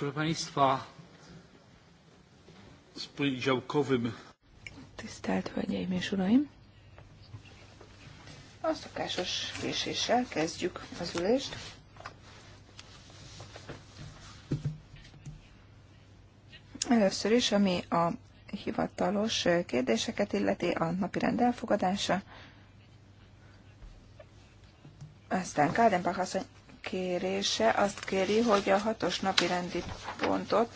Proszę Państwa, z poniedziałkowym... Tisztelt Hölgyeim és Uraim! A szokásos késéssel kezdjük az ülést. Először is, ami a hivatalos kérdéseket illeti a rend elfogadása. Aztán Kádenbach asszony kérése azt kéri, hogy a hatos napi rendi pontot,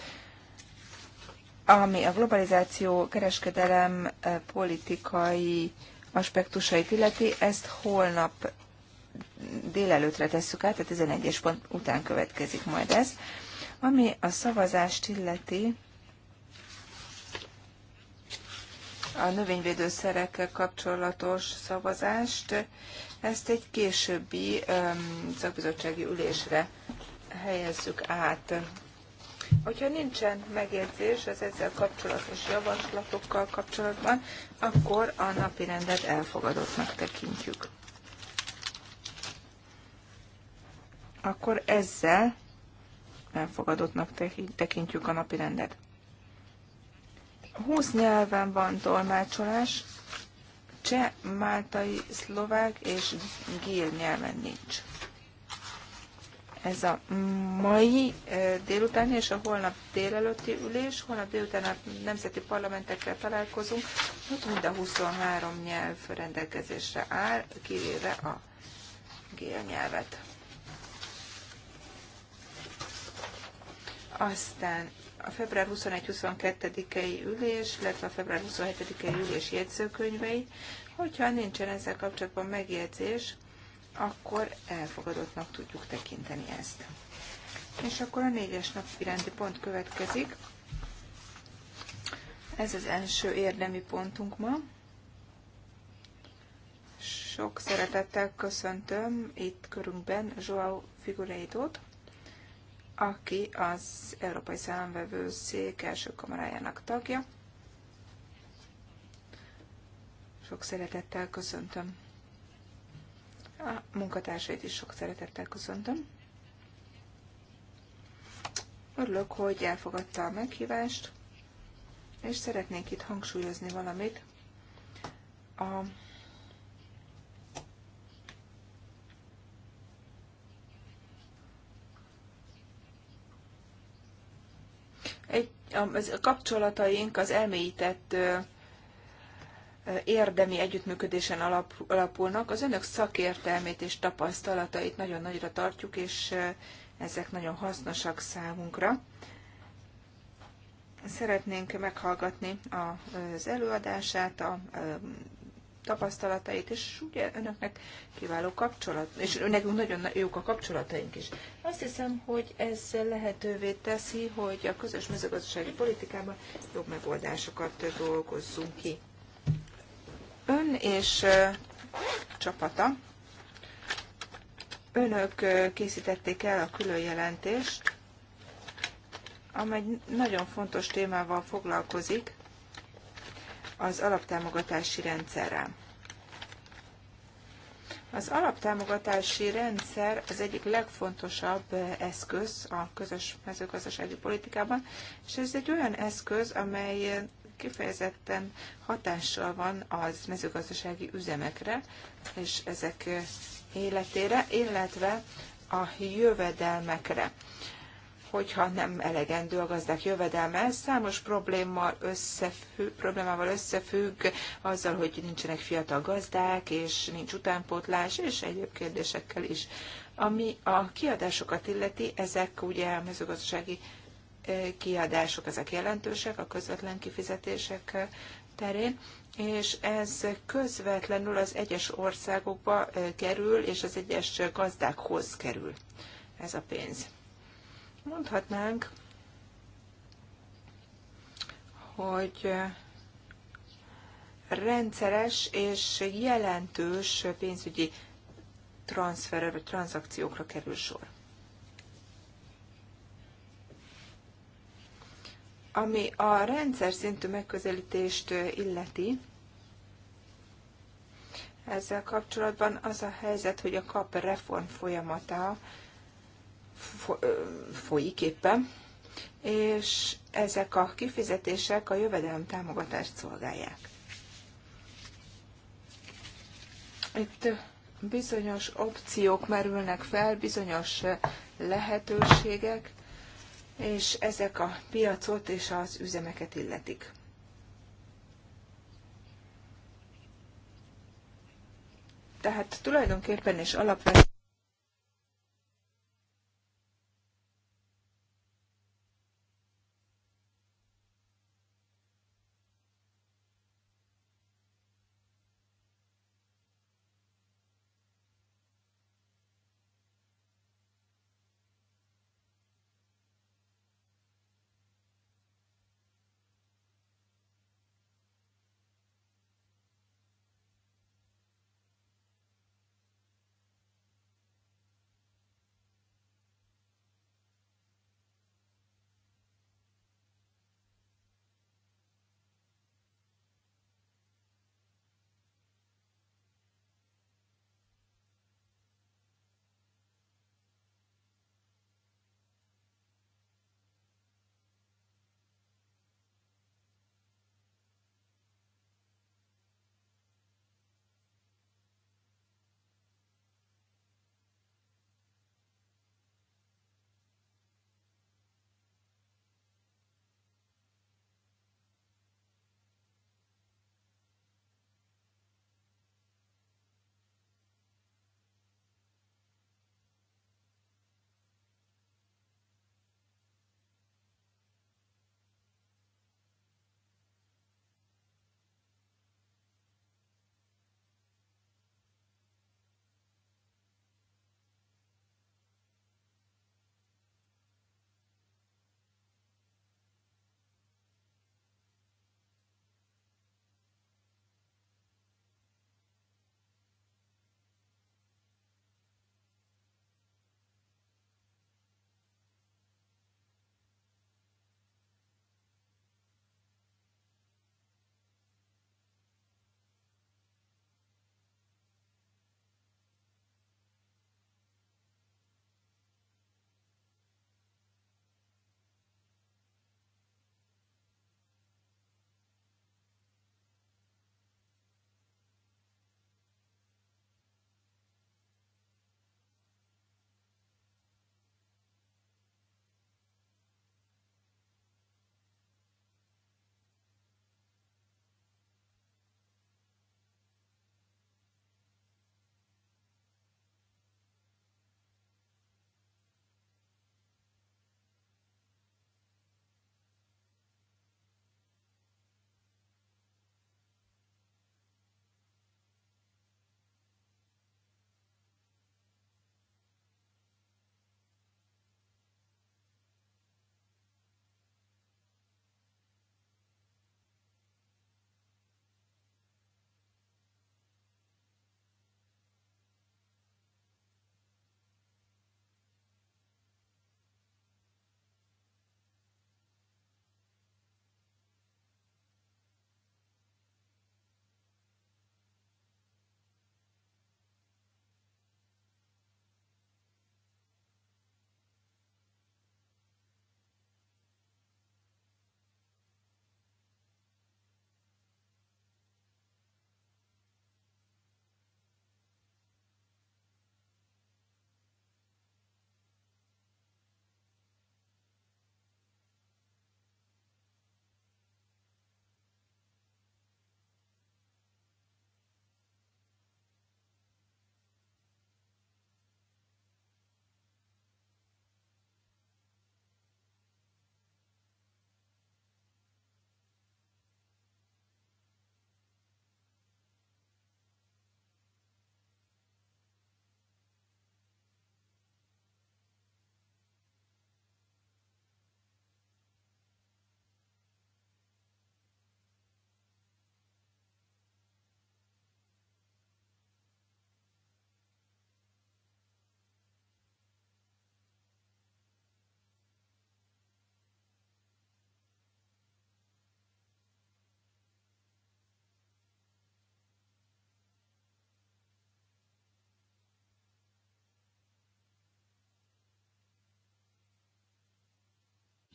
ami a globalizáció kereskedelem eh, politikai aspektusait illeti, ezt holnap délelőtre tesszük át, tehát 11-es pont után következik majd ez. Ami a szavazást illeti, a növényvédőszerekkel kapcsolatos szavazást. Ezt egy későbbi szakbizottsági ülésre helyezzük át. Hogyha nincsen megjegyzés az ezzel kapcsolatos javaslatokkal kapcsolatban, akkor a napi rendet elfogadottnak tekintjük. Akkor ezzel elfogadottnak tekintjük a napi rendet. 20 nyelven van tolmácsolás, cseh, máltai, szlovák és gél nyelven nincs. Ez a mai eh, délután és a holnap délelőtti ülés, holnap délután a nemzeti parlamentekkel találkozunk, ott mind a 23 nyelv rendelkezésre áll, kivéve a gél nyelvet. Aztán a február 21-22-i ülés, illetve a február 27-i ülés jegyzőkönyvei. Hogyha nincsen ezzel kapcsolatban megjegyzés, akkor elfogadottnak tudjuk tekinteni ezt. És akkor a négyes nap iránti pont következik. Ez az első érdemi pontunk ma. Sok szeretettel köszöntöm itt körünkben Joao Figureidót, aki az Európai Számvevőszék első kamarájának tagja. Sok szeretettel köszöntöm. A munkatársait is sok szeretettel köszöntöm. Örülök, hogy elfogadta a meghívást, és szeretnék itt hangsúlyozni valamit a egy, a kapcsolataink az elmélyített érdemi együttműködésen alap, alapulnak. Az önök szakértelmét és tapasztalatait nagyon nagyra tartjuk, és ezek nagyon hasznosak számunkra. Szeretnénk meghallgatni az előadását, a tapasztalatait, és ugye önöknek kiváló kapcsolat, és nekünk nagyon jók a kapcsolataink is. Azt hiszem, hogy ez lehetővé teszi, hogy a közös mezőgazdasági politikában jobb megoldásokat dolgozzunk ki. Ön és csapata, önök készítették el a külön jelentést, amely nagyon fontos témával foglalkozik, az alaptámogatási rendszerre. Az alaptámogatási rendszer az egyik legfontosabb eh, eszköz a közös mezőgazdasági politikában, és ez egy olyan eszköz, amely eh, kifejezetten hatással van az mezőgazdasági üzemekre és ezek eh, életére, illetve a jövedelmekre hogyha nem elegendő a gazdák jövedelme. Ez számos problémával összefügg, problémával összefügg azzal, hogy nincsenek fiatal gazdák, és nincs utánpótlás, és egyéb kérdésekkel is. Ami a kiadásokat illeti, ezek ugye a mezőgazdasági e, kiadások, ezek jelentősek a közvetlen kifizetések e, terén, és ez közvetlenül az egyes országokba e, kerül, és az egyes gazdákhoz kerül ez a pénz. Mondhatnánk, hogy rendszeres és jelentős pénzügyi transferre vagy tranzakciókra kerül sor. Ami a rendszer szintű megközelítést illeti, ezzel kapcsolatban az a helyzet, hogy a kap reform folyamata folyik éppen, és ezek a kifizetések a jövedelem támogatást szolgálják. Itt bizonyos opciók merülnek fel, bizonyos lehetőségek, és ezek a piacot és az üzemeket illetik. Tehát tulajdonképpen és alapvetően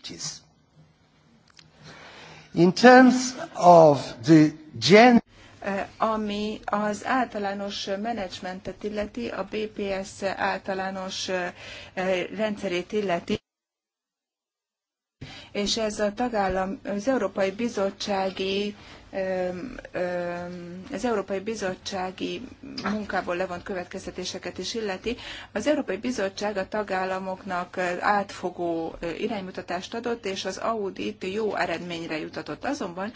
activities. In terms of the gen eh, ami az általános menedzsmentet illeti, a BPS általános eh, rendszerét illeti, és ez a tagállam, az Európai Bizottsági az Európai Bizottsági munkából levont következtetéseket is illeti. Az Európai Bizottság a tagállamoknak átfogó iránymutatást adott, és az audit jó eredményre jutatott. Azonban,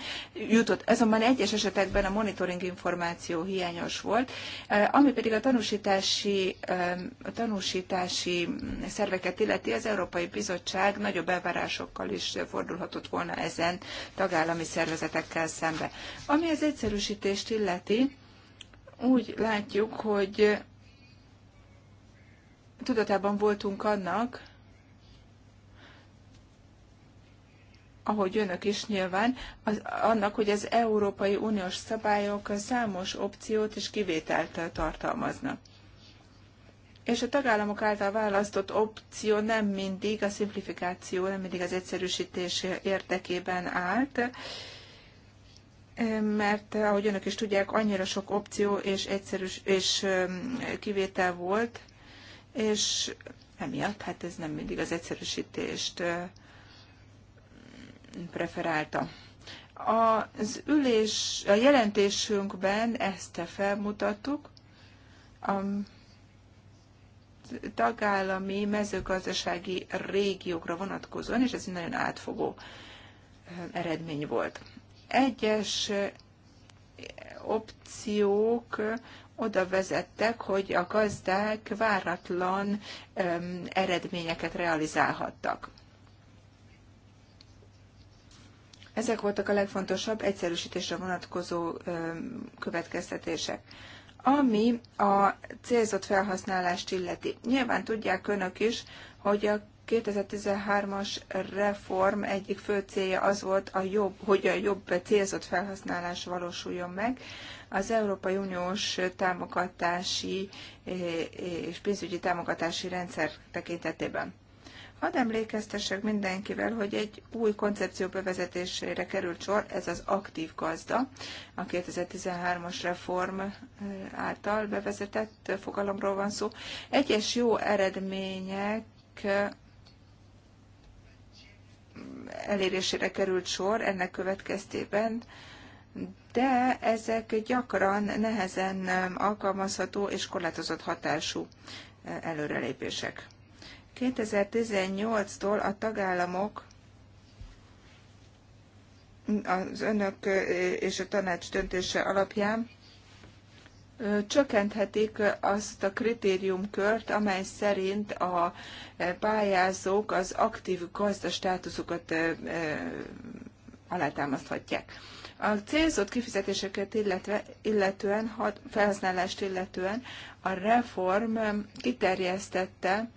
jutott, azonban egyes esetekben a monitoring információ hiányos volt, eh, ami pedig a tanúsítási, a tanúsítási szerveket illeti, az Európai Bizottság nagyobb elvárásokkal is fordulhatott volna ezen tagállami szervezetekkel szemben be. Ami az egyszerűsítést illeti, úgy látjuk, hogy tudatában voltunk annak, ahogy önök is nyilván, az, annak, hogy az Európai Uniós szabályok számos opciót és kivételt tartalmaznak. És a tagállamok által választott opció nem mindig a szimplifikáció, nem mindig az egyszerűsítés érdekében állt, mert ahogy önök is tudják, annyira sok opció és egyszerűs és kivétel volt, és emiatt hát ez nem mindig az egyszerűsítést preferálta. Az ülés, a jelentésünkben ezt felmutattuk, a tagállami mezőgazdasági régiókra vonatkozóan, és ez egy nagyon átfogó eredmény volt egyes opciók oda vezettek, hogy a gazdák váratlan eredményeket realizálhattak. Ezek voltak a legfontosabb egyszerűsítésre vonatkozó következtetések. Ami a célzott felhasználást illeti. Nyilván tudják önök is, hogy a 2013-as reform egyik fő célja az volt, a jobb, hogy a jobb célzott felhasználás valósuljon meg. Az Európai Uniós támogatási eh, és pénzügyi támogatási rendszer tekintetében. Hadd emlékeztessek mindenkivel, hogy egy új koncepció bevezetésére került sor, ez az aktív gazda, a 2013-as reform eh, által bevezetett fogalomról van szó. Egyes jó eredmények elérésére került sor ennek következtében, de ezek gyakran nehezen alkalmazható és korlátozott hatású e, előrelépések. 2018-tól a tagállamok az önök e, és a tanács döntése alapján csökkenthetik azt a kritériumkört, amely szerint a pályázók az aktív gazda státuszukat alátámaszthatják. A célzott kifizetéseket illetve, illetően, had, felhasználást illetően a reform kiterjesztette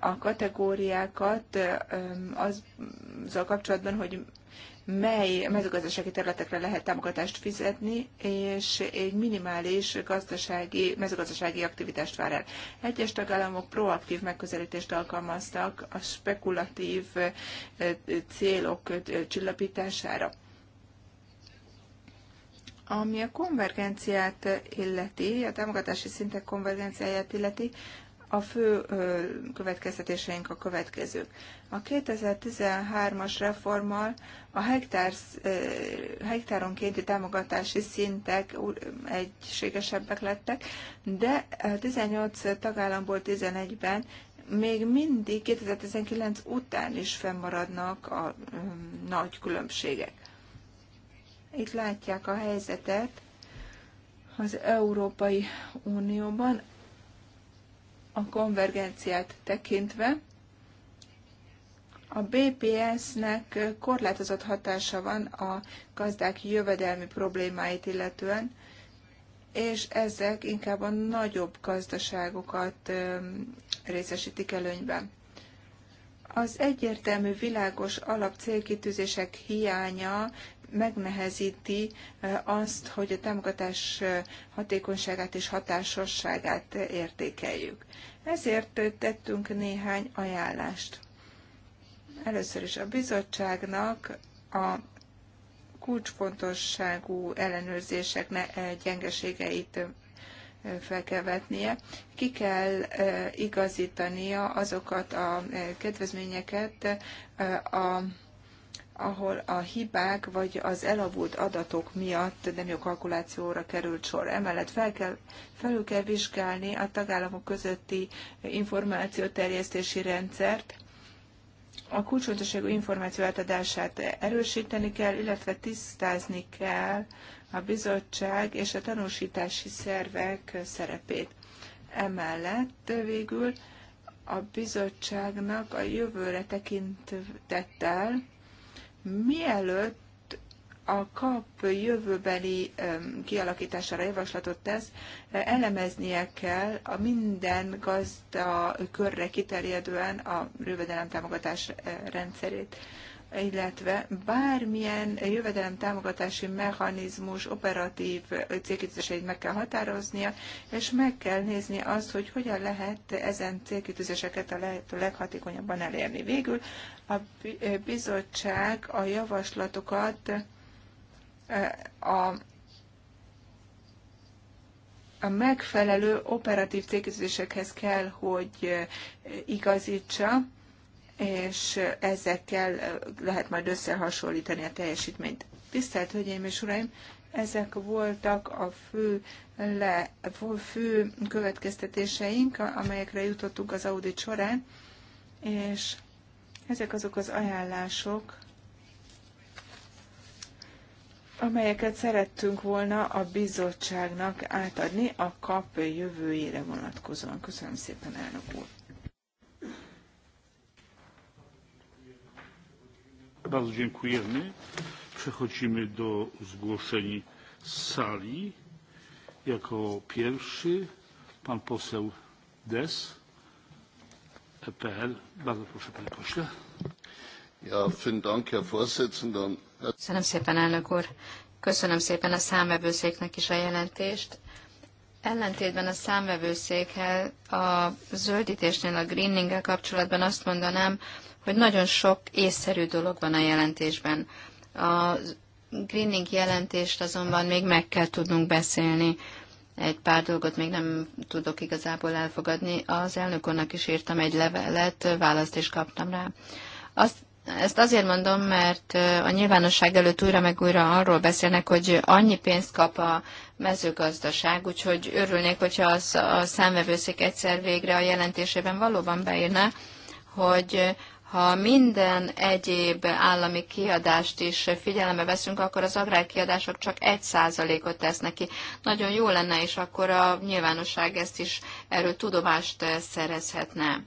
a kategóriákat azzal kapcsolatban, hogy mely mezőgazdasági területekre lehet támogatást fizetni, és egy minimális gazdasági, mezőgazdasági aktivitást vár el. Egyes tagállamok proaktív megközelítést alkalmaztak a spekulatív célok csillapítására. Ami a konvergenciát illeti, a támogatási szintek konvergenciáját illeti, a fő következtetéseink a következők. A 2013-as reformmal a hektár, hektáronkénti támogatási szintek egységesebbek lettek, de 18 tagállamból 11-ben még mindig 2019 után is fennmaradnak a nagy különbségek. Itt látják a helyzetet az Európai Unióban a konvergenciát tekintve a BPS-nek korlátozott hatása van a gazdák jövedelmi problémáit illetően, és ezek inkább a nagyobb gazdaságokat részesítik előnyben. Az egyértelmű világos alapcélkitűzések hiánya megnehezíti azt, hogy a támogatás hatékonyságát és hatásosságát értékeljük. Ezért tettünk néhány ajánlást. Először is a bizottságnak a kulcsfontosságú ellenőrzések gyengeségeit fel kell vetnie. Ki kell igazítania azokat a kedvezményeket a ahol a hibák vagy az elavult adatok miatt nem jó kalkulációra került sor. Emellett fel kell, felül kell vizsgálni a tagállamok közötti információterjesztési rendszert, a kulcsfontosságú információ átadását erősíteni kell, illetve tisztázni kell a bizottság és a tanúsítási szervek szerepét. Emellett végül a bizottságnak a jövőre tekintettel mielőtt a kap jövőbeli kialakítására javaslatot tesz, eh, elemeznie kell a minden gazda körre kiterjedően a rövedelem támogatás eh, rendszerét illetve bármilyen jövedelem támogatási mechanizmus operatív célkitűzéseit meg kell határoznia, és meg kell nézni azt, hogy hogyan lehet ezen célkitűzéseket a lehető leghatékonyabban elérni. Végül a bizottság a javaslatokat eh, a a megfelelő operatív célkitűzésekhez kell, hogy eh, igazítsa, és ezekkel lehet majd összehasonlítani a teljesítményt. Tisztelt Hölgyeim és Uraim, ezek voltak a fő, le, fő következtetéseink, amelyekre jutottuk az audit során, és ezek azok az ajánlások, amelyeket szerettünk volna a bizottságnak átadni a kap jövőjére vonatkozóan. Köszönöm szépen, elnök úr! Bardzo dziękujemy. Przechodzimy do zgłoszeń z sali. Jako pierwszy pan poseł Des, EPL. Bardzo proszę, panie pośle. Ja, vielen Dank, Herr Vorsitzender. Köszönöm szépen, elnök úr. Köszönöm szépen a számvevőszéknek is a jelentést. Ellentétben a számvevőszékkel a zöldítésnél, a greeninggel kapcsolatban azt mondanám, hogy nagyon sok észszerű dolog van a jelentésben. A greening jelentést azonban még meg kell tudnunk beszélni. Egy pár dolgot még nem tudok igazából elfogadni. Az elnökonnak is írtam egy levelet, választ is kaptam rá. Azt ezt azért mondom, mert a nyilvánosság előtt újra meg újra arról beszélnek, hogy annyi pénzt kap a mezőgazdaság, úgyhogy örülnék, hogyha az, a számvevőszék egyszer végre a jelentésében valóban beírne, hogy ha minden egyéb állami kiadást is figyelembe veszünk, akkor az agrárkiadások csak 1%-ot tesznek ki. Nagyon jó lenne, és akkor a nyilvánosság ezt is erről tudomást szerezhetne.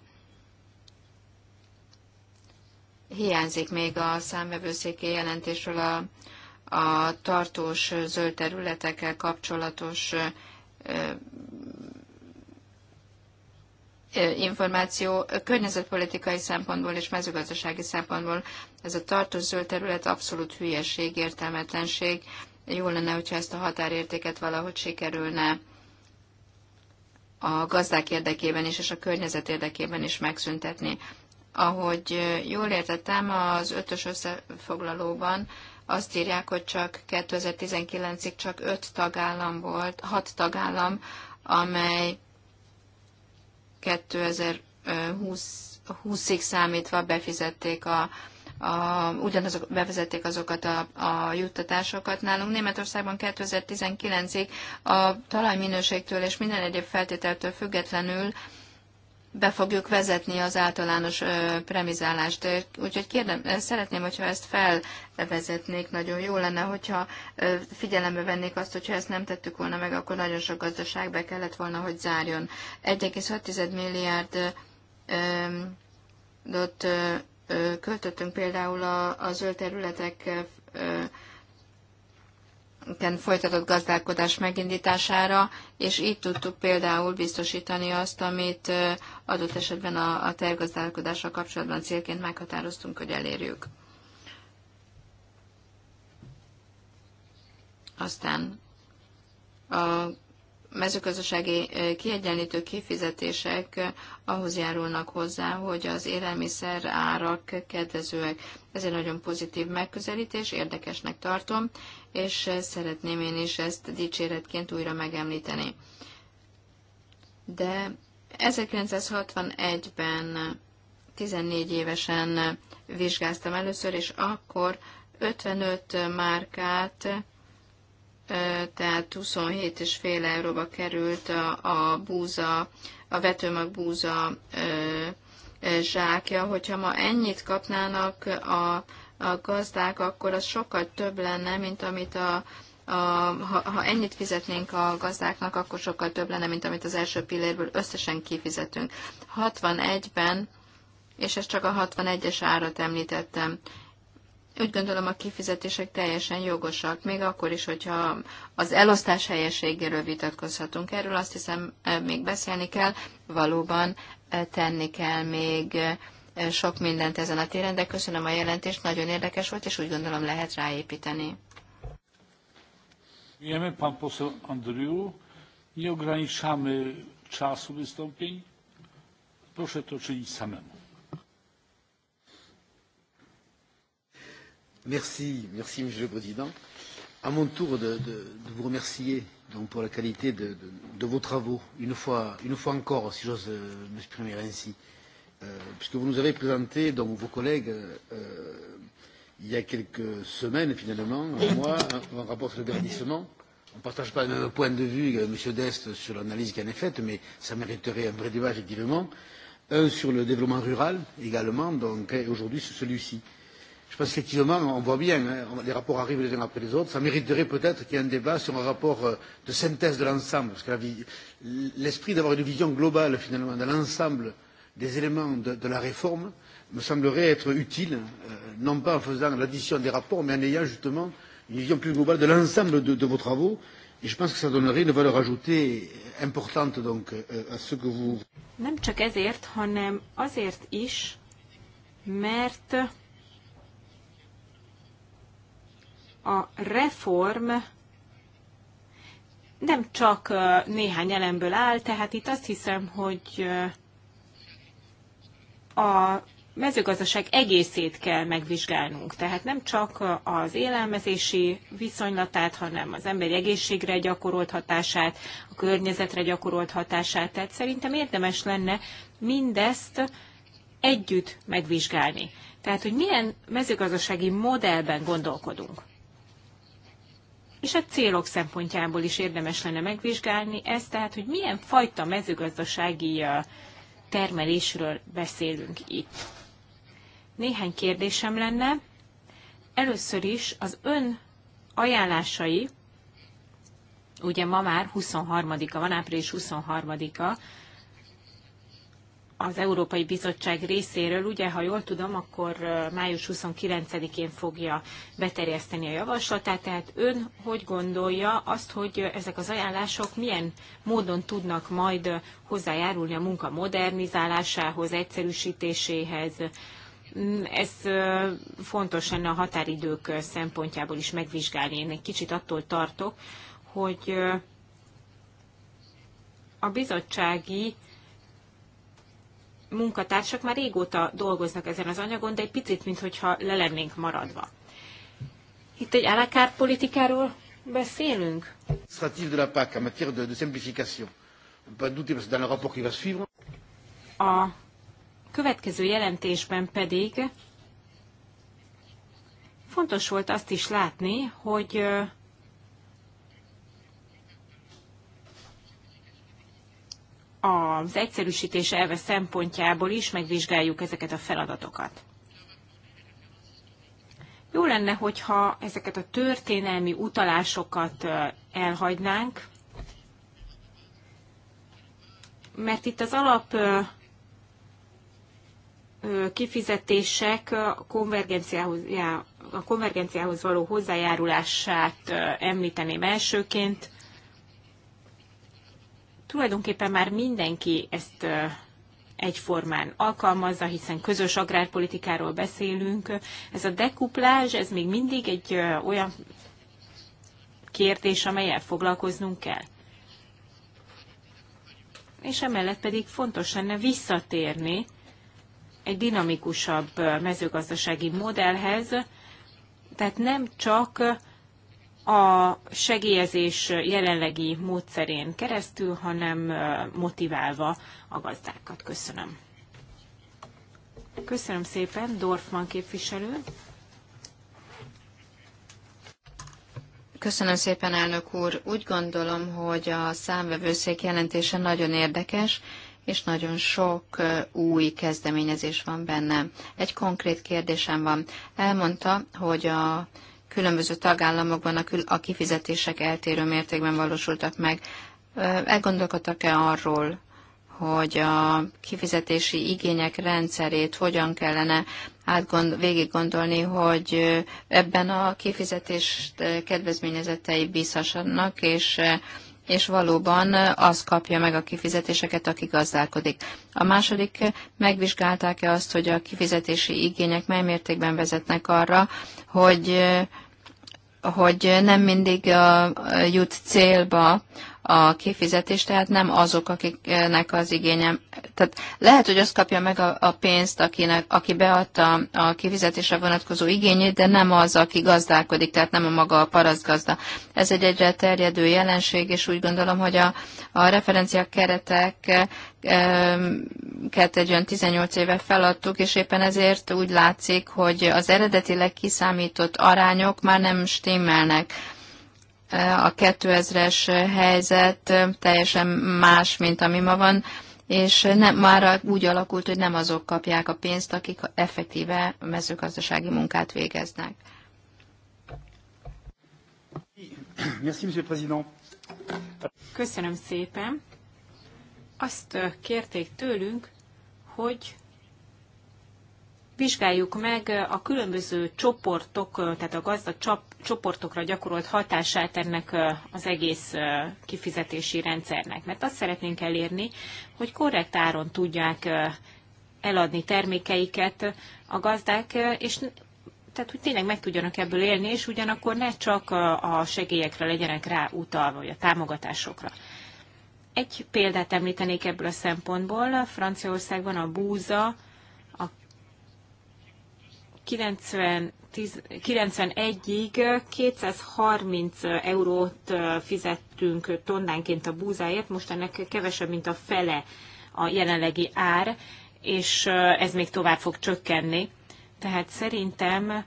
Hiányzik még a számvevőszéki jelentésről a, a tartós zöld területekkel kapcsolatos információ környezetpolitikai szempontból és mezőgazdasági szempontból ez a tartós zöld terület abszolút hülyeség, értelmetlenség. Jó lenne, hogyha ezt a határértéket valahogy sikerülne a gazdák érdekében is, és a környezet érdekében is megszüntetni. Ahogy jól értettem, az ötös összefoglalóban azt írják, hogy csak 2019-ig csak öt tagállam volt, hat tagállam, amely 2020-ig számítva befizették a, a, ugyanazok, bevezették azokat a, a juttatásokat nálunk. Németországban 2019-ig a talajminőségtől és minden egyéb feltételtől függetlenül be fogjuk vezetni az általános premizálást. Úgyhogy kérdem, szeretném, hogyha ezt felvezetnék, nagyon jó lenne, hogyha figyelembe vennék azt, hogyha ezt nem tettük volna meg, akkor nagyon sok gazdaság be kellett volna, hogy zárjon. 1,6 milliárd dot költöttünk például a, a zöld területek folytatott gazdálkodás megindítására, és így tudtuk például biztosítani azt, amit adott esetben a, a tervgazdálkodással kapcsolatban célként meghatároztunk, hogy elérjük. Aztán a mezőgazdasági kiegyenlítő kifizetések ahhoz járulnak hozzá, hogy az élelmiszer árak kedvezőek. Ez egy nagyon pozitív megközelítés, érdekesnek tartom, és eh, szeretném én is ezt dicséretként újra megemlíteni. De 1961-ben 14 évesen vizsgáztam először, és akkor 55 márkát, eh, tehát 27 és fél euróba került a, a búza, a vetőmag búza eh, zsákja. Hogyha ma ennyit kapnának a a gazdák, akkor az sokkal több lenne, mint amit a, a, ha, ha ennyit fizetnénk a gazdáknak, akkor sokkal több lenne, mint amit az első pillérből összesen kifizetünk. 61-ben, és ez csak a 61-es árat említettem, úgy gondolom a kifizetések teljesen jogosak, még akkor is, hogyha az elosztás helyességéről vitatkozhatunk. Erről azt hiszem eh, még beszélni kell, valóban eh, tenni kell még eh, sok mindent ezen a téren, de köszönöm a jelentést, nagyon érdekes volt, és úgy gondolom lehet ráépíteni. Wiemy, pan poseł Andriu, nie ograniczamy czasu wystąpień. Proszę to czynić samemu. Merci, merci Monsieur le Président. À mon tour de, de, de vous remercier donc, pour la qualité de, de, de vos travaux, une fois, une fois encore, si j'ose m'exprimer ainsi. Euh, Euh, puisque vous nous avez présenté, donc vos collègues, euh, euh, il y a quelques semaines finalement, un mois, un, un rapport sur le verdissement. On ne partage pas le même point de vue, euh, M. Dest, sur l'analyse qui en est faite, mais ça mériterait un vrai débat, effectivement. Un sur le développement rural également, donc aujourd'hui c'est celui-ci. Je pense qu'effectivement, on voit bien, hein, les rapports arrivent les uns après les autres, ça mériterait peut-être qu'il y ait un débat sur un rapport euh, de synthèse de l'ensemble, parce que l'esprit d'avoir une vision globale finalement de l'ensemble euh, des éléments de, de la réforme me semblerait être utile, euh, non pas en faisant l'addition des rapports, mais en ayant justement une vision plus globale de l'ensemble de, de vos travaux. Et je pense que ça donnerait une valeur ajoutée importante donc euh, à ce que vous... Nem csak ezért, hanem azért is, mert a reform nem csak néhány elemből áll, tehát itt azt hiszem, hogy a mezőgazdaság egészét kell megvizsgálnunk. Tehát nem csak az élelmezési viszonylatát, hanem az emberi egészségre gyakorolt hatását, a környezetre gyakorolt hatását. Tehát szerintem érdemes lenne mindezt együtt megvizsgálni. Tehát, hogy milyen mezőgazdasági modellben gondolkodunk. És a célok szempontjából is érdemes lenne megvizsgálni ezt, tehát, hogy milyen fajta mezőgazdasági uh, termelésről beszélünk itt. Néhány kérdésem lenne. Először is az ön ajánlásai, ugye ma már 23-a van, április 23-a az Európai Bizottság részéről, ugye, ha jól tudom, akkor május 29-én fogja beterjeszteni a javaslatát, tehát ön hogy gondolja azt, hogy ezek az ajánlások milyen módon tudnak majd hozzájárulni a munka modernizálásához, egyszerűsítéséhez, mm, ez fontos lenne a határidők szempontjából is megvizsgálni. Én egy kicsit attól tartok, hogy a bizottsági munkatársak már régóta dolgoznak ezen az anyagon, de egy picit, mintha le lennénk maradva. Itt egy alakár politikáról beszélünk? A következő jelentésben pedig fontos volt azt is látni, hogy az egyszerűsítés elve szempontjából is megvizsgáljuk ezeket a feladatokat. Jó lenne, hogyha ezeket a történelmi utalásokat elhagynánk, mert itt az alap kifizetések a konvergenciához, a konvergenciához való hozzájárulását említeném elsőként. Tulajdonképpen már mindenki ezt egyformán alkalmazza, hiszen közös agrárpolitikáról beszélünk. Ez a dekuplázs, ez még mindig egy olyan kérdés, amelyel foglalkoznunk kell. És emellett pedig fontos lenne visszatérni egy dinamikusabb mezőgazdasági modellhez, tehát nem csak a segélyezés jelenlegi módszerén keresztül, hanem motiválva a gazdákat. Köszönöm. Köszönöm szépen, Dorfman képviselő. Köszönöm szépen, elnök úr. Úgy gondolom, hogy a számvevőszék jelentése nagyon érdekes, és nagyon sok új kezdeményezés van benne. Egy konkrét kérdésem van. Elmondta, hogy a különböző tagállamokban a kifizetések eltérő mértékben valósultak meg. Elgondolkodtak-e arról, hogy a kifizetési igények rendszerét hogyan kellene átgond, végig gondolni, hogy ebben a kifizetés kedvezményezettei bízhassanak, és és valóban az kapja meg a kifizetéseket, aki gazdálkodik. A második, megvizsgálták-e azt, hogy a kifizetési igények mely mértékben vezetnek arra, hogy hogy nem mindig a, jut célba a kifizetést tehát nem azok, akiknek az igényem. Tehát lehet, hogy azt kapja meg a, a pénzt, akinek, aki beadta a kifizetésre vonatkozó igényét, de nem az, aki gazdálkodik, tehát nem a maga a parasztgazda. Ez egy egyre terjedő jelenség, és úgy gondolom, hogy a, a referenciák keretek ket egy olyan 18 éve feladtuk, és éppen ezért úgy látszik, hogy az eredetileg kiszámított arányok már nem stimmelnek a 2000-es helyzet teljesen más, mint ami ma van, és nem, már úgy alakult, hogy nem azok kapják a pénzt, akik effektíve mezőgazdasági munkát végeznek. Köszönöm szépen. Azt kérték tőlünk, hogy vizsgáljuk meg a különböző csoportok, tehát a gazdag csoportokra gyakorolt hatását ennek az egész kifizetési rendszernek. Mert azt szeretnénk elérni, hogy korrekt áron tudják eladni termékeiket a gazdák, és tehát hogy tényleg meg tudjanak ebből élni, és ugyanakkor ne csak a segélyekre legyenek rá utalva, vagy a támogatásokra. Egy példát említenék ebből a szempontból. Franciaországban a búza 90, 91-ig 230 eurót fizettünk tonnánként a búzáért, most ennek kevesebb, mint a fele a jelenlegi ár, és ez még tovább fog csökkenni. Tehát szerintem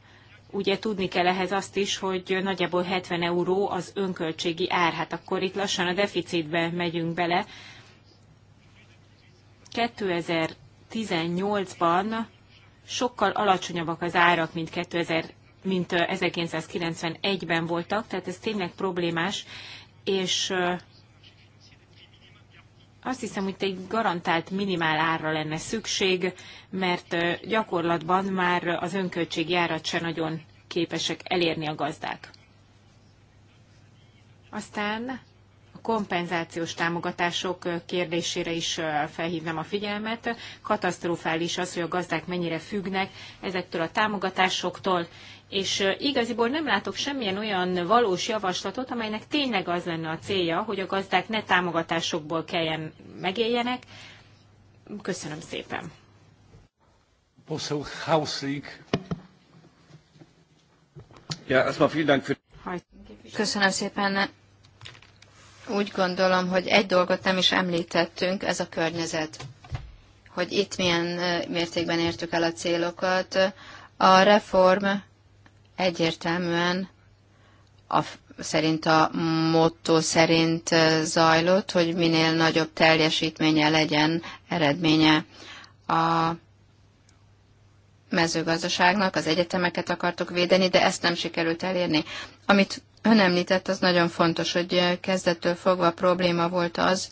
ugye tudni kell ehhez azt is, hogy nagyjából 70 euró az önköltségi ár, hát akkor itt lassan a deficitbe megyünk bele. 2018-ban sokkal alacsonyabbak az árak, mint 2000 mint 1991-ben voltak, tehát ez tényleg problémás, és azt hiszem, hogy egy garantált minimál árra lenne szükség, mert gyakorlatban már az önköltség járat se nagyon képesek elérni a gazdák. Aztán kompenzációs támogatások kérdésére is felhívnám a figyelmet. Katasztrofális az, hogy a gazdák mennyire függnek ezektől a támogatásoktól, és igaziból nem látok semmilyen olyan valós javaslatot, amelynek tényleg az lenne a célja, hogy a gazdák ne támogatásokból kelljen megéljenek. Köszönöm szépen. Ja, Köszönöm szépen úgy gondolom, hogy egy dolgot nem is említettünk, ez a környezet. Hogy itt milyen mértékben értük el a célokat. A reform egyértelműen a, szerint a motto szerint zajlott, hogy minél nagyobb teljesítménye legyen eredménye a mezőgazdaságnak, az egyetemeket akartok védeni, de ezt nem sikerült elérni. Amit ön említett, az nagyon fontos, hogy eh, kezdettől fogva probléma volt az,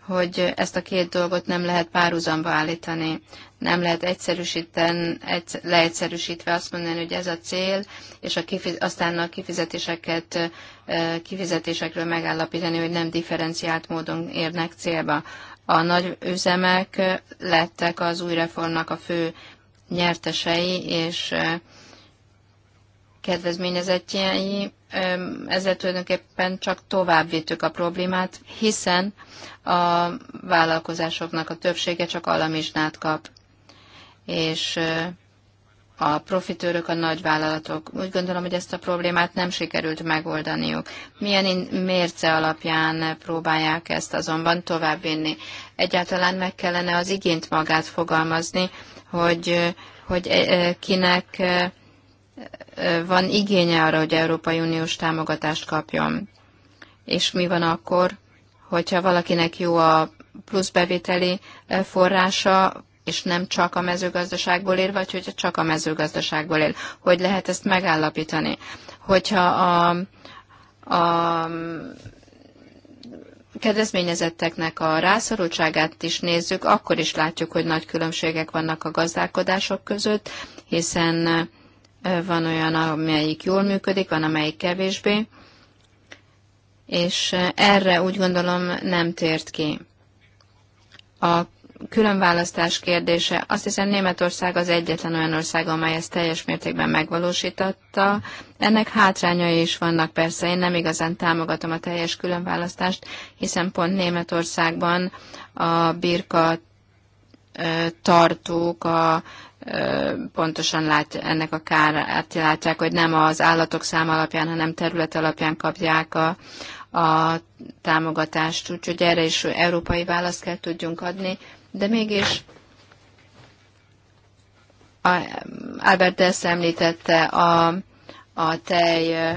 hogy ezt a két dolgot nem lehet párhuzamba állítani. Nem lehet egyszerűsíten, egy, leegyszerűsítve azt mondani, hogy ez a cél, és a kifiz, aztán a kifizetéseket, eh, kifizetésekről megállapítani, hogy nem differenciált módon érnek célba. A nagy üzemek lettek az új reformnak a fő nyertesei, és eh, kedvezményezettjei, ezzel tulajdonképpen csak tovább vittük a problémát, hiszen a vállalkozásoknak a többsége csak alamizsnát kap, és a profitőrök, a nagyvállalatok. Úgy gondolom, hogy ezt a problémát nem sikerült megoldaniuk. Milyen mérce alapján próbálják ezt azonban továbbvinni? Egyáltalán meg kellene az igényt magát fogalmazni, hogy, hogy kinek van igénye arra, hogy Európai Uniós támogatást kapjon. És mi van akkor, hogyha valakinek jó a plusz bevételi e, forrása, és nem csak a mezőgazdaságból él, vagy hogyha csak a mezőgazdaságból él. Hogy lehet ezt megállapítani? Hogyha a, a mm, kedvezményezetteknek a rászorultságát is nézzük, akkor is látjuk, hogy nagy különbségek vannak a gazdálkodások között, hiszen van olyan, amelyik jól működik, van, amelyik kevésbé, és eh, erre úgy gondolom nem tért ki. A különválasztás kérdése, azt hiszem Németország az egyetlen olyan ország, amely ezt teljes mértékben megvalósította. Ennek hátrányai is vannak persze, én nem igazán támogatom a teljes különválasztást, hiszen pont Németországban a birkat tartók a, pontosan lát, ennek a kárát látják, hogy nem az állatok szám alapján, hanem terület alapján kapják a, a támogatást. Úgyhogy erre is európai választ kell tudjunk adni, de mégis a, Albert Dess említette a, a tej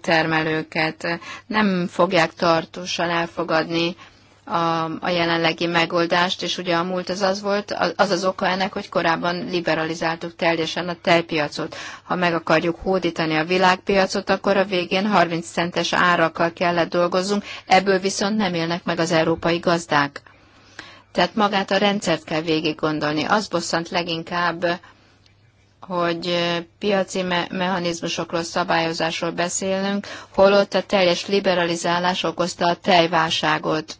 termelőket. Nem fogják tartósan elfogadni a, a jelenlegi megoldást, és ugye a múlt az az volt, az az oka ennek, hogy korábban liberalizáltuk teljesen a tejpiacot. Ha meg akarjuk hódítani a világpiacot, akkor a végén 30 centes árakkal kellett dolgozzunk, ebből viszont nem élnek meg az európai gazdák. Tehát magát a rendszert kell végig gondolni. Az bosszant leginkább, hogy piaci me- mechanizmusokról, szabályozásról beszélünk, holott a teljes liberalizálás okozta a tejválságot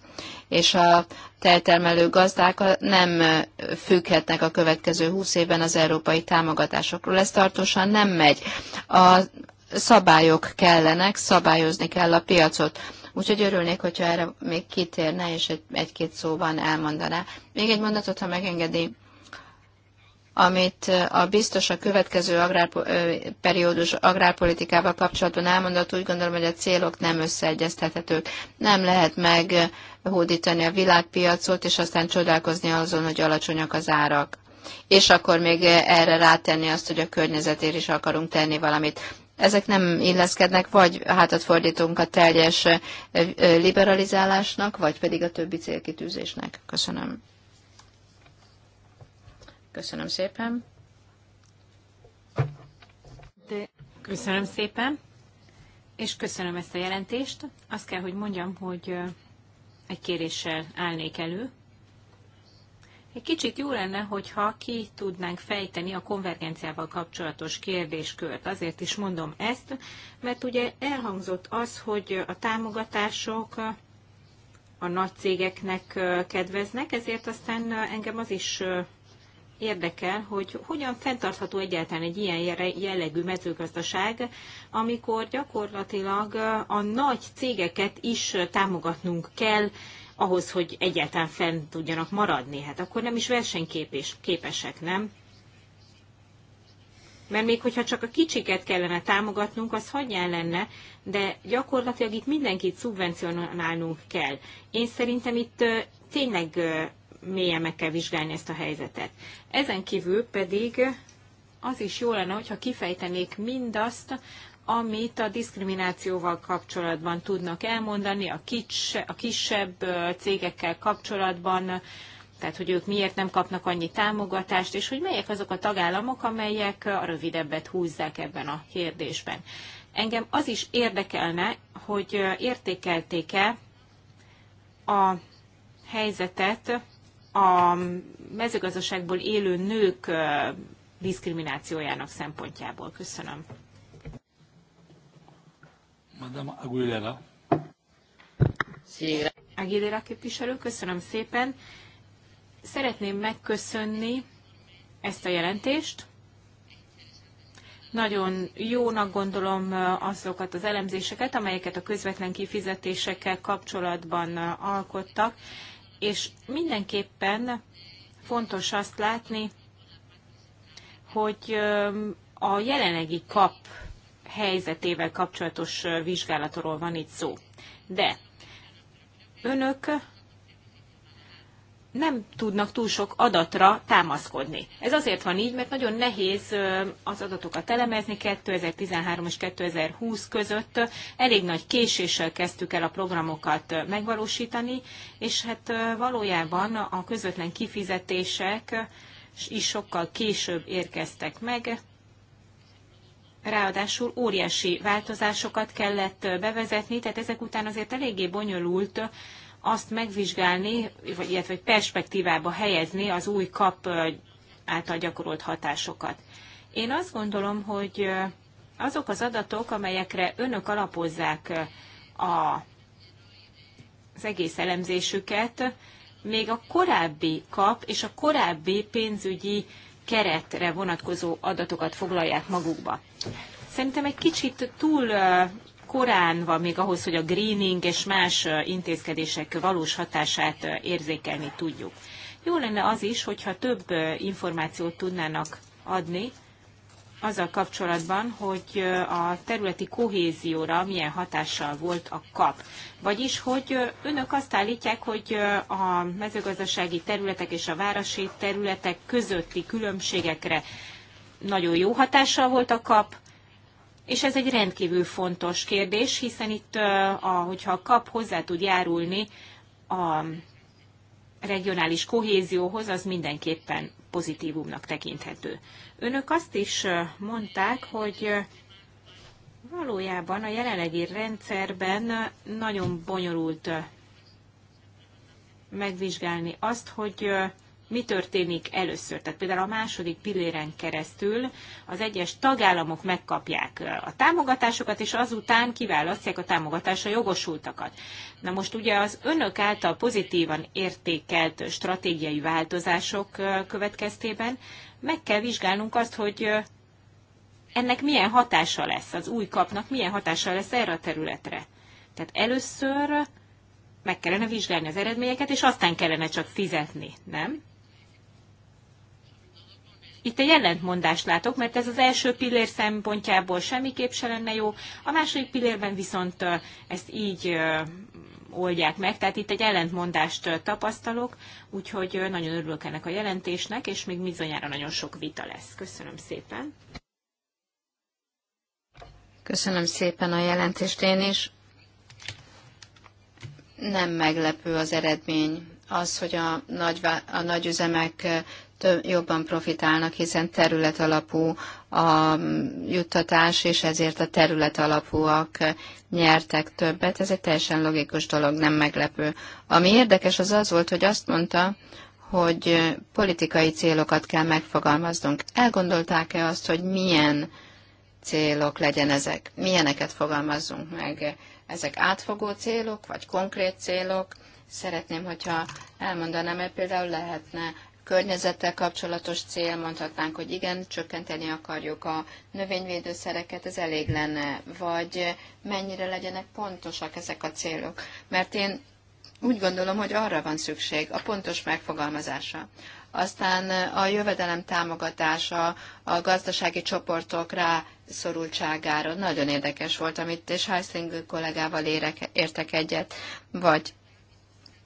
és a tejtermelő gazdák nem függhetnek a következő húsz évben az európai támogatásokról. Ez tartósan nem megy. A szabályok kellenek, szabályozni kell a piacot. Úgyhogy örülnék, hogyha erre még kitérne, és egy-két szóban elmondaná. Még egy mondatot, ha megengedi amit a biztos a következő agrárperiódus agrárpolitikával kapcsolatban elmondott, úgy gondolom, hogy a célok nem összeegyeztethetők. Nem lehet meghódítani a világpiacot, és aztán csodálkozni azon, hogy alacsonyak az árak. És akkor még erre rátenni azt, hogy a környezetért is akarunk tenni valamit ezek nem illeszkednek, vagy hátat fordítunk a teljes liberalizálásnak, vagy pedig a többi célkitűzésnek. Köszönöm. Köszönöm szépen. Köszönöm szépen, és köszönöm ezt a jelentést. Azt kell, hogy mondjam, hogy egy kéréssel állnék elő. Egy kicsit jó lenne, hogyha ki tudnánk fejteni a konvergenciával kapcsolatos kérdéskört. Azért is mondom ezt, mert ugye elhangzott az, hogy a támogatások a nagy cégeknek kedveznek, ezért aztán engem az is érdekel, hogy hogyan fenntartható egyáltalán egy ilyen jellegű mezőgazdaság, amikor gyakorlatilag a nagy cégeket is támogatnunk kell, ahhoz, hogy egyáltalán fenn tudjanak maradni. Hát akkor nem is versenyképesek, nem? Mert még hogyha csak a kicsiket kellene támogatnunk, az hagyján lenne, de gyakorlatilag itt mindenkit szubvencionálnunk kell. Én szerintem itt tényleg mélyen meg kell vizsgálni ezt a helyzetet. Ezen kívül pedig az is jó lenne, hogyha kifejtenék mindazt, amit a diszkriminációval kapcsolatban tudnak elmondani, a, kics, a kisebb cégekkel kapcsolatban, tehát hogy ők miért nem kapnak annyi támogatást, és hogy melyek azok a tagállamok, amelyek a rövidebbet húzzák ebben a kérdésben. Engem az is érdekelne, hogy értékelték-e a helyzetet a mezőgazdaságból élő nők diszkriminációjának szempontjából. Köszönöm. Madame Aguilera. Aguilera képviselő, köszönöm szépen. Szeretném megköszönni ezt a jelentést. Nagyon jónak gondolom azokat az elemzéseket, amelyeket a közvetlen kifizetésekkel kapcsolatban alkottak és mindenképpen fontos azt látni, hogy a jelenlegi kap helyzetével kapcsolatos vizsgálatról van itt szó. De önök nem tudnak túl sok adatra támaszkodni. Ez azért van így, mert nagyon nehéz az adatokat elemezni. 2013 és 2020 között elég nagy késéssel kezdtük el a programokat megvalósítani, és hát valójában a közvetlen kifizetések is sokkal később érkeztek meg. Ráadásul óriási változásokat kellett bevezetni, tehát ezek után azért eléggé bonyolult azt megvizsgálni, vagy, illetve vagy perspektívába helyezni az új kap által gyakorolt hatásokat. Én azt gondolom, hogy azok az adatok, amelyekre önök alapozzák a, az egész elemzésüket, még a korábbi kap és a korábbi pénzügyi keretre vonatkozó adatokat foglalják magukba. Szerintem egy kicsit túl korán van még ahhoz, hogy a greening és más intézkedések valós hatását érzékelni tudjuk. Jó lenne az is, hogyha több információt tudnának adni azzal kapcsolatban, hogy a területi kohézióra milyen hatással volt a kap. Vagyis, hogy önök azt állítják, hogy a mezőgazdasági területek és a városi területek közötti különbségekre nagyon jó hatással volt a kap, és ez egy rendkívül fontos kérdés, hiszen itt, a, hogyha a kap hozzá tud járulni a regionális kohézióhoz, az mindenképpen pozitívumnak tekinthető. Önök azt is mondták, hogy valójában a jelenlegi rendszerben nagyon bonyolult megvizsgálni azt, hogy mi történik először. Tehát például a második pilléren keresztül az egyes tagállamok megkapják a támogatásokat, és azután kiválasztják a támogatásra jogosultakat. Na most ugye az önök által pozitívan értékelt stratégiai változások következtében meg kell vizsgálnunk azt, hogy ennek milyen hatása lesz, az új kapnak milyen hatása lesz erre a területre. Tehát először meg kellene vizsgálni az eredményeket, és aztán kellene csak fizetni, nem? itt egy ellentmondást látok, mert ez az első pillér szempontjából semmiképp se lenne jó, a második pillérben viszont ezt így oldják meg, tehát itt egy ellentmondást tapasztalok, úgyhogy nagyon örülök ennek a jelentésnek, és még bizonyára nagyon sok vita lesz. Köszönöm szépen! Köszönöm szépen a jelentést én is. Nem meglepő az eredmény. Az, hogy a, nagy, a nagyüzemek több, jobban profitálnak, hiszen terület alapú a juttatás, és ezért a terület alapúak nyertek többet. Ez egy teljesen logikus dolog, nem meglepő. Ami érdekes az az volt, hogy azt mondta, hogy politikai célokat kell megfogalmaznunk. Elgondolták-e azt, hogy milyen célok legyen ezek? Milyeneket fogalmazzunk meg? Ezek átfogó célok, vagy konkrét célok? Szeretném, hogyha elmondanám, mert például lehetne környezettel kapcsolatos cél, mondhatnánk, hogy igen, csökkenteni akarjuk a növényvédőszereket, ez elég lenne, vagy mennyire legyenek pontosak ezek a célok. Mert én úgy gondolom, hogy arra van szükség, a pontos megfogalmazása. Aztán a jövedelem támogatása a gazdasági csoportok szorultságára. Nagyon érdekes volt, amit és Heisling kollégával érek, értek egyet, vagy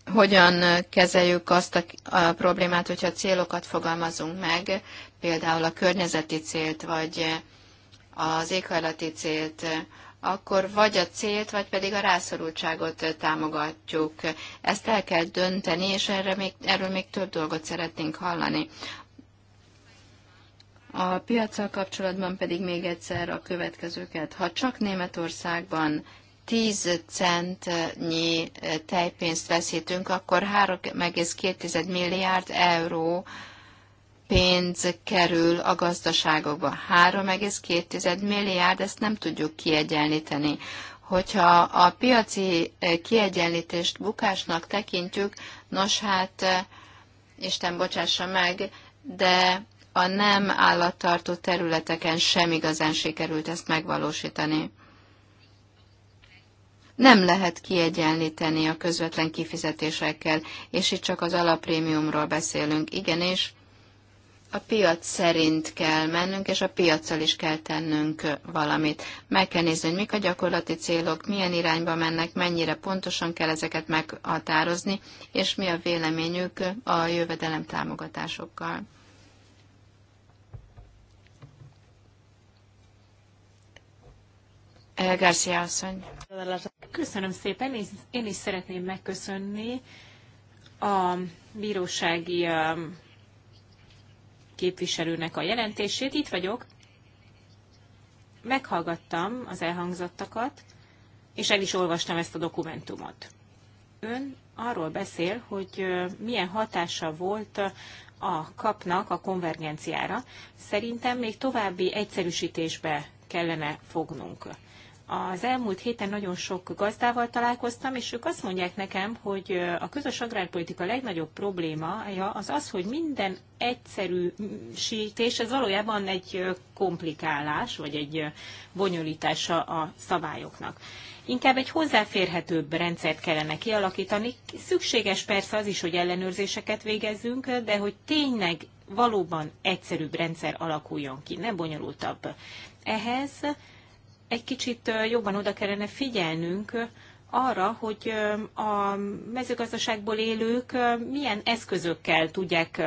hogyan kezeljük azt a, problémát, hogyha célokat fogalmazunk meg, például a környezeti célt, vagy az éghajlati célt, akkor vagy a célt, vagy pedig a rászorultságot támogatjuk. Ezt el kell dönteni, és erre még, erről még több dolgot szeretnénk hallani. A piacsal kapcsolatban pedig még egyszer a következőket. Ha csak Németországban 10 centnyi tejpénzt veszítünk, akkor 3,2 milliárd euró pénz kerül a gazdaságokba. 3,2 milliárd, ezt nem tudjuk kiegyenlíteni. Hogyha a piaci kiegyenlítést bukásnak tekintjük, nos hát, Isten bocsássa meg, de a nem állattartó területeken sem igazán sikerült ezt megvalósítani nem lehet kiegyenlíteni a közvetlen kifizetésekkel, és itt csak az alaprémiumról beszélünk. Igenis, a piac szerint kell mennünk, és a piaccal is kell tennünk valamit. Meg kell nézni, hogy mik a gyakorlati célok, milyen irányba mennek, mennyire pontosan kell ezeket meghatározni, és mi a véleményük a jövedelem támogatásokkal. Eh, Garcia asszony. Köszönöm szépen, én is szeretném megköszönni a bírósági um, képviselőnek a jelentését. Itt vagyok. Meghallgattam az elhangzottakat, és el is olvastam ezt a dokumentumot. Ön arról beszél, hogy milyen hatása volt a kapnak a konvergenciára. Szerintem még további egyszerűsítésbe kellene fognunk. Az elmúlt héten nagyon sok gazdával találkoztam, és ők azt mondják nekem, hogy a közös agrárpolitika legnagyobb problémája az az, hogy minden sítés, ez valójában egy komplikálás, vagy egy bonyolítása a szabályoknak. Inkább egy hozzáférhetőbb rendszert kellene kialakítani. Szükséges persze az is, hogy ellenőrzéseket végezzünk, de hogy tényleg valóban egyszerűbb rendszer alakuljon ki, ne bonyolultabb. Ehhez egy kicsit jobban oda kellene figyelnünk arra, hogy a mezőgazdaságból élők milyen eszközökkel tudják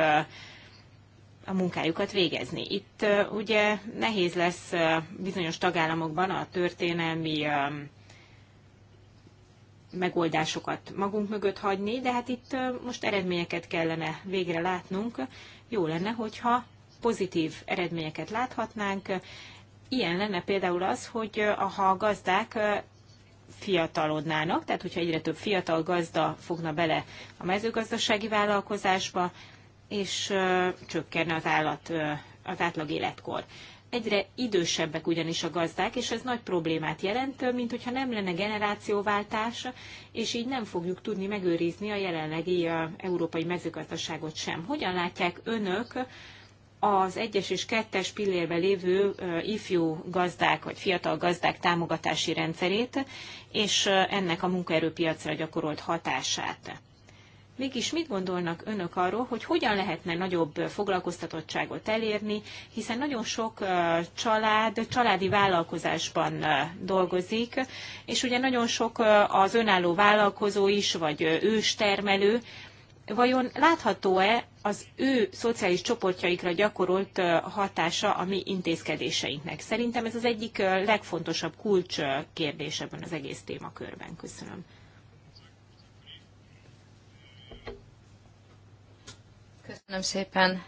a munkájukat végezni. Itt ugye nehéz lesz bizonyos tagállamokban a történelmi megoldásokat magunk mögött hagyni, de hát itt most eredményeket kellene végre látnunk. Jó lenne, hogyha pozitív eredményeket láthatnánk, Ilyen lenne például az, hogy ha a gazdák fiatalodnának, tehát hogyha egyre több fiatal gazda fogna bele a mezőgazdasági vállalkozásba, és csökkenne az állat, az átlag életkor. Egyre idősebbek ugyanis a gazdák, és ez nagy problémát jelent, mint hogyha nem lenne generációváltás, és így nem fogjuk tudni megőrizni a jelenlegi európai mezőgazdaságot sem. Hogyan látják önök az egyes és kettes pillérben lévő ifjú gazdák vagy fiatal gazdák támogatási rendszerét, és ennek a munkaerőpiacra gyakorolt hatását. Mégis mit gondolnak önök arról, hogy hogyan lehetne nagyobb foglalkoztatottságot elérni, hiszen nagyon sok család családi vállalkozásban dolgozik, és ugye nagyon sok az önálló vállalkozó is, vagy őstermelő. Vajon látható-e az ő szociális csoportjaikra gyakorolt hatása a mi intézkedéseinknek. Szerintem ez az egyik legfontosabb kulcs kérdés ebben az egész témakörben. Köszönöm. Köszönöm szépen,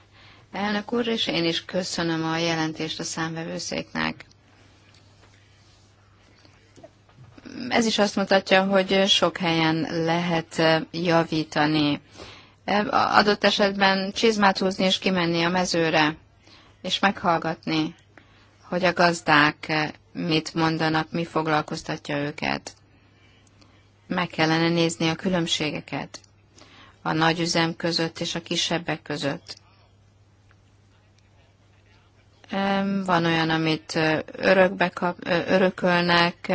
elnök úr, és én is köszönöm a jelentést a számvevőszéknek. Ez is azt mutatja, hogy sok helyen lehet javítani adott esetben csizmát húzni és kimenni a mezőre, és meghallgatni, hogy a gazdák eh, mit mondanak, mi foglalkoztatja őket. Meg kellene nézni a különbségeket a nagy üzem között és a kisebbek között. Van olyan, amit eh, örökbe kap, eh, örökölnek,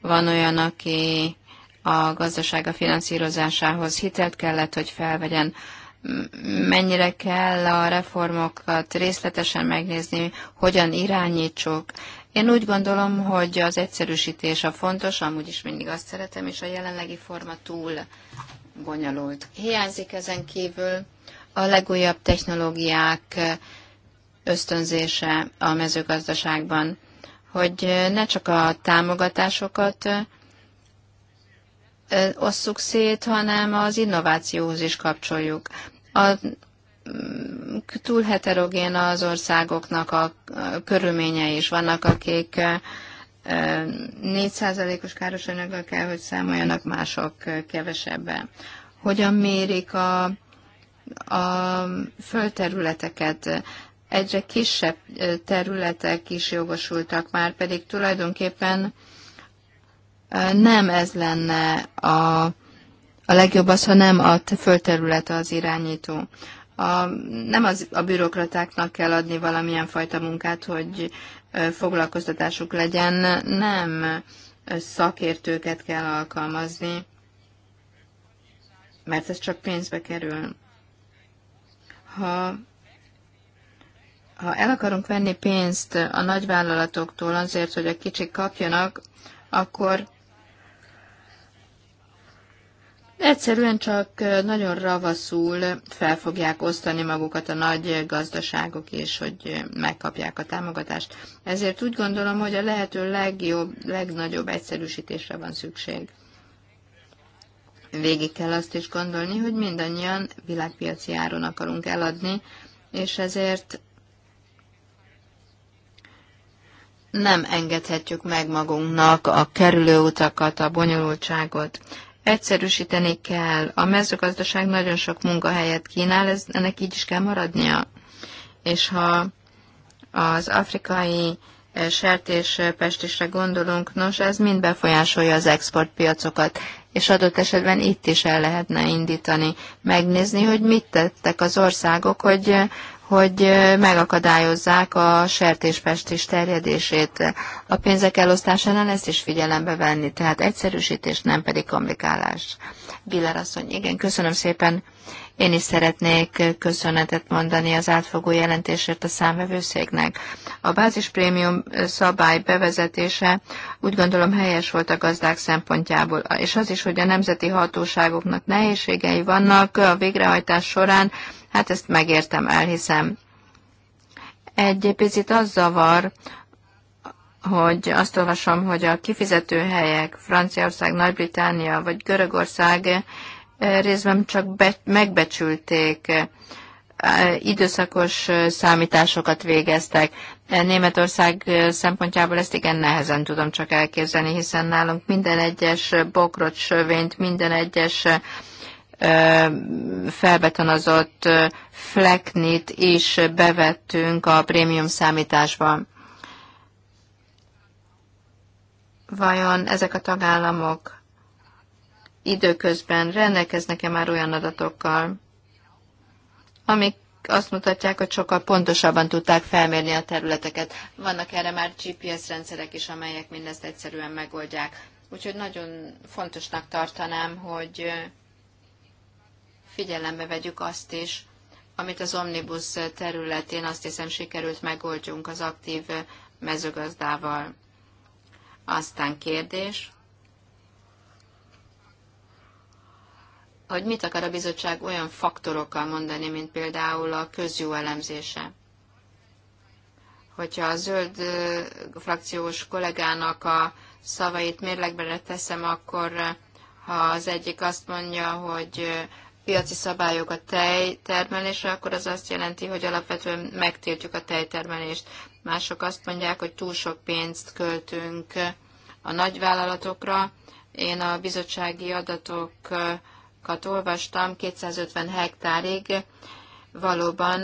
van olyan, aki a gazdasága finanszírozásához hitelt kellett, hogy felvegyen. Mennyire kell a reformokat részletesen megnézni, hogyan irányítsuk. Én úgy gondolom, hogy az egyszerűsítés a fontos, amúgy is mindig azt szeretem, és a jelenlegi forma túl bonyolult. Hiányzik ezen kívül a legújabb technológiák ösztönzése a mezőgazdaságban, hogy ne csak a támogatásokat, osszuk szét, hanem az innovációhoz is kapcsoljuk. A, mm, túl heterogén az országoknak a körülménye is. Vannak, akik 4%-os károsanyaggal kell, hogy számoljanak, mások kevesebben. Hogyan mérik a, a földterületeket? Egyre kisebb területek is jogosultak már, pedig tulajdonképpen nem ez lenne a, a legjobb az, ha nem a földterület az irányító. A, nem az, a bürokratáknak kell adni valamilyen fajta munkát, hogy foglalkoztatásuk legyen, nem szakértőket kell alkalmazni, mert ez csak pénzbe kerül. Ha, ha el akarunk venni pénzt a nagyvállalatoktól azért, hogy a kicsik kapjanak, akkor Egyszerűen csak nagyon ravaszul fel fogják osztani magukat a nagy gazdaságok, és hogy megkapják a támogatást. Ezért úgy gondolom, hogy a lehető legjobb, legnagyobb egyszerűsítésre van szükség. Végig kell azt is gondolni, hogy mindannyian világpiaci áron akarunk eladni, és ezért nem engedhetjük meg magunknak a kerülőutakat, a bonyolultságot. Egyszerűsíteni kell. A mezőgazdaság nagyon sok munkahelyet kínál, ez, ennek így is kell maradnia. És ha az afrikai eh, sertéspestisre eh, gondolunk, nos, ez mind befolyásolja az exportpiacokat, és adott esetben itt is el lehetne indítani, megnézni, hogy mit tettek az országok, hogy eh, hogy megakadályozzák a sertéspestis terjedését. A pénzek elosztásánál ezt is figyelembe venni, tehát egyszerűsítés, nem pedig komplikálás. Biller asszony, igen, köszönöm szépen. Én is szeretnék köszönetet mondani az átfogó jelentésért a számvevőszéknek. A bázisprémium szabály bevezetése úgy gondolom helyes volt a gazdák szempontjából, és az is, hogy a nemzeti hatóságoknak nehézségei vannak a végrehajtás során, Hát ezt megértem, elhiszem. Egy picit az zavar, hogy azt olvasom, hogy a kifizetőhelyek Franciaország, Nagy-Britannia vagy Görögország eh, részben csak be, megbecsülték, eh, időszakos eh, számításokat végeztek. Németország szempontjából ezt igen nehezen tudom csak elképzelni, hiszen nálunk minden egyes bokrot, sövényt, minden egyes felbetonozott fleknit is bevettünk a prémium számításba. Vajon ezek a tagállamok időközben rendelkeznek-e már olyan adatokkal, amik azt mutatják, hogy sokkal pontosabban tudták felmérni a területeket. Vannak erre már GPS rendszerek is, amelyek mindezt egyszerűen megoldják. Úgyhogy nagyon fontosnak tartanám, hogy figyelembe vegyük azt is, amit az Omnibus területén azt hiszem sikerült megoldjunk az aktív mezőgazdával. Aztán kérdés, hogy mit akar a bizottság olyan faktorokkal mondani, mint például a közjó elemzése. Hogyha a zöld frakciós kollégának a szavait mérlegbe teszem, akkor ha az egyik azt mondja, hogy piaci szabályok a tejtermelésre, akkor az azt jelenti, hogy alapvetően megtiltjuk a tejtermelést. Mások azt mondják, hogy túl sok pénzt költünk a nagyvállalatokra. Én a bizottsági adatokat olvastam 250 hektárig, valóban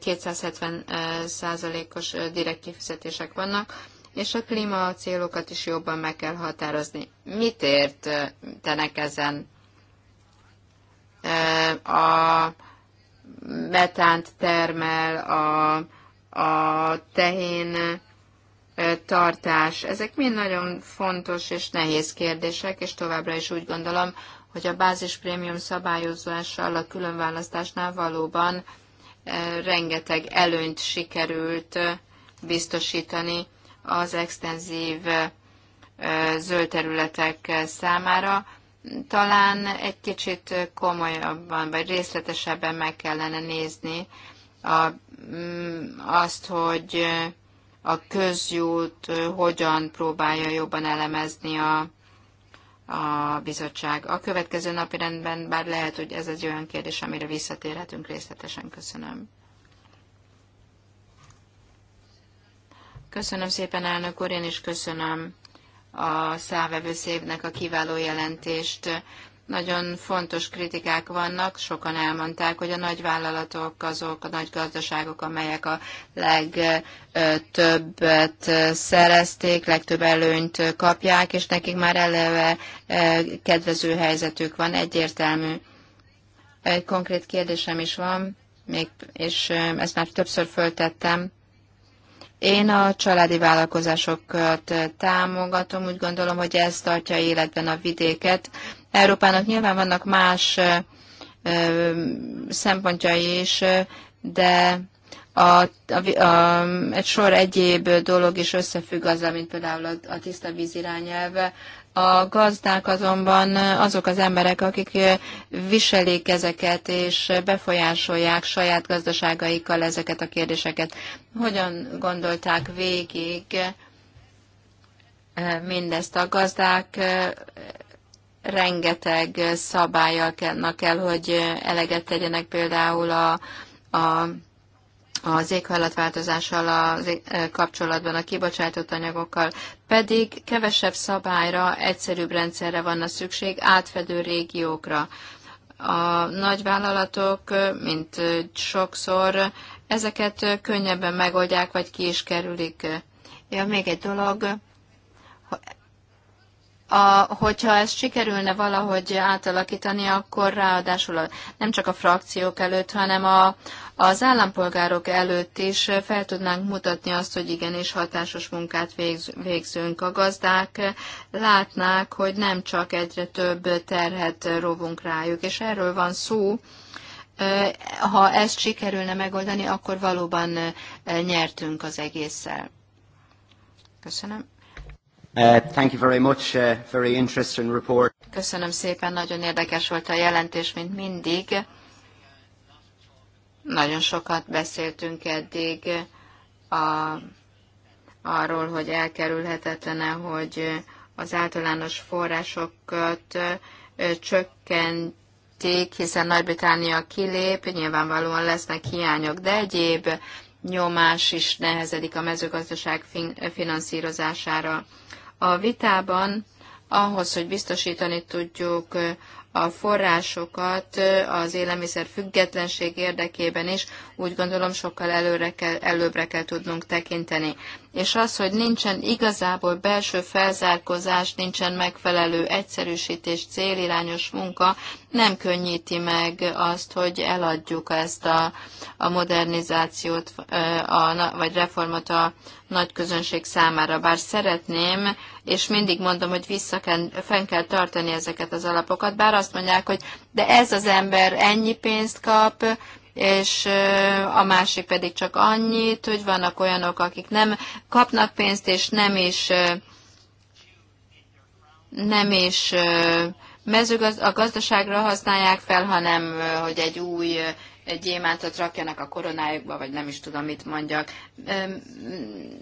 270 eh, eh, százalékos eh, direkt kifizetések vannak, és a klíma célokat is jobban meg kell határozni. Mit értenek ezen? Eh, a metánt termel, a, a tehén eh, tartás. Ezek mind nagyon fontos és nehéz kérdések, és továbbra is úgy gondolom, hogy a bázisprémium szabályozással a különválasztásnál valóban eh, rengeteg előnyt sikerült biztosítani az extenzív zöld területek számára, talán egy kicsit komolyabban, vagy részletesebben meg kellene nézni a, mm, azt, hogy a közjút hogyan próbálja jobban elemezni a, a bizottság. A következő napi rendben, bár lehet, hogy ez egy olyan kérdés, amire visszatérhetünk részletesen. Köszönöm. Köszönöm szépen, elnök úr, én is köszönöm a szávevőszévnek a kiváló jelentést. Nagyon fontos kritikák vannak, sokan elmondták, hogy a nagy vállalatok azok a nagy gazdaságok, amelyek a legtöbbet szerezték, legtöbb előnyt kapják, és nekik már eleve e, kedvező helyzetük van, egyértelmű. Egy konkrét kérdésem is van, még, és e, ezt már többször föltettem én a családi vállalkozásokat támogatom, úgy gondolom, hogy ez tartja életben a vidéket. Európának nyilván vannak más szempontjai is, de a, a, a, egy sor egyéb dolog is összefügg azzal, mint például a, a tiszta víz irányelve, a gazdák azonban azok az emberek, akik viselik ezeket, és befolyásolják saját gazdaságaikkal ezeket a kérdéseket. Hogyan gondolták végig eh, mindezt a gazdák? Eh, rengeteg szabályal kell, hogy eleget tegyenek például a, a az éghajlatváltozással az, eh, kapcsolatban, a kibocsátott anyagokkal, pedig kevesebb szabályra, egyszerűbb rendszerre van a szükség, átfedő régiókra. A nagyvállalatok, eh, mint eh, sokszor, ezeket könnyebben megoldják, vagy ki is kerülik. Ja, még egy dolog, a, hogyha ezt sikerülne valahogy átalakítani, akkor ráadásul nem csak a frakciók előtt, hanem a, az állampolgárok előtt is fel tudnánk mutatni azt, hogy igenis hatásos munkát végzünk. A gazdák látnák, hogy nem csak egyre több terhet rovunk rájuk, és erről van szó, ha ezt sikerülne megoldani, akkor valóban nyertünk az egésszel. Köszönöm. Uh, thank you very much, very uh, interesting report. Köszönöm szépen, nagyon érdekes volt a jelentés, mint mindig. Nagyon sokat beszéltünk eddig a, arról, hogy elkerülhetetlene, hogy az általános forrásokat csökkentik, hiszen Nagy-Britannia kilép, nyilvánvalóan lesznek hiányok, de egyéb nyomás is nehezedik a mezőgazdaság finanszírozására a vitában ahhoz, hogy biztosítani tudjuk a forrásokat az élelmiszer függetlenség érdekében is, úgy gondolom sokkal előre kell, előbbre kell tudnunk tekinteni és az, hogy nincsen igazából belső felzárkozás, nincsen megfelelő egyszerűsítés, célirányos munka, nem könnyíti meg azt, hogy eladjuk ezt a, a modernizációt a, vagy reformot a nagy közönség számára. Bár szeretném, és mindig mondom, hogy vissza kell, fenn kell tartani ezeket az alapokat, bár azt mondják, hogy de ez az ember ennyi pénzt kap, és a másik pedig csak annyit, hogy vannak olyanok, akik nem kapnak pénzt, és nem is nem is a gazdaságra használják fel, hanem hogy egy új gyémántot rakjanak a koronájukba, vagy nem is tudom, mit mondjak.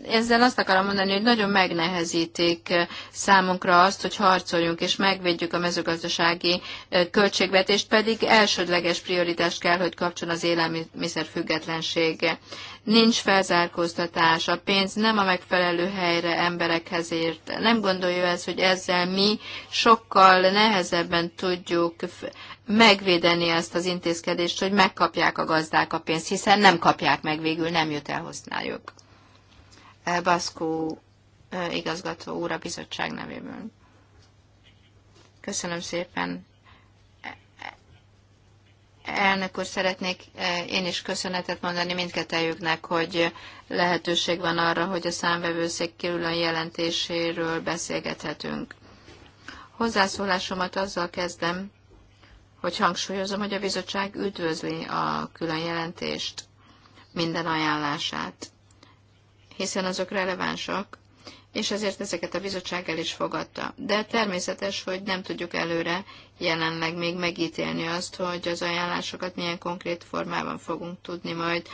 Ezzel azt akarom mondani, hogy nagyon megnehezítik számunkra azt, hogy harcoljunk és megvédjük a mezőgazdasági költségvetést, pedig elsődleges prioritást kell, hogy kapcsol az élelmiszer függetlensége. Nincs felzárkóztatás, a pénz nem a megfelelő helyre emberekhez ért. Nem gondolja ez, hogy ezzel mi sokkal nehezebben tudjuk megvédeni ezt az intézkedést, hogy megkapják a gazdák a pénzt, hiszen nem kapják meg végül, nem jut el hozzájuk. Eh, Baszkó eh, igazgató úr a bizottság nevéből. Köszönöm szépen. Elnök úr, szeretnék eh, én is köszönetet mondani mindkettőjüknek, hogy lehetőség van arra, hogy a számvevőszék külön jelentéséről beszélgethetünk. Hozzászólásomat azzal kezdem, hogy hangsúlyozom, hogy a bizottság üdvözli a külön jelentést, minden ajánlását, hiszen azok relevánsak, és ezért ezeket a bizottság el is fogadta. De természetes, hogy nem tudjuk előre jelenleg még megítélni azt, hogy az ajánlásokat milyen konkrét formában fogunk tudni majd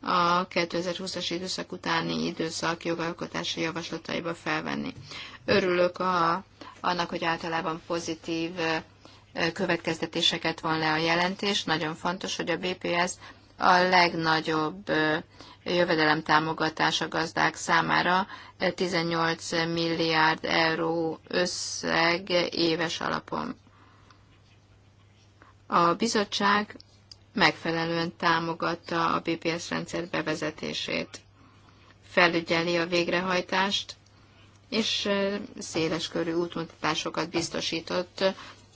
a 2020-as időszak utáni időszak jogalkotási javaslataiba felvenni. Örülök a, annak, hogy általában pozitív következtetéseket von le a jelentés. Nagyon fontos, hogy a BPS a legnagyobb jövedelem támogatás a gazdák számára 18 milliárd euró összeg éves alapon. A bizottság megfelelően támogatta a BPS rendszer bevezetését, felügyeli a végrehajtást, és széles körű útmutatásokat biztosított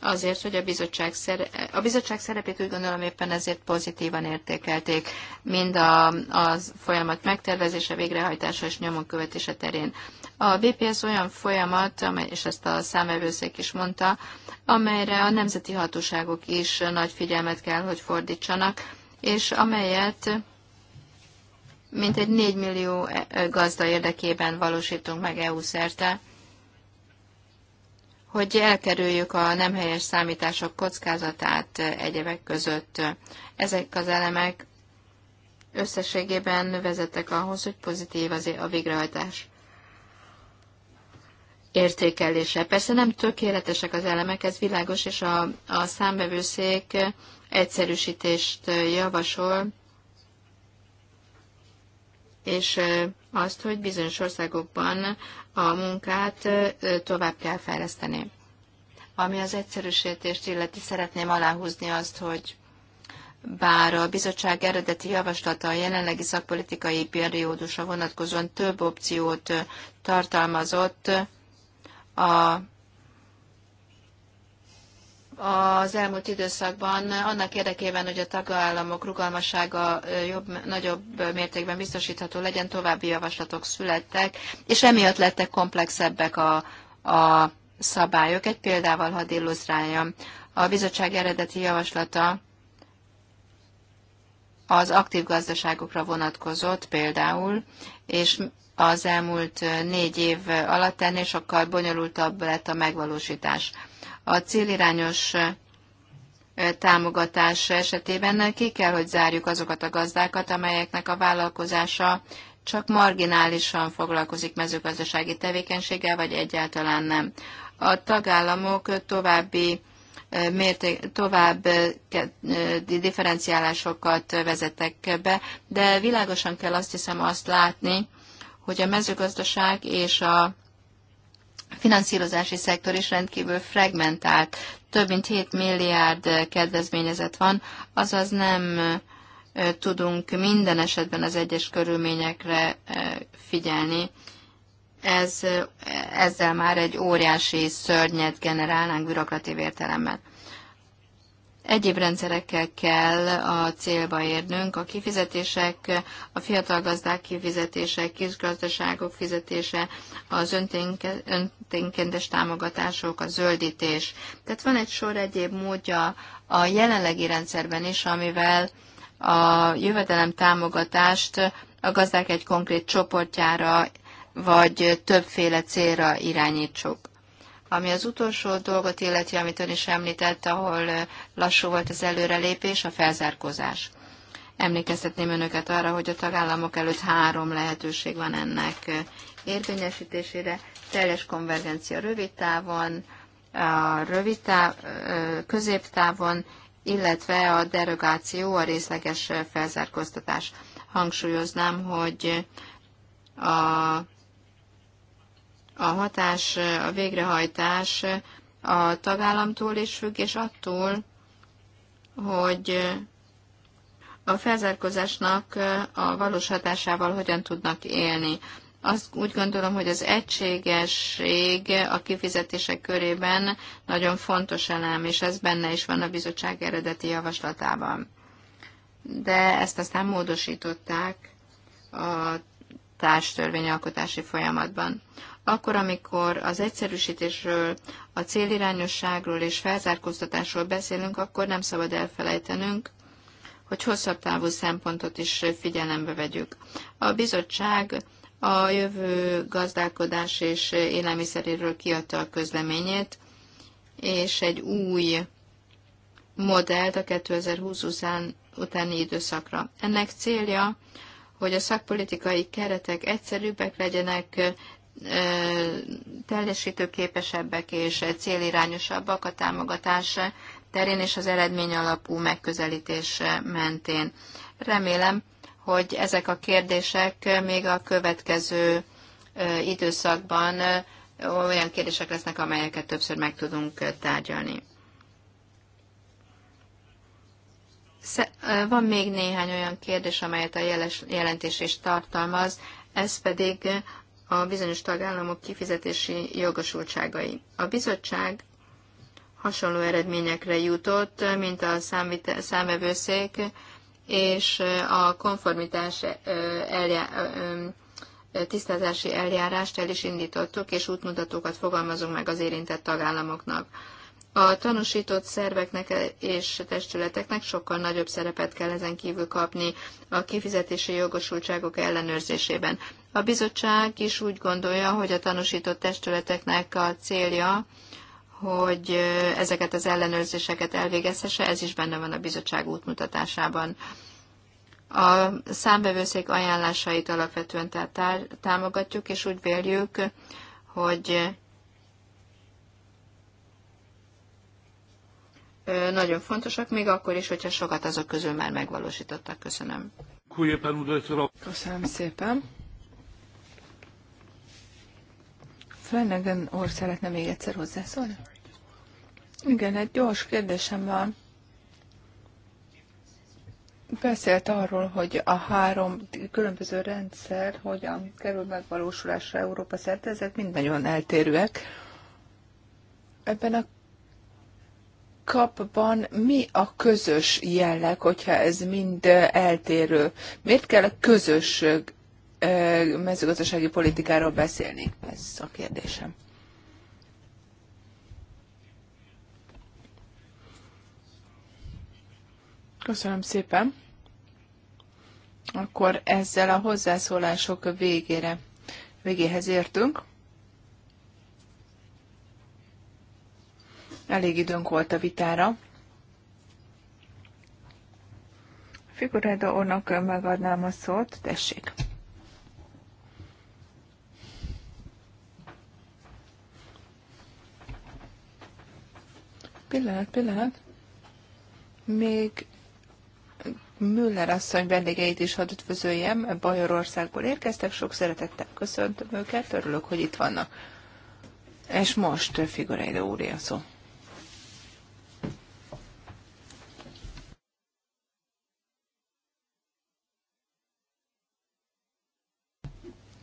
azért, hogy a bizottság, szere- a bizottság szerepét úgy gondolom éppen ezért pozitívan értékelték, mind a, a folyamat megtervezése, végrehajtása és nyomon követése terén. A BPS olyan folyamat, amely, és ezt a számvevőszék is mondta, amelyre a nemzeti hatóságok is nagy figyelmet kell, hogy fordítsanak, és amelyet mintegy 4 millió e-, gazda érdekében valósítunk meg EU szerte hogy elkerüljük a nem helyes számítások kockázatát egyebek között. Ezek az elemek összességében vezetek ahhoz, hogy pozitív az a végrehajtás értékelése. Persze nem tökéletesek az elemek, ez világos, és a, a számbevőszék egyszerűsítést javasol, és azt, hogy bizonyos országokban a munkát tovább kell fejleszteni. Ami az egyszerűsítést illeti, szeretném aláhúzni azt, hogy bár a bizottság eredeti javaslata a jelenlegi szakpolitikai periódusra vonatkozóan több opciót tartalmazott, a az elmúlt időszakban annak érdekében, hogy a tagállamok rugalmassága jobb, nagyobb mértékben biztosítható legyen, további javaslatok születtek, és emiatt lettek komplexebbek a, a szabályok. Egy példával hadd illusztráljam. A bizottság eredeti javaslata az aktív gazdaságokra vonatkozott például, és az elmúlt négy év alatt ennél sokkal bonyolultabb lett a megvalósítás a célirányos támogatás esetében ki kell, hogy zárjuk azokat a gazdákat, amelyeknek a vállalkozása csak marginálisan foglalkozik mezőgazdasági tevékenységgel, vagy egyáltalán nem. A tagállamok további mérték, tovább differenciálásokat vezetek be, de világosan kell azt hiszem azt látni, hogy a mezőgazdaság és a finanszírozási szektor is rendkívül fragmentált. Több mint 7 milliárd kedvezményezet van, azaz nem tudunk minden esetben az egyes körülményekre figyelni. Ez, ezzel már egy óriási szörnyet generálnánk bürokratív értelemben. Egyéb rendszerekkel kell a célba érnünk. A kifizetések, a fiatal gazdák kifizetése, kisgazdaságok fizetése, az önténkendes támogatások, a zöldítés. Tehát van egy sor egyéb módja a jelenlegi rendszerben is, amivel a jövedelem támogatást a gazdák egy konkrét csoportjára vagy többféle célra irányítsuk. Ami az utolsó dolgot illeti, amit ön is említett, ahol eh, lassú volt az előrelépés, a felzárkozás. Emlékeztetném önöket arra, hogy a tagállamok előtt három lehetőség van ennek eh, érvényesítésére. Teljes konvergencia rövid távon, a rövid táv, eh, középtávon, illetve a derogáció, a részleges felzárkóztatás. Hangsúlyoznám, hogy a a hatás, a végrehajtás a tagállamtól is függ, és attól, hogy a felzárkozásnak a valós hatásával hogyan tudnak élni. Azt úgy gondolom, hogy az egységesség a kifizetések körében nagyon fontos elem, és ez benne is van a bizottság eredeti javaslatában. De ezt aztán módosították a társtörvényalkotási folyamatban. Akkor, amikor az egyszerűsítésről, a célirányosságról és felzárkóztatásról beszélünk, akkor nem szabad elfelejtenünk, hogy hosszabb távú szempontot is figyelembe vegyük. A bizottság a jövő gazdálkodás és élelmiszeréről kiadta a közleményét, és egy új modellt a 2020 utáni időszakra. Ennek célja, hogy a szakpolitikai keretek egyszerűbbek legyenek, teljesítőképesebbek és célirányosabbak a támogatás terén és az eredmény alapú megközelítés mentén. Remélem, hogy ezek a kérdések még a következő időszakban olyan kérdések lesznek, amelyeket többször meg tudunk tárgyalni. Van még néhány olyan kérdés, amelyet a jelentés is tartalmaz, ez pedig a bizonyos tagállamok kifizetési jogosultságai. A bizottság hasonló eredményekre jutott, mint a számvevőszék és a konformitás eljá- tisztázási eljárást el is indítottuk, és útmutatókat fogalmazunk meg az érintett tagállamoknak. A tanúsított szerveknek és testületeknek sokkal nagyobb szerepet kell ezen kívül kapni a kifizetési jogosultságok ellenőrzésében. A bizottság is úgy gondolja, hogy a tanúsított testületeknek a célja, hogy ezeket az ellenőrzéseket elvégezhesse, ez is benne van a bizottság útmutatásában. A számbevőszék ajánlásait alapvetően tehát támogatjuk, és úgy véljük, hogy nagyon fontosak, még akkor is, hogyha sokat azok közül már megvalósítottak. Köszönöm. Köszönöm szépen. Flanagan úr szeretne még egyszer hozzászólni? Igen, egy gyors kérdésem van. Beszélt arról, hogy a három különböző rendszer hogyan kerül megvalósulásra Európa szerte, ezek mind nagyon eltérőek. Ebben a kapban mi a közös jelleg, hogyha ez mind eltérő? Miért kell a közös mezőgazdasági politikáról beszélni? Ez a kérdésem. Köszönöm szépen. Akkor ezzel a hozzászólások végére, végéhez értünk. Elég időnk volt a vitára. Figurádo úrnak megadnám a szót, tessék. Pillanat, pillanat. Még Müller asszony vendégeit is hadd üdvözöljem, Bajorországból érkeztek, sok szeretettel köszöntöm őket, örülök, hogy itt vannak. És most Figureide úr a szó.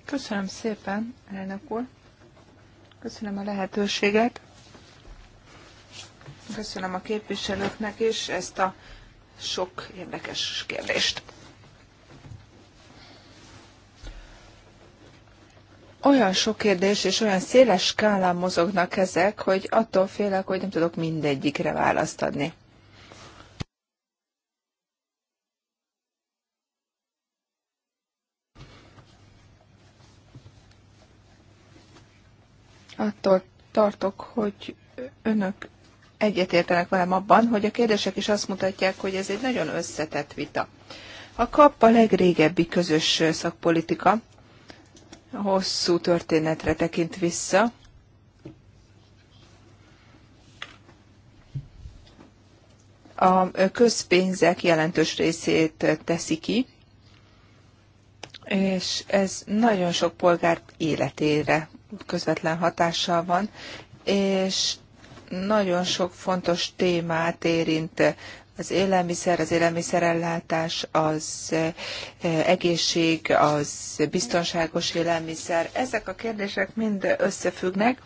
Köszönöm szépen, elnök úr. Köszönöm a lehetőséget. Köszönöm a képviselőknek is ezt a sok érdekes kérdést. Olyan sok kérdés és olyan széles skálán mozognak ezek, hogy attól félek, hogy nem tudok mindegyikre választ adni. Attól tartok, hogy önök egyetértenek velem abban, hogy a kérdések is azt mutatják, hogy ez egy nagyon összetett vita. A KAP a legrégebbi közös szakpolitika, hosszú történetre tekint vissza. A közpénzek jelentős részét teszi ki, és ez nagyon sok polgár életére közvetlen hatással van, és nagyon sok fontos témát érint az élelmiszer, az élelmiszerellátás, az eh, egészség, az biztonságos élelmiszer. Ezek a kérdések mind összefüggnek,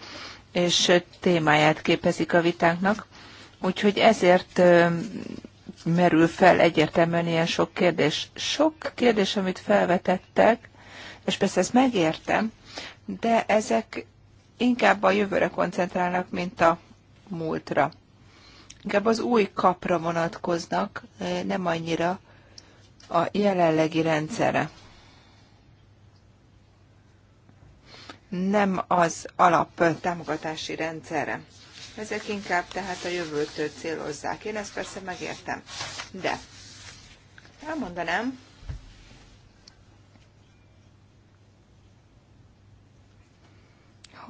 és témáját képezik a vitánknak. Úgyhogy ezért eh, merül fel egyértelműen ilyen sok kérdés. Sok kérdés, amit felvetettek, és persze ezt megértem, de ezek inkább a jövőre koncentrálnak, mint a múltra. Inkább az új kapra vonatkoznak, nem annyira a jelenlegi rendszere. Nem az alap támogatási rendszere. Ezek inkább tehát a jövőtől célozzák. Én ezt persze megértem. De elmondanám,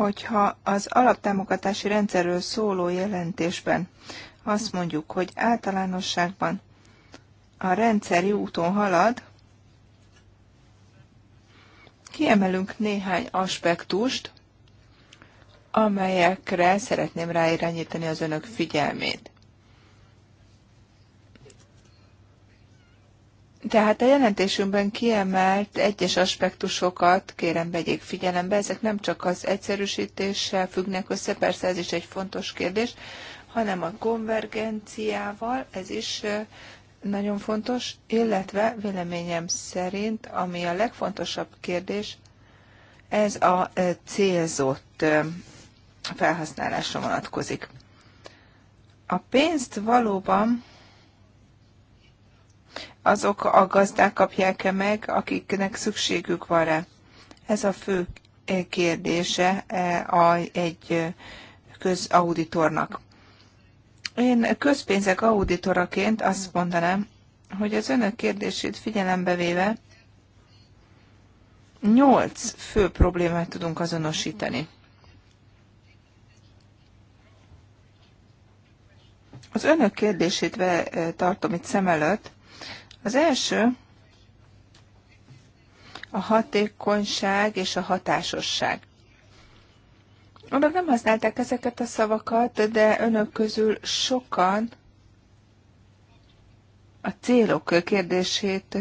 hogyha az alaptámogatási rendszerről szóló jelentésben azt mondjuk, hogy általánosságban a rendszer jó úton halad, kiemelünk néhány aspektust, amelyekre szeretném ráirányítani az önök figyelmét. Tehát a jelentésünkben kiemelt egyes aspektusokat kérem vegyék figyelembe, ezek nem csak az egyszerűsítéssel függnek össze, persze ez is egy fontos kérdés, hanem a konvergenciával, ez is nagyon fontos, illetve véleményem szerint, ami a legfontosabb kérdés, ez a célzott felhasználásra vonatkozik. A pénzt valóban azok a gazdák kapják-e meg, akiknek szükségük van rá? Ez a fő eh, kérdése eh, a, egy eh, közauditornak. Én közpénzek auditoraként azt mondanám, hogy az önök kérdését figyelembe véve nyolc fő problémát tudunk azonosítani. Az önök kérdését tartom itt szem előtt, az első a hatékonyság és a hatásosság. Önök nem használták ezeket a szavakat, de önök közül sokan a célok kérdését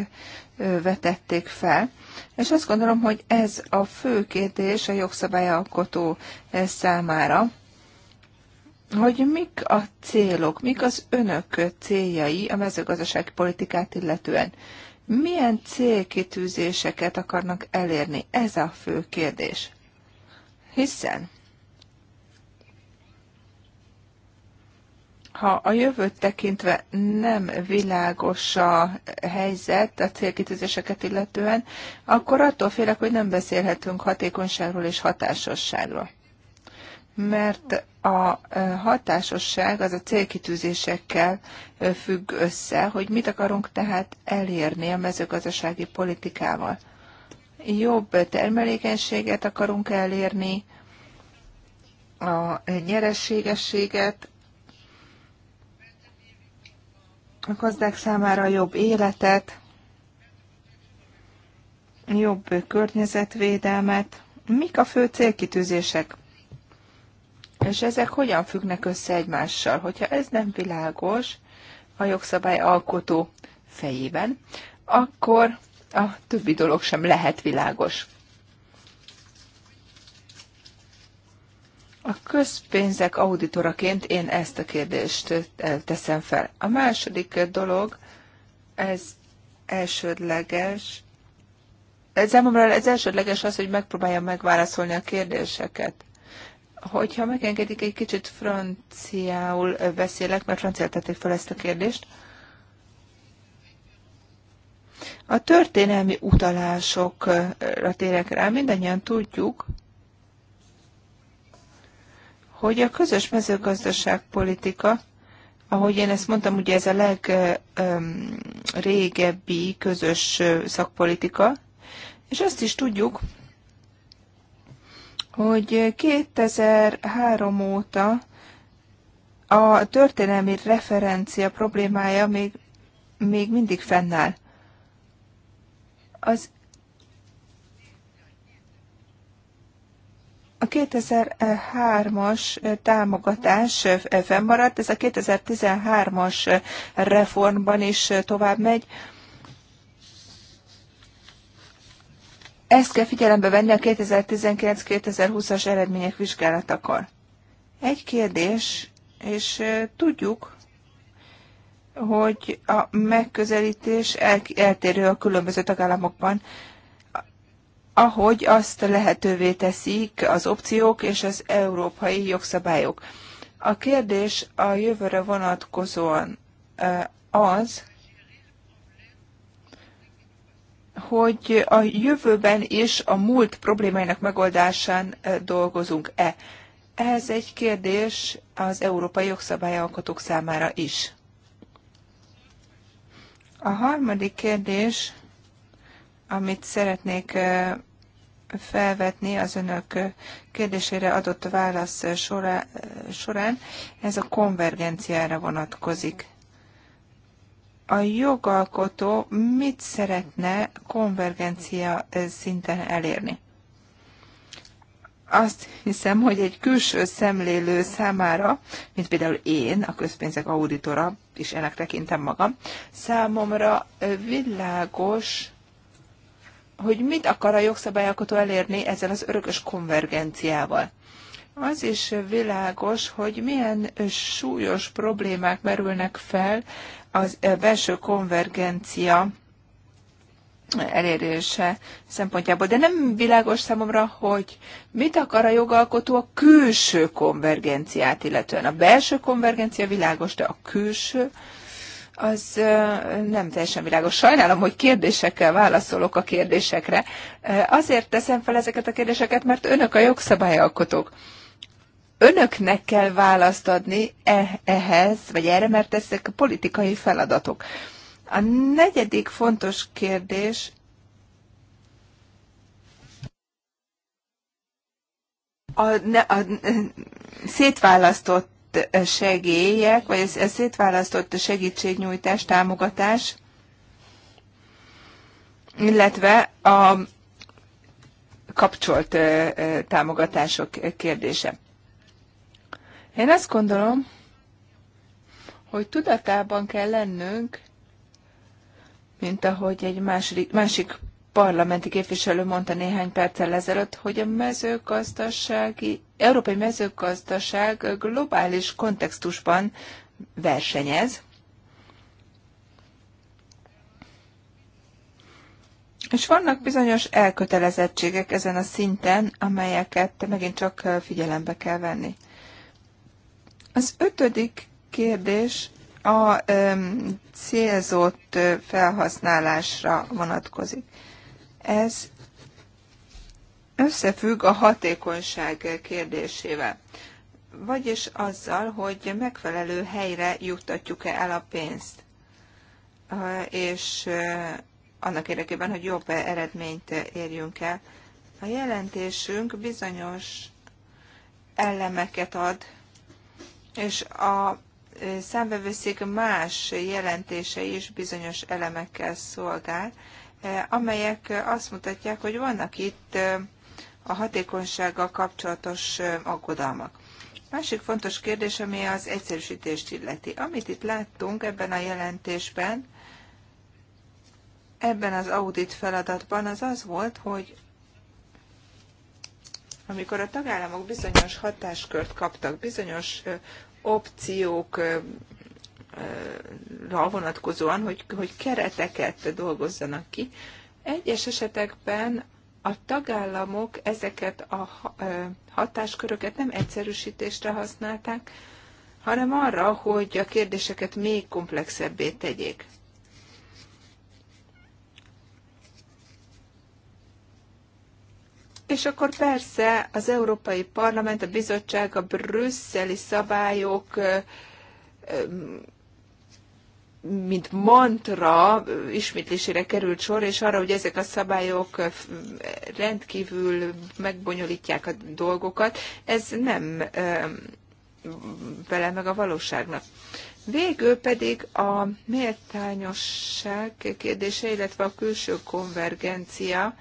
vetették fel, és azt gondolom, hogy ez a fő kérdés a jogszabályalkotó számára hogy mik a célok, mik az önök céljai a mezőgazdasági politikát illetően. Milyen célkitűzéseket akarnak elérni? Ez a fő kérdés. Hiszen, ha a jövőt tekintve nem világos a helyzet a célkitűzéseket illetően, akkor attól félek, hogy nem beszélhetünk hatékonyságról és hatásosságról mert a hatásosság az a célkitűzésekkel függ össze, hogy mit akarunk tehát elérni a mezőgazdasági politikával. Jobb termelékenységet akarunk elérni, a nyerességességet, a gazdák számára jobb életet, jobb környezetvédelmet. Mik a fő célkitűzések? és ezek hogyan függnek össze egymással. Hogyha ez nem világos a jogszabály alkotó fejében, akkor a többi dolog sem lehet világos. A közpénzek auditoraként én ezt a kérdést eh, teszem fel. A második dolog, ez elsődleges, számomra ez elsődleges az, hogy megpróbáljam megválaszolni a kérdéseket. Hogyha megengedik, egy kicsit franciául beszélek, mert franciál tették fel ezt a kérdést. A történelmi utalásokra térek rá, mindannyian tudjuk, hogy a közös mezőgazdaságpolitika, ahogy én ezt mondtam, ugye ez a legrégebbi közös szakpolitika, és azt is tudjuk, hogy 2003 óta a történelmi referencia problémája még, még mindig fennáll. Az A 2003-as támogatás fennmaradt, ez a 2013-as reformban is tovább megy. Ezt kell figyelembe venni a 2019-2020-as eredmények vizsgálatakor. Egy kérdés, és tudjuk, hogy a megközelítés eltérő a különböző tagállamokban, ahogy azt lehetővé teszik az opciók és az európai jogszabályok. A kérdés a jövőre vonatkozóan az, hogy a jövőben is a múlt problémáinak megoldásán dolgozunk-e. Ez egy kérdés az európai jogszabályalkotók számára is. A harmadik kérdés, amit szeretnék felvetni az önök kérdésére adott válasz során, ez a konvergenciára vonatkozik a jogalkotó mit szeretne konvergencia eh, szinten elérni? Azt hiszem, hogy egy külső szemlélő számára, mint például én, a közpénzek auditora, és ennek tekintem magam, számomra eh, világos, hogy mit akar a jogszabályalkotó elérni ezzel az örökös konvergenciával. Az is világos, hogy milyen súlyos problémák merülnek fel az eh, belső konvergencia elérése szempontjából. De nem világos számomra, hogy mit akar a jogalkotó a külső konvergenciát, illetően a belső konvergencia világos, de a külső az eh, nem teljesen világos. Sajnálom, hogy kérdésekkel válaszolok a kérdésekre. Eh, azért teszem fel ezeket a kérdéseket, mert önök a jogszabályalkotók önöknek kell választ adni e, ehhez, vagy erre, mert ezek politikai feladatok. A negyedik fontos kérdés a, ne, a szétválasztott segélyek, vagy a szétválasztott segítségnyújtás, támogatás, illetve a kapcsolt támogatások kérdése. Én azt gondolom, hogy tudatában kell lennünk, mint ahogy egy második, másik parlamenti képviselő mondta néhány perccel ezelőtt, hogy a mezőgazdasági, európai mezőgazdaság globális kontextusban versenyez, És vannak bizonyos elkötelezettségek ezen a szinten, amelyeket megint csak figyelembe kell venni. Az ötödik kérdés a um, célzott felhasználásra vonatkozik. Ez összefügg a hatékonyság kérdésével, vagyis azzal, hogy megfelelő helyre juttatjuk-e el a pénzt, és annak érdekében, hogy jobb eredményt érjünk el. A jelentésünk bizonyos elemeket ad és a szembevőszék más jelentése is bizonyos elemekkel szolgál, amelyek azt mutatják, hogy vannak itt a hatékonysággal kapcsolatos aggodalmak. Másik fontos kérdés, ami az egyszerűsítést illeti. Amit itt láttunk ebben a jelentésben, ebben az audit feladatban, az az volt, hogy amikor a tagállamok bizonyos hatáskört kaptak, bizonyos opciók vonatkozóan, hogy, hogy kereteket dolgozzanak ki. Egyes esetekben a tagállamok ezeket a hatásköröket nem egyszerűsítésre használták, hanem arra, hogy a kérdéseket még komplexebbé tegyék. És akkor persze az Európai Parlament, a bizottság, a brüsszeli szabályok, mint mantra ismétlésére került sor, és arra, hogy ezek a szabályok rendkívül megbonyolítják a dolgokat, ez nem vele meg a valóságnak. Végül pedig a méltányosság kérdése, illetve a külső konvergencia,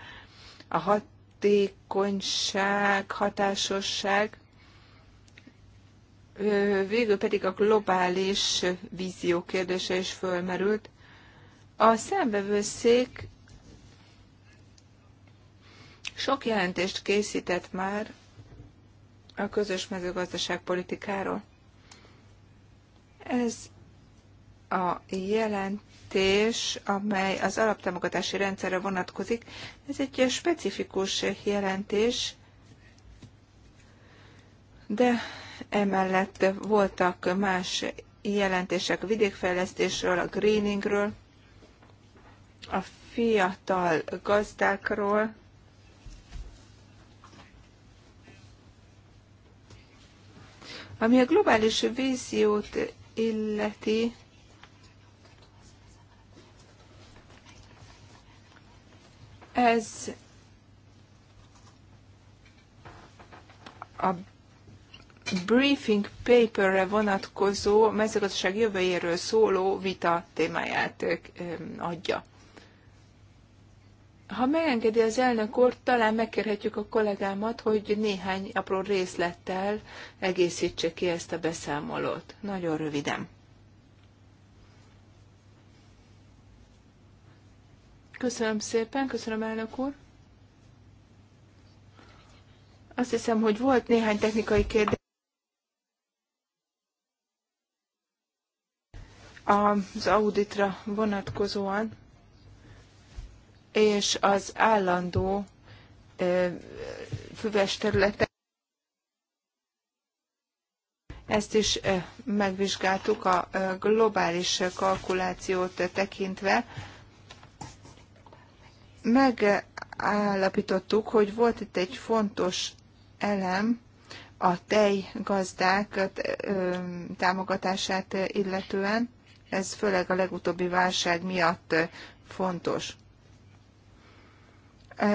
a hat hatékonyság, hatásosság, végül pedig a globális vízió kérdése is fölmerült. A számbevőszék sok jelentést készített már a közös politikáról. Ez a jelent jelentés, amely az alaptámogatási rendszerre vonatkozik. Ez egy specifikus jelentés, de emellett voltak más jelentések a vidékfejlesztésről, a greeningről, a fiatal gazdákról, ami a globális víziót illeti, Ez a briefing paperre vonatkozó mezőgazdaság jövőjéről szóló vita témáját adja. Ha megengedi az elnök úr, talán megkérhetjük a kollégámat, hogy néhány apró részlettel egészítse ki ezt a beszámolót. Nagyon röviden. Köszönöm szépen, köszönöm elnök úr. Azt hiszem, hogy volt néhány technikai kérdés. az auditra vonatkozóan, és az állandó füves területe Ezt is megvizsgáltuk a globális kalkulációt tekintve megállapítottuk, hogy volt itt egy fontos elem a tejgazdák támogatását illetően, ez főleg a legutóbbi válság miatt fontos.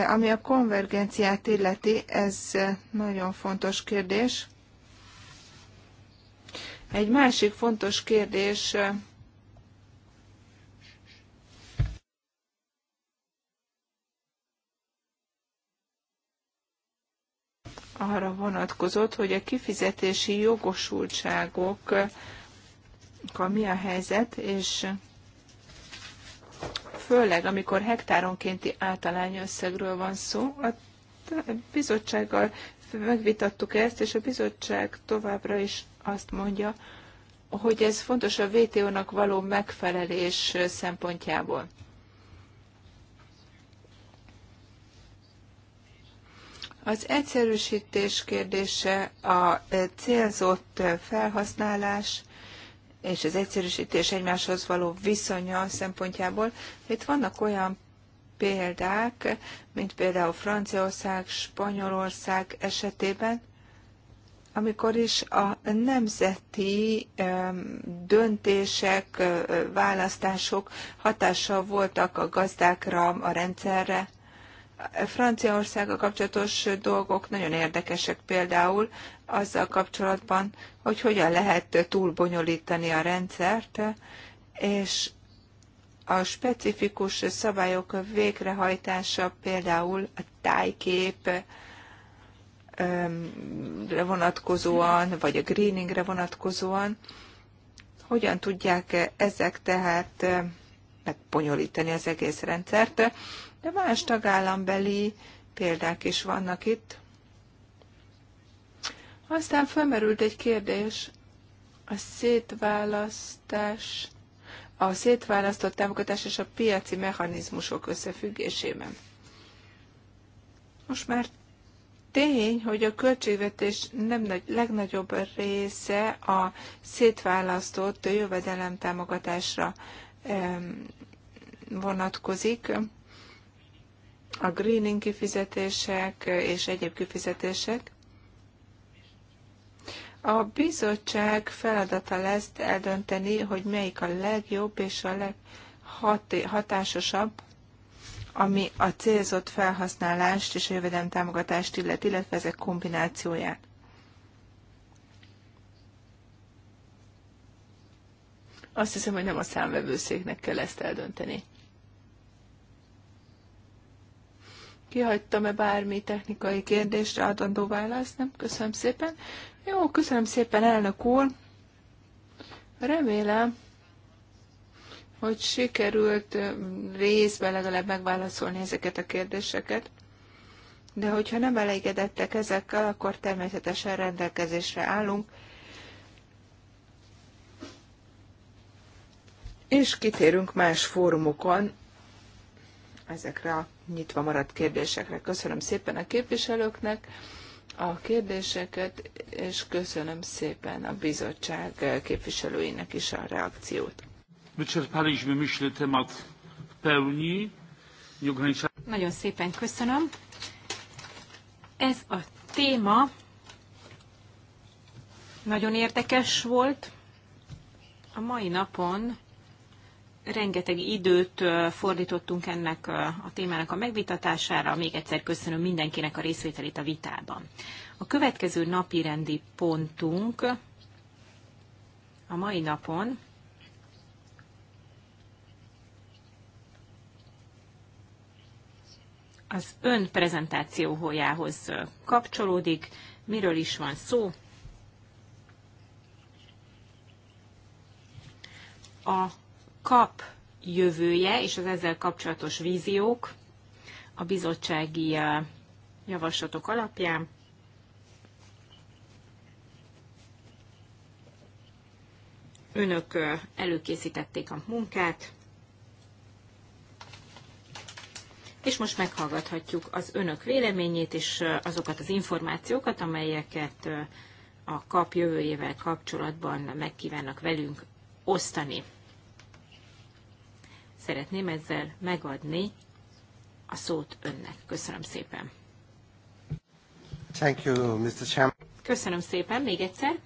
Ami a konvergenciát illeti, ez nagyon fontos kérdés. Egy másik fontos kérdés arra vonatkozott, hogy a kifizetési jogosultságok mi a helyzet, és főleg, amikor hektáronkénti általány összegről van szó, a bizottsággal megvitattuk ezt, és a bizottság továbbra is azt mondja, hogy ez fontos a vto nak való megfelelés szempontjából. Az egyszerűsítés kérdése, a célzott felhasználás és az egyszerűsítés egymáshoz való viszonya szempontjából. Itt vannak olyan példák, mint például Franciaország, Spanyolország esetében, amikor is a nemzeti döntések, választások hatással voltak a gazdákra, a rendszerre, Franciaországgal kapcsolatos dolgok nagyon érdekesek például azzal kapcsolatban, hogy hogyan lehet túlbonyolítani a rendszert, és a specifikus szabályok végrehajtása például a tájkép vonatkozóan, vagy a greeningre vonatkozóan, hogyan tudják ezek tehát megbonyolítani az egész rendszert de más tagállambeli példák is vannak itt. Aztán felmerült egy kérdés, a szétválasztás, a szétválasztott támogatás és a piaci mechanizmusok összefüggésében. Most már tény, hogy a költségvetés nem nagy, legnagyobb része a szétválasztott támogatásra vonatkozik a greening kifizetések és egyéb kifizetések. A bizottság feladata lesz eldönteni, hogy melyik a legjobb és a leghatásosabb, ami a célzott felhasználást és a támogatást illet, illetve ezek kombinációját. Azt hiszem, hogy nem a számvevőszéknek kell ezt eldönteni. Kihagytam-e bármi technikai kérdésre adandó választ? Nem? Köszönöm szépen. Jó, köszönöm szépen, elnök úr. Remélem, hogy sikerült részben legalább megválaszolni ezeket a kérdéseket. De hogyha nem elégedettek ezekkel, akkor természetesen rendelkezésre állunk. És kitérünk más fórumokon ezekre a nyitva maradt kérdésekre. Köszönöm szépen a képviselőknek a kérdéseket, és köszönöm szépen a bizottság képviselőinek is a reakciót. temat Nagyon szépen köszönöm. Ez a téma nagyon érdekes volt. A mai napon rengeteg időt fordítottunk ennek a témának a megvitatására. Még egyszer köszönöm mindenkinek a részvételét a vitában. A következő napi rendi pontunk a mai napon az ön prezentációjához kapcsolódik. Miről is van szó? A kap jövője és az ezzel kapcsolatos víziók a bizottsági uh, javaslatok alapján. Önök uh, előkészítették a munkát, és most meghallgathatjuk az önök véleményét és uh, azokat az információkat, amelyeket a kap jövőjével kapcsolatban megkívánnak velünk osztani. Szeretném ezzel megadni a szót önnek. Köszönöm szépen. Thank you, Mr. Köszönöm szépen még egyszer.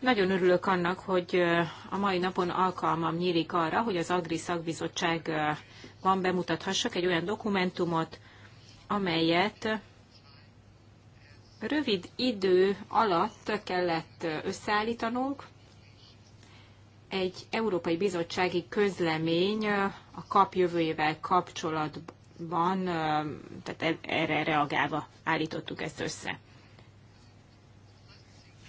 Nagyon örülök annak, hogy a mai napon alkalmam nyílik arra, hogy az Agri Szakbizottságban bemutathassak egy olyan dokumentumot, amelyet rövid idő alatt kellett összeállítanunk, egy Európai Bizottsági közlemény a kap jövőjével kapcsolatban, tehát e- erre reagálva állítottuk ezt össze.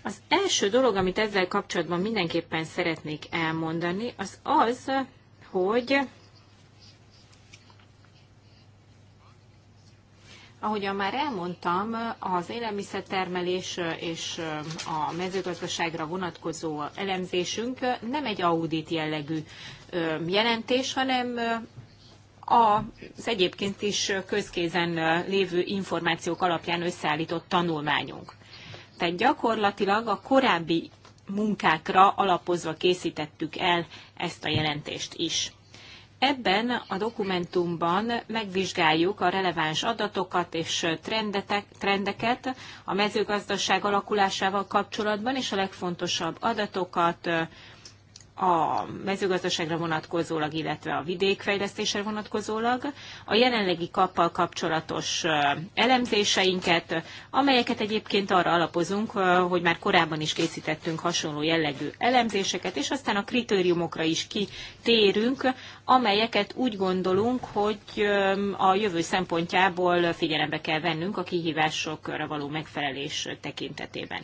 Az első dolog, amit ezzel kapcsolatban mindenképpen szeretnék elmondani, az az, hogy Ahogyan már elmondtam, az élelmiszertermelés és a mezőgazdaságra vonatkozó elemzésünk nem egy audit jellegű jelentés, hanem az egyébként is közkézen lévő információk alapján összeállított tanulmányunk. Tehát gyakorlatilag a korábbi munkákra alapozva készítettük el ezt a jelentést is. Ebben a dokumentumban megvizsgáljuk a releváns adatokat és trendetek, trendeket a mezőgazdaság alakulásával kapcsolatban, és a legfontosabb adatokat a mezőgazdaságra vonatkozólag, illetve a vidékfejlesztésre vonatkozólag, a jelenlegi kappal kapcsolatos elemzéseinket, amelyeket egyébként arra alapozunk, hogy már korábban is készítettünk hasonló jellegű elemzéseket, és aztán a kritériumokra is kitérünk, amelyeket úgy gondolunk, hogy a jövő szempontjából figyelembe kell vennünk a kihívásokra való megfelelés tekintetében.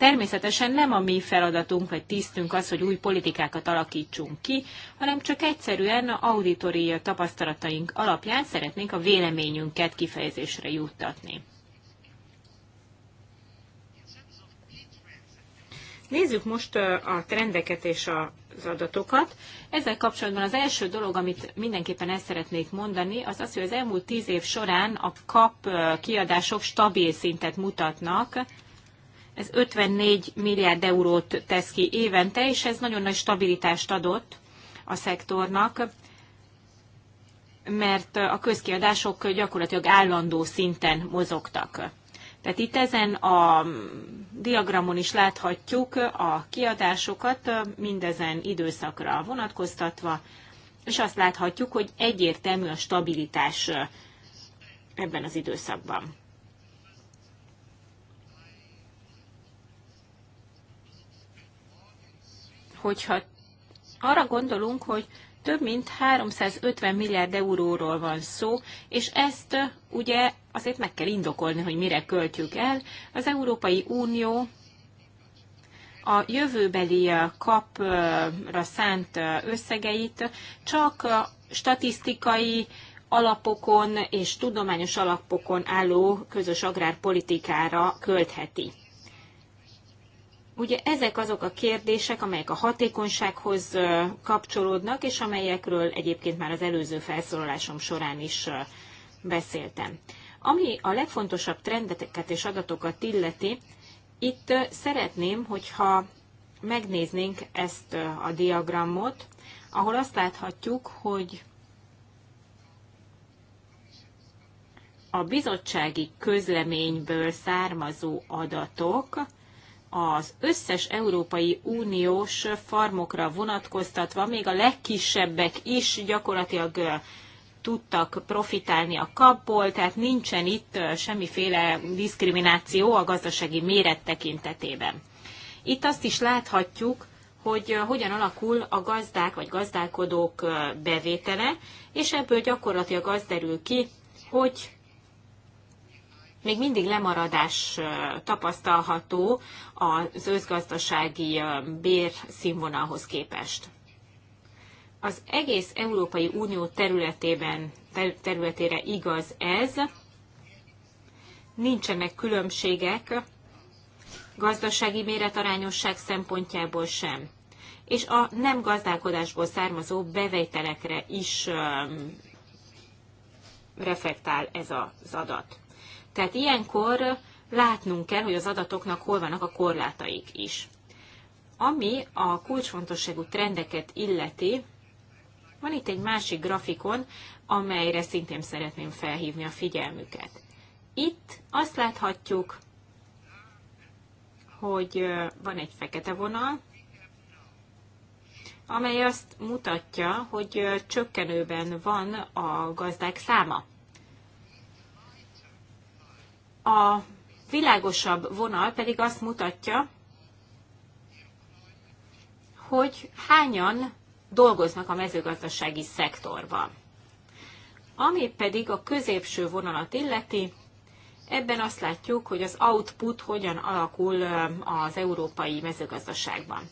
Természetesen nem a mi feladatunk vagy tisztünk az, hogy új politikákat alakítsunk ki, hanem csak egyszerűen auditori tapasztalataink alapján szeretnénk a véleményünket kifejezésre juttatni. Nézzük most a trendeket és az adatokat. Ezzel kapcsolatban az első dolog, amit mindenképpen ezt szeretnék mondani, az az, hogy az elmúlt tíz év során a kap kiadások stabil szintet mutatnak, ez 54 milliárd eurót tesz ki évente, és ez nagyon nagy stabilitást adott a szektornak, mert a közkiadások gyakorlatilag állandó szinten mozogtak. Tehát itt ezen a diagramon is láthatjuk a kiadásokat mindezen időszakra vonatkoztatva, és azt láthatjuk, hogy egyértelmű a stabilitás ebben az időszakban. hogyha arra gondolunk, hogy több mint 350 milliárd euróról van szó, és ezt ugye azért meg kell indokolni, hogy mire költjük el. Az Európai Unió a jövőbeli kapra szánt összegeit csak statisztikai alapokon és tudományos alapokon álló közös agrárpolitikára költheti. Ugye ezek azok a kérdések, amelyek a hatékonysághoz kapcsolódnak, és amelyekről egyébként már az előző felszólalásom során is beszéltem. Ami a legfontosabb trendeket és adatokat illeti, itt szeretném, hogyha megnéznénk ezt a diagramot, ahol azt láthatjuk, hogy a bizottsági közleményből származó adatok az összes Európai Uniós farmokra vonatkoztatva még a legkisebbek is gyakorlatilag tudtak profitálni a kapból, tehát nincsen itt semmiféle diszkrimináció a gazdasági méret tekintetében. Itt azt is láthatjuk, hogy hogyan alakul a gazdák vagy gazdálkodók bevétele, és ebből gyakorlatilag az derül ki, hogy még mindig lemaradás tapasztalható az bér bérszínvonalhoz képest. Az egész Európai Unió területében, területére igaz ez, nincsenek különbségek gazdasági méretarányosság szempontjából sem. És a nem gazdálkodásból származó bevételekre is reflektál ez az adat. Tehát ilyenkor látnunk kell, hogy az adatoknak hol vannak a korlátaik is. Ami a kulcsfontosságú trendeket illeti, van itt egy másik grafikon, amelyre szintén szeretném felhívni a figyelmüket. Itt azt láthatjuk, hogy van egy fekete vonal, amely azt mutatja, hogy csökkenőben van a gazdák száma. A világosabb vonal pedig azt mutatja, hogy hányan dolgoznak a mezőgazdasági szektorban. Ami pedig a középső vonalat illeti, ebben azt látjuk, hogy az output hogyan alakul az európai mezőgazdaságban.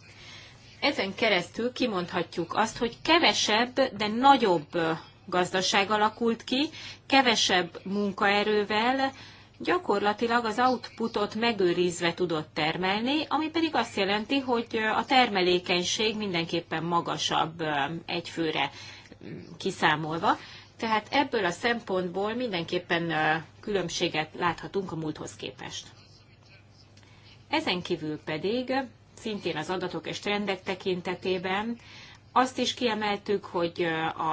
Ezen keresztül kimondhatjuk azt, hogy kevesebb, de nagyobb gazdaság alakult ki, kevesebb munkaerővel, gyakorlatilag az outputot megőrizve tudott termelni, ami pedig azt jelenti, hogy a termelékenység mindenképpen magasabb egy főre mm, kiszámolva. Tehát ebből a szempontból mindenképpen különbséget láthatunk a múlthoz képest. Ezen kívül pedig szintén az adatok és trendek tekintetében azt is kiemeltük, hogy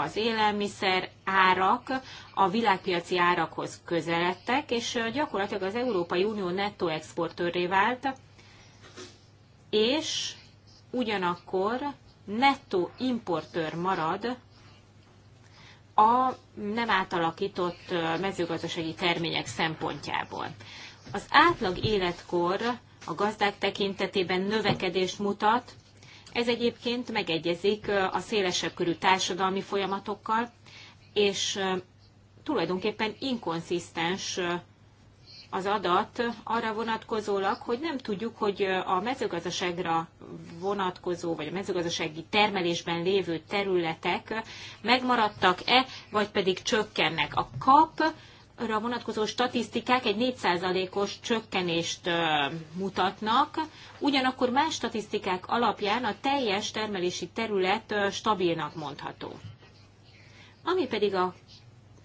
az élelmiszer árak a világpiaci árakhoz közeledtek, és gyakorlatilag az Európai Unió nettó exportőré vált, és ugyanakkor nettó importőr marad a nem átalakított mezőgazdasági termények szempontjából. Az átlag életkor a gazdák tekintetében növekedést mutat, ez egyébként megegyezik a szélesebb körű társadalmi folyamatokkal, és tulajdonképpen inkonszisztens az adat arra vonatkozólag, hogy nem tudjuk, hogy a mezőgazdaságra vonatkozó, vagy a mezőgazdasági termelésben lévő területek megmaradtak-e, vagy pedig csökkennek. A kap ra vonatkozó statisztikák egy 4%-os csökkenést mutatnak, ugyanakkor más statisztikák alapján a teljes termelési terület stabilnak mondható. Ami pedig a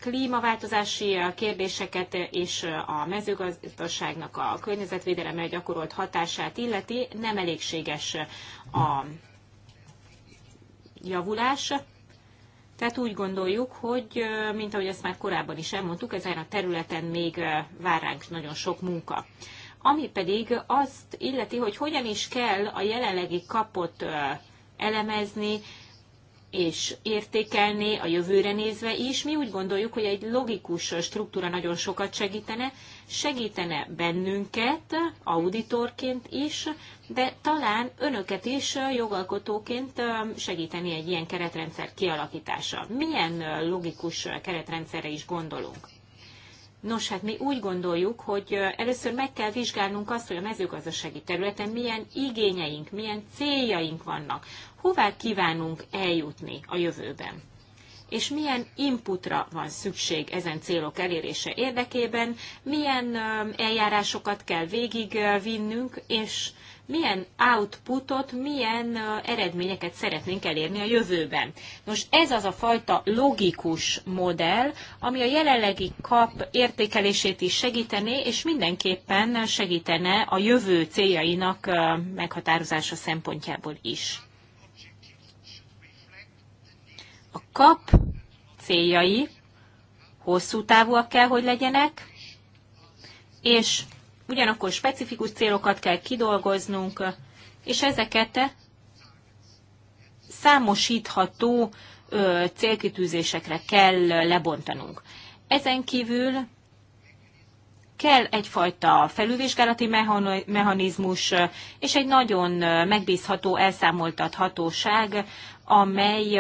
klímaváltozási kérdéseket és a mezőgazdaságnak a környezetvédelemre gyakorolt hatását illeti, nem elégséges a javulás. Tehát úgy gondoljuk, hogy, mint ahogy ezt már korábban is elmondtuk, ezen a területen még vár ránk nagyon sok munka. Ami pedig azt illeti, hogy hogyan is kell a jelenlegi kapot elemezni, és értékelni a jövőre nézve is. Mi úgy gondoljuk, hogy egy logikus struktúra nagyon sokat segítene, segítene bennünket, auditorként is, de talán önöket is jogalkotóként um, segíteni egy ilyen keretrendszer kialakítása. Milyen uh, logikus uh, keretrendszerre is gondolunk? Nos, hát mi úgy gondoljuk, hogy uh, először meg kell vizsgálnunk azt, hogy a mezőgazdasági területen milyen igényeink, milyen céljaink vannak hová kívánunk eljutni a jövőben és milyen inputra van szükség ezen célok elérése érdekében, milyen eljárásokat kell végigvinnünk, és milyen outputot, milyen eredményeket szeretnénk elérni a jövőben. Nos, ez az a fajta logikus modell, ami a jelenlegi kap értékelését is segítené, és mindenképpen segítene a jövő céljainak meghatározása szempontjából is. kap céljai hosszú távúak kell, hogy legyenek, és ugyanakkor specifikus célokat kell kidolgoznunk, és ezeket számosítható célkitűzésekre kell lebontanunk. Ezen kívül kell egyfajta felülvizsgálati mechanizmus és egy nagyon megbízható elszámoltathatóság, amely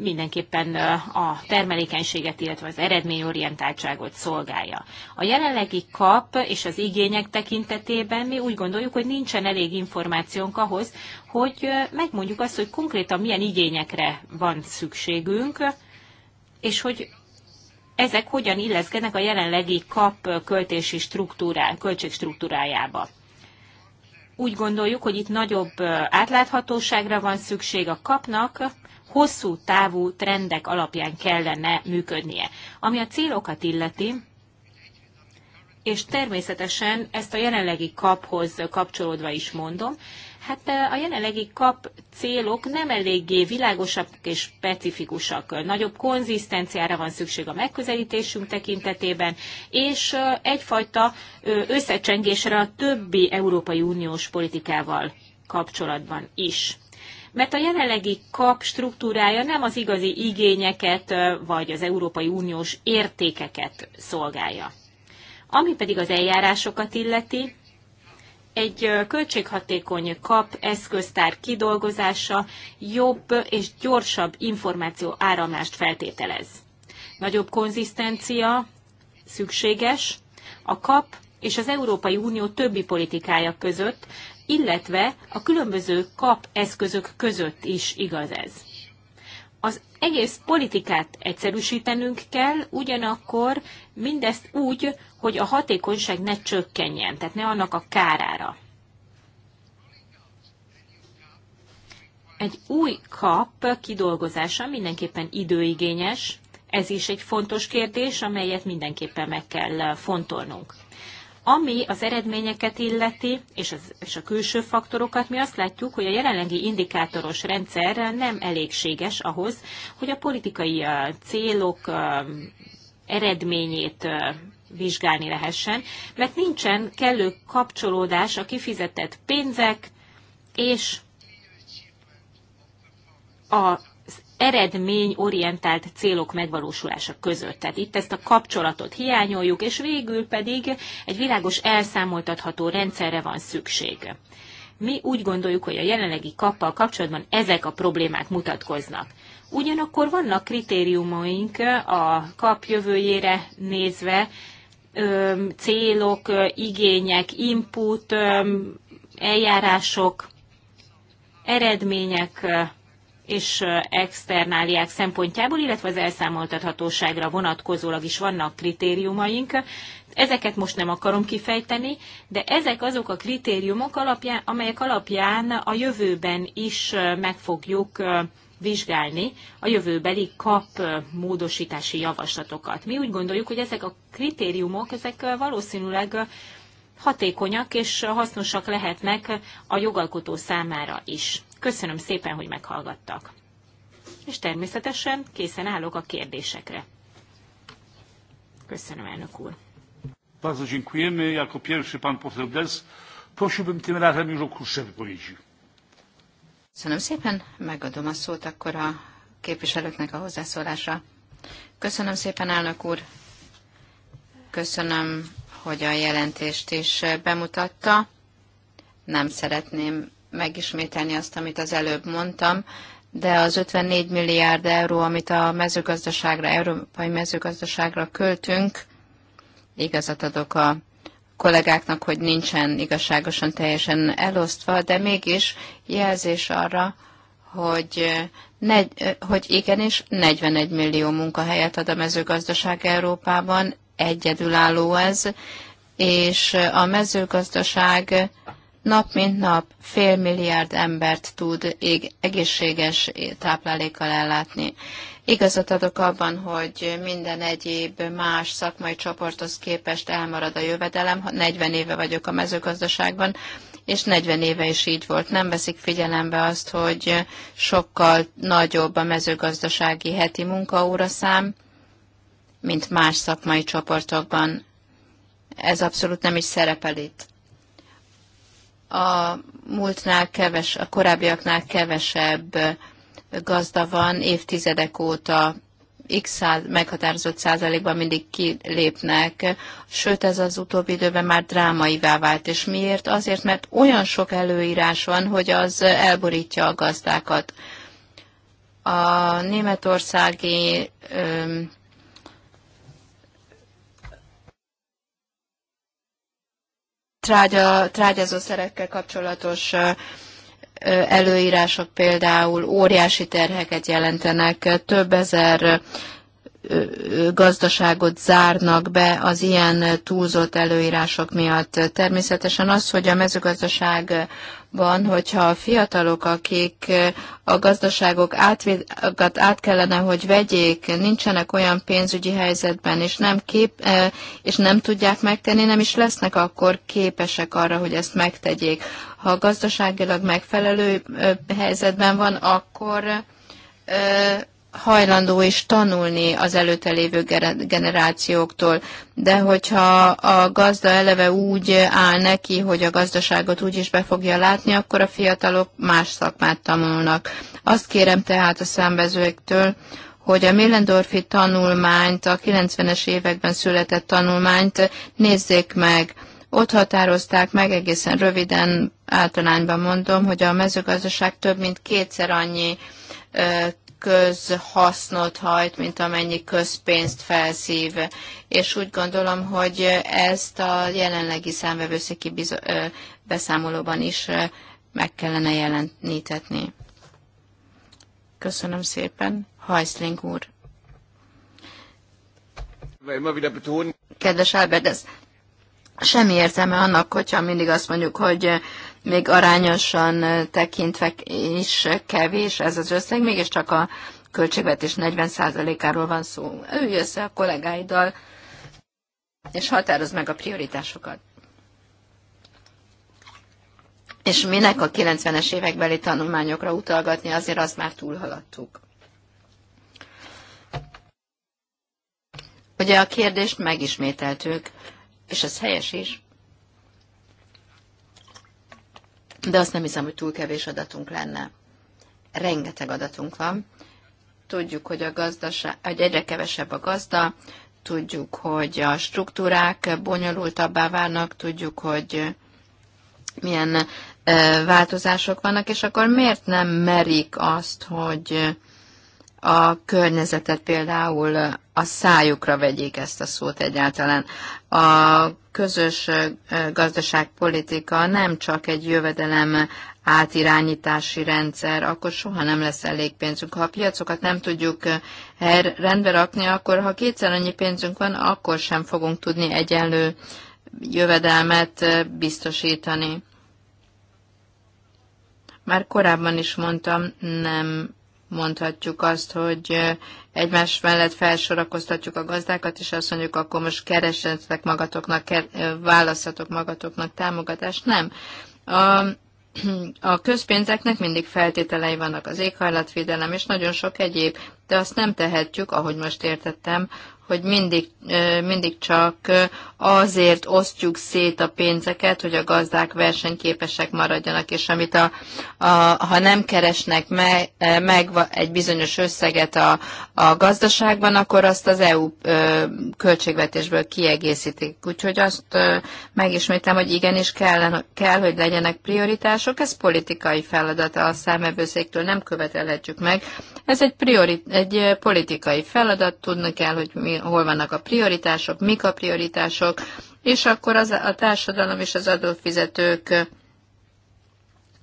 mindenképpen a termelékenységet, illetve az eredményorientáltságot szolgálja. A jelenlegi kap és az igények tekintetében mi úgy gondoljuk, hogy nincsen elég információnk ahhoz, hogy megmondjuk azt, hogy konkrétan milyen igényekre van szükségünk, és hogy ezek hogyan illeszkednek a jelenlegi kap költési struktúrá, költségstruktúrájába úgy gondoljuk, hogy itt nagyobb átláthatóságra van szükség a kapnak, hosszú távú trendek alapján kellene működnie. Ami a célokat illeti, és természetesen ezt a jelenlegi kaphoz kapcsolódva is mondom, hát e, a jelenlegi kap célok nem eléggé világosak és specifikusak. Nagyobb konzisztenciára van szükség a megközelítésünk tekintetében, és e, egyfajta összecsengésre a többi Európai Uniós politikával kapcsolatban is mert a jelenlegi kap struktúrája nem az igazi igényeket vagy az Európai Uniós értékeket szolgálja. Ami pedig az eljárásokat illeti, egy költséghatékony kap eszköztár kidolgozása jobb és gyorsabb információ áramlást feltételez. Nagyobb konzisztencia szükséges a kap és az Európai Unió többi politikája között, illetve a különböző kap eszközök között is igaz ez. Az egész politikát egyszerűsítenünk kell, ugyanakkor mindezt úgy, hogy a hatékonyság ne csökkenjen, tehát ne annak a kárára. Egy új kap kidolgozása mindenképpen időigényes, ez is egy fontos kérdés, amelyet mindenképpen meg kell fontolnunk. Ami az eredményeket illeti, és, az, és a külső faktorokat, mi azt látjuk, hogy a jelenlegi indikátoros rendszer nem elégséges ahhoz, hogy a politikai célok eredményét vizsgálni lehessen, mert nincsen kellő kapcsolódás a kifizetett pénzek és a eredményorientált célok megvalósulása között. Tehát itt ezt a kapcsolatot hiányoljuk, és végül pedig egy világos elszámoltatható rendszerre van szükség. Mi úgy gondoljuk, hogy a jelenlegi kappal kapcsolatban ezek a problémák mutatkoznak. Ugyanakkor vannak kritériumaink a kap jövőjére nézve, célok, igények, input, eljárások, eredmények, és externáliák szempontjából, illetve az elszámoltathatóságra vonatkozólag is vannak kritériumaink. Ezeket most nem akarom kifejteni, de ezek azok a kritériumok, alapján, amelyek alapján a jövőben is meg fogjuk vizsgálni a jövőbeli kap módosítási javaslatokat. Mi úgy gondoljuk, hogy ezek a kritériumok, ezek valószínűleg hatékonyak és hasznosak lehetnek a jogalkotó számára is. Köszönöm szépen, hogy meghallgattak. És természetesen készen állok a kérdésekre. Köszönöm, elnök úr. Bardzo dziękujemy. Jako pierwszy pan poseł Des. Prosiłbym tym razem już o krótsze wypowiedzi. Köszönöm szépen, megadom a szót akkor a képviselőknek a hozzászólása. Köszönöm szépen, elnök úr. Köszönöm, hogy a jelentést is bemutatta. Nem szeretném megismételni azt, amit az előbb mondtam, de az 54 milliárd euró, amit a mezőgazdaságra, európai mezőgazdaságra költünk, igazat adok a kollégáknak, hogy nincsen igazságosan teljesen elosztva, de mégis jelzés arra, hogy, negy, hogy igenis 41 millió munkahelyet ad a mezőgazdaság Európában, egyedülálló ez, és a mezőgazdaság nap mint nap fél milliárd embert tud egészséges táplálékkal ellátni. Igazat adok abban, hogy minden egyéb más szakmai csoporthoz képest elmarad a jövedelem. 40 éve vagyok a mezőgazdaságban, és 40 éve is így volt. Nem veszik figyelembe azt, hogy sokkal nagyobb a mezőgazdasági heti szám, mint más szakmai csoportokban. Ez abszolút nem is szerepel itt a múltnál keves, a korábbiaknál kevesebb gazda van évtizedek óta x száz, meghatározott százalékban mindig kilépnek, sőt ez az utóbbi időben már drámaivá vált. És miért? Azért, mert olyan sok előírás van, hogy az elborítja a gazdákat. A németországi öm, trágya, szerekkel kapcsolatos előírások például óriási terheket jelentenek, több ezer gazdaságot zárnak be az ilyen túlzott előírások miatt. Természetesen az, hogy a mezőgazdaság van, hogyha a fiatalok, akik a gazdaságok átvéd, át kellene, hogy vegyék, nincsenek olyan pénzügyi helyzetben, és nem, kép, és nem tudják megtenni, nem is lesznek akkor képesek arra, hogy ezt megtegyék. Ha gazdaságilag megfelelő helyzetben van, akkor hajlandó és tanulni az előtte lévő generációktól. De hogyha a gazda eleve úgy áll neki, hogy a gazdaságot úgy is be fogja látni, akkor a fiatalok más szakmát tanulnak. Azt kérem tehát a számbezőktől, hogy a Millendorfi tanulmányt, a 90-es években született tanulmányt nézzék meg. Ott határozták meg, egészen röviden általányban mondom, hogy a mezőgazdaság több mint kétszer annyi közhasznot hajt, mint amennyi közpénzt felszív. És úgy gondolom, hogy ezt a jelenlegi számvevőszéki beszámolóban is meg kellene jelenítetni. Köszönöm szépen. Hajszling úr. Kedves Albert, ez semmi értelme annak, hogyha mindig azt mondjuk, hogy még arányosan tekintve is kevés ez az összeg, mégiscsak a költségvetés 40%-áról van szó. Ülj össze a kollégáiddal, és határozd meg a prioritásokat. És minek a 90-es évekbeli tanulmányokra utalgatni, azért azt már túlhaladtuk. Ugye a kérdést megismételtük, és ez helyes is. de azt nem hiszem, hogy túl kevés adatunk lenne. Rengeteg adatunk van. Tudjuk, hogy, a gazdaság, hogy egyre kevesebb a gazda, tudjuk, hogy a struktúrák bonyolultabbá válnak, tudjuk, hogy milyen változások vannak, és akkor miért nem merik azt, hogy a környezetet például a szájukra vegyék ezt a szót egyáltalán. A közös gazdaságpolitika nem csak egy jövedelem átirányítási rendszer, akkor soha nem lesz elég pénzünk. Ha a piacokat nem tudjuk er-, rendbe rakni, akkor ha kétszer annyi pénzünk van, akkor sem fogunk tudni egyenlő jövedelmet biztosítani. Már korábban is mondtam, nem mondhatjuk azt, hogy egymás mellett felsorakoztatjuk a gazdákat, és azt mondjuk, akkor most keresetek magatoknak, választhatok magatoknak támogatást. Nem. A, a közpénzeknek mindig feltételei vannak az éghajlatvédelem, és nagyon sok egyéb, de azt nem tehetjük, ahogy most értettem, hogy mindig, mindig csak azért osztjuk szét a pénzeket, hogy a gazdák versenyképesek maradjanak, és amit a, a, ha nem keresnek meg, meg egy bizonyos összeget a, a gazdaságban, akkor azt az EU költségvetésből kiegészítik. Úgyhogy azt megismétlem, hogy igenis kell, kell, hogy legyenek prioritások, ez politikai feladata a számevőszéktől, nem követelhetjük meg. Ez egy, priori, egy politikai feladat, tudni kell, hogy mi hol vannak a prioritások, mik a prioritások, és akkor az, a társadalom és az adófizetők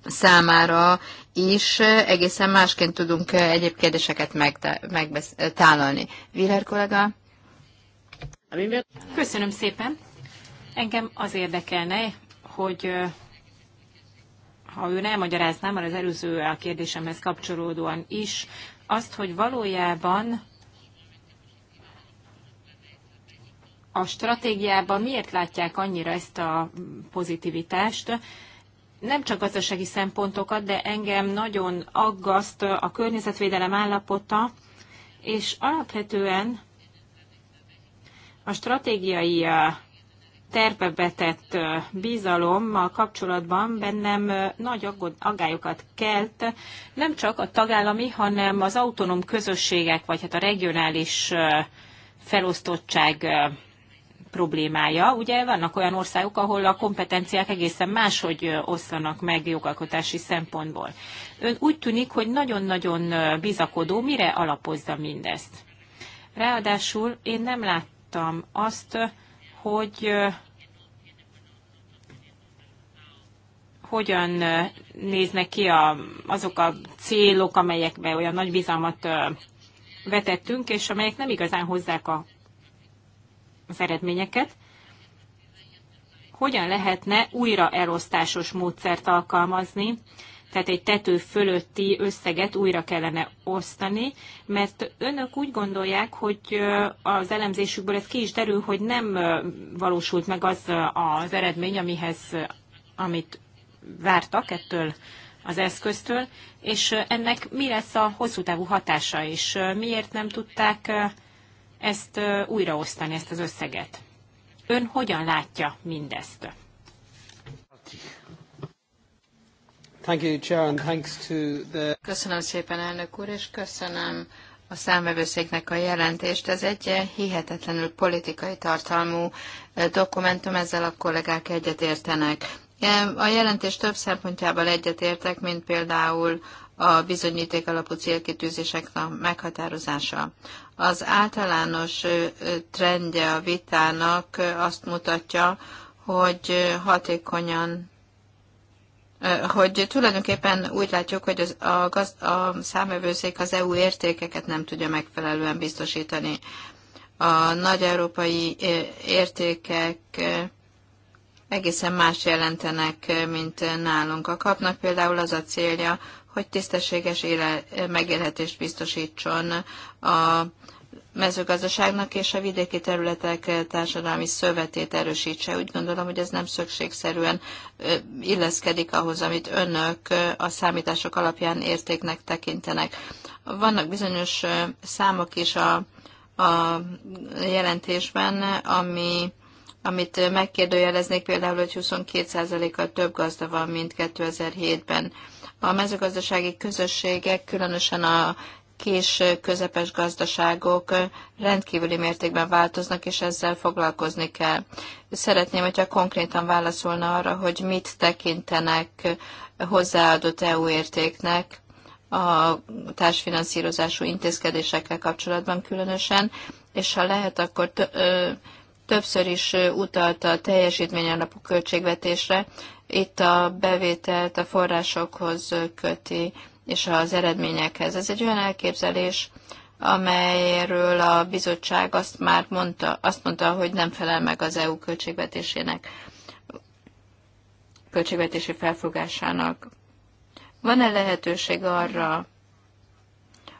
számára is egészen másként tudunk eh, egyéb kérdéseket megtálalni. Eh, Willer kollega? Köszönöm szépen. Engem az érdekelne, hogy eh, ha ő nem magyarázná, már az előző a kérdésemhez kapcsolódóan is, azt, hogy valójában a stratégiában miért látják annyira ezt a pozitivitást, nem csak gazdasági szempontokat, de engem nagyon aggaszt a környezetvédelem állapota, és alapvetően a stratégiai terve bizalommal kapcsolatban bennem nagy aggályokat kelt, nem csak a tagállami, hanem az autonóm közösségek, vagy hát a regionális felosztottság problémája. Ugye vannak olyan országok, ahol a kompetenciák egészen máshogy oszlanak meg jogalkotási szempontból. Ön úgy tűnik, hogy nagyon-nagyon bizakodó, mire alapozza mindezt. Ráadásul én nem láttam azt, hogy hogyan néznek ki a, azok a célok, amelyekbe olyan nagy bizalmat vetettünk, és amelyek nem igazán hozzák a az eredményeket, hogyan lehetne újra elosztásos módszert alkalmazni, tehát egy tető fölötti összeget újra kellene osztani, mert önök úgy gondolják, hogy az elemzésükből ez ki is derül, hogy nem valósult meg az az eredmény, amihez, amit vártak ettől az eszköztől, és ennek mi lesz a hosszú távú hatása, és miért nem tudták ezt újraosztani, ezt az összeget. Ön hogyan látja mindezt? Köszönöm szépen, elnök úr, és köszönöm a számvevőszéknek a jelentést. Ez egy hihetetlenül politikai tartalmú dokumentum, ezzel a kollégák egyetértenek. A jelentés több szempontjával egyetértek, mint például a bizonyíték alapú célkitűzések meghatározása. Az általános trendje a vitának azt mutatja, hogy hatékonyan hogy tulajdonképpen úgy látjuk, hogy az, a, gaz, a számövőszék az EU értékeket nem tudja megfelelően biztosítani. A nagy európai értékek egészen más jelentenek, mint nálunk. A kapnak például az a célja, hogy tisztességes éle, megélhetést biztosítson a mezőgazdaságnak és a vidéki területek társadalmi szövetét erősítse. Úgy gondolom, hogy ez nem szükségszerűen illeszkedik ahhoz, amit önök a számítások alapján értéknek tekintenek. Vannak bizonyos számok is a, a jelentésben, ami amit megkérdőjeleznék például, hogy 22%-kal több gazda van, mint 2007-ben. A mezőgazdasági közösségek, különösen a kis közepes gazdaságok rendkívüli mértékben változnak, és ezzel foglalkozni kell. Szeretném, hogyha konkrétan válaszolna arra, hogy mit tekintenek hozzáadott EU értéknek a társfinanszírozású intézkedésekkel kapcsolatban különösen, és ha lehet, akkor t- Többször is utalta a teljesítmény alapú költségvetésre, itt a bevételt a forrásokhoz köti, és az eredményekhez. Ez egy olyan elképzelés, amelyről a bizottság azt már mondta, azt mondta, hogy nem felel meg az EU költségvetésének, költségvetési felfogásának. Van-e lehetőség arra,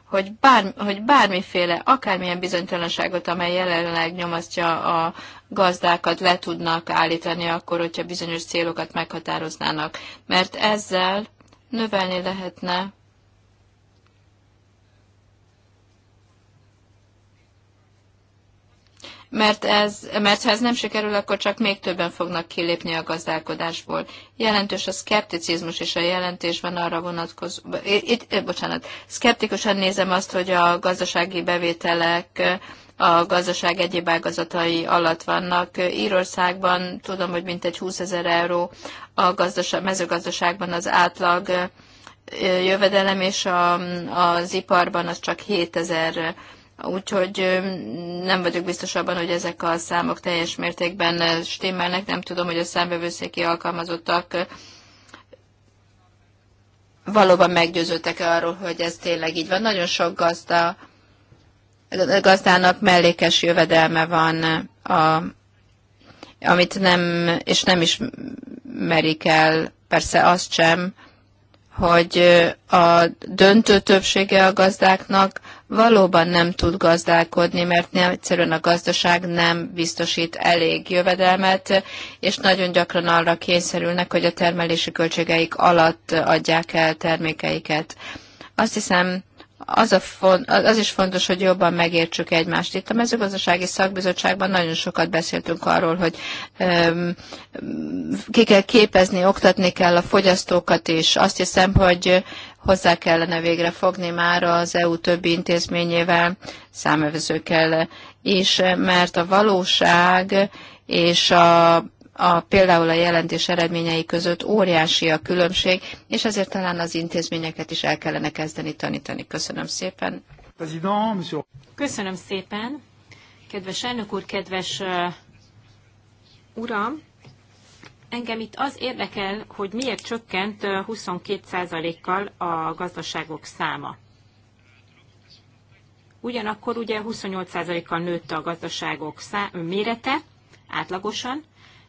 hogy, bár, hogy bármiféle, akármilyen bizonytalanságot, amely jelenleg nyomasztja a gazdákat, le tudnak állítani akkor, hogyha bizonyos célokat meghatároznának. Mert ezzel növelni lehetne mert, ez, mert ha ez nem sikerül, akkor csak még többen fognak kilépni a gazdálkodásból. Jelentős a szkepticizmus és a jelentésben arra vonatkozó, itt, bocsánat, szkeptikusan nézem azt, hogy a gazdasági bevételek a gazdaság egyéb ágazatai alatt vannak. Írországban tudom, hogy mintegy 20 ezer euró a gazdaság, mezőgazdaságban az átlag jövedelem, és a, az iparban az csak 7 ezer Úgyhogy nem vagyok biztos abban, hogy ezek a számok teljes mértékben stimmelnek. Nem tudom, hogy a számbevőszéki alkalmazottak valóban meggyőződtek-e arról, hogy ez tényleg így van. Nagyon sok gazda, gazdának mellékes jövedelme van, a, amit nem, és nem is merik el, persze azt sem, hogy a döntő többsége a gazdáknak valóban nem tud gazdálkodni, mert nem, egyszerűen a gazdaság nem biztosít elég jövedelmet, és nagyon gyakran arra kényszerülnek, hogy a termelési költségeik alatt adják el termékeiket. Azt hiszem, az, a font, az is fontos, hogy jobban megértsük egymást. Itt a mezőgazdasági szakbizottságban nagyon sokat beszéltünk arról, hogy um, ki kell képezni, oktatni kell a fogyasztókat is. Azt hiszem, hogy hozzá kellene végre fogni már az EU többi intézményével, számövezőkkel is, mert a valóság és a, a például a jelentés eredményei között óriási a különbség, és ezért talán az intézményeket is el kellene kezdeni tanítani. Köszönöm szépen. Köszönöm szépen. Kedves elnök úr, kedves uh, uram, Engem itt az érdekel, hogy miért csökkent 22%-kal a gazdaságok száma. Ugyanakkor ugye 28%-kal nőtt a gazdaságok szá- mérete átlagosan,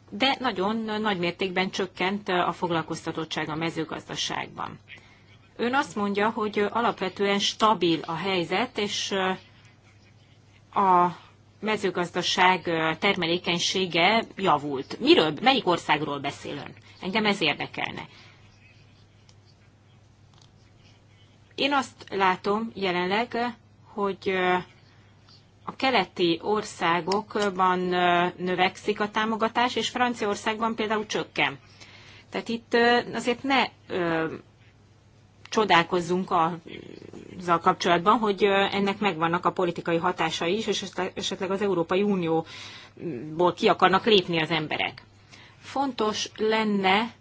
de nagyon nagy mértékben csökkent a foglalkoztatottság a mezőgazdaságban. Ön azt mondja, hogy alapvetően stabil a helyzet, és a mezőgazdaság termelékenysége javult. Miről, melyik országról beszél ön? Engem ez érdekelne. Én azt látom jelenleg, hogy a keleti országokban növekszik a támogatás, és Franciaországban például csökken. Tehát itt azért ne csodálkozzunk a azzal kapcsolatban, hogy ennek megvannak a politikai hatásai is, és e-, esetleg az Európai Unióból ki akarnak lépni az emberek. Fontos lenne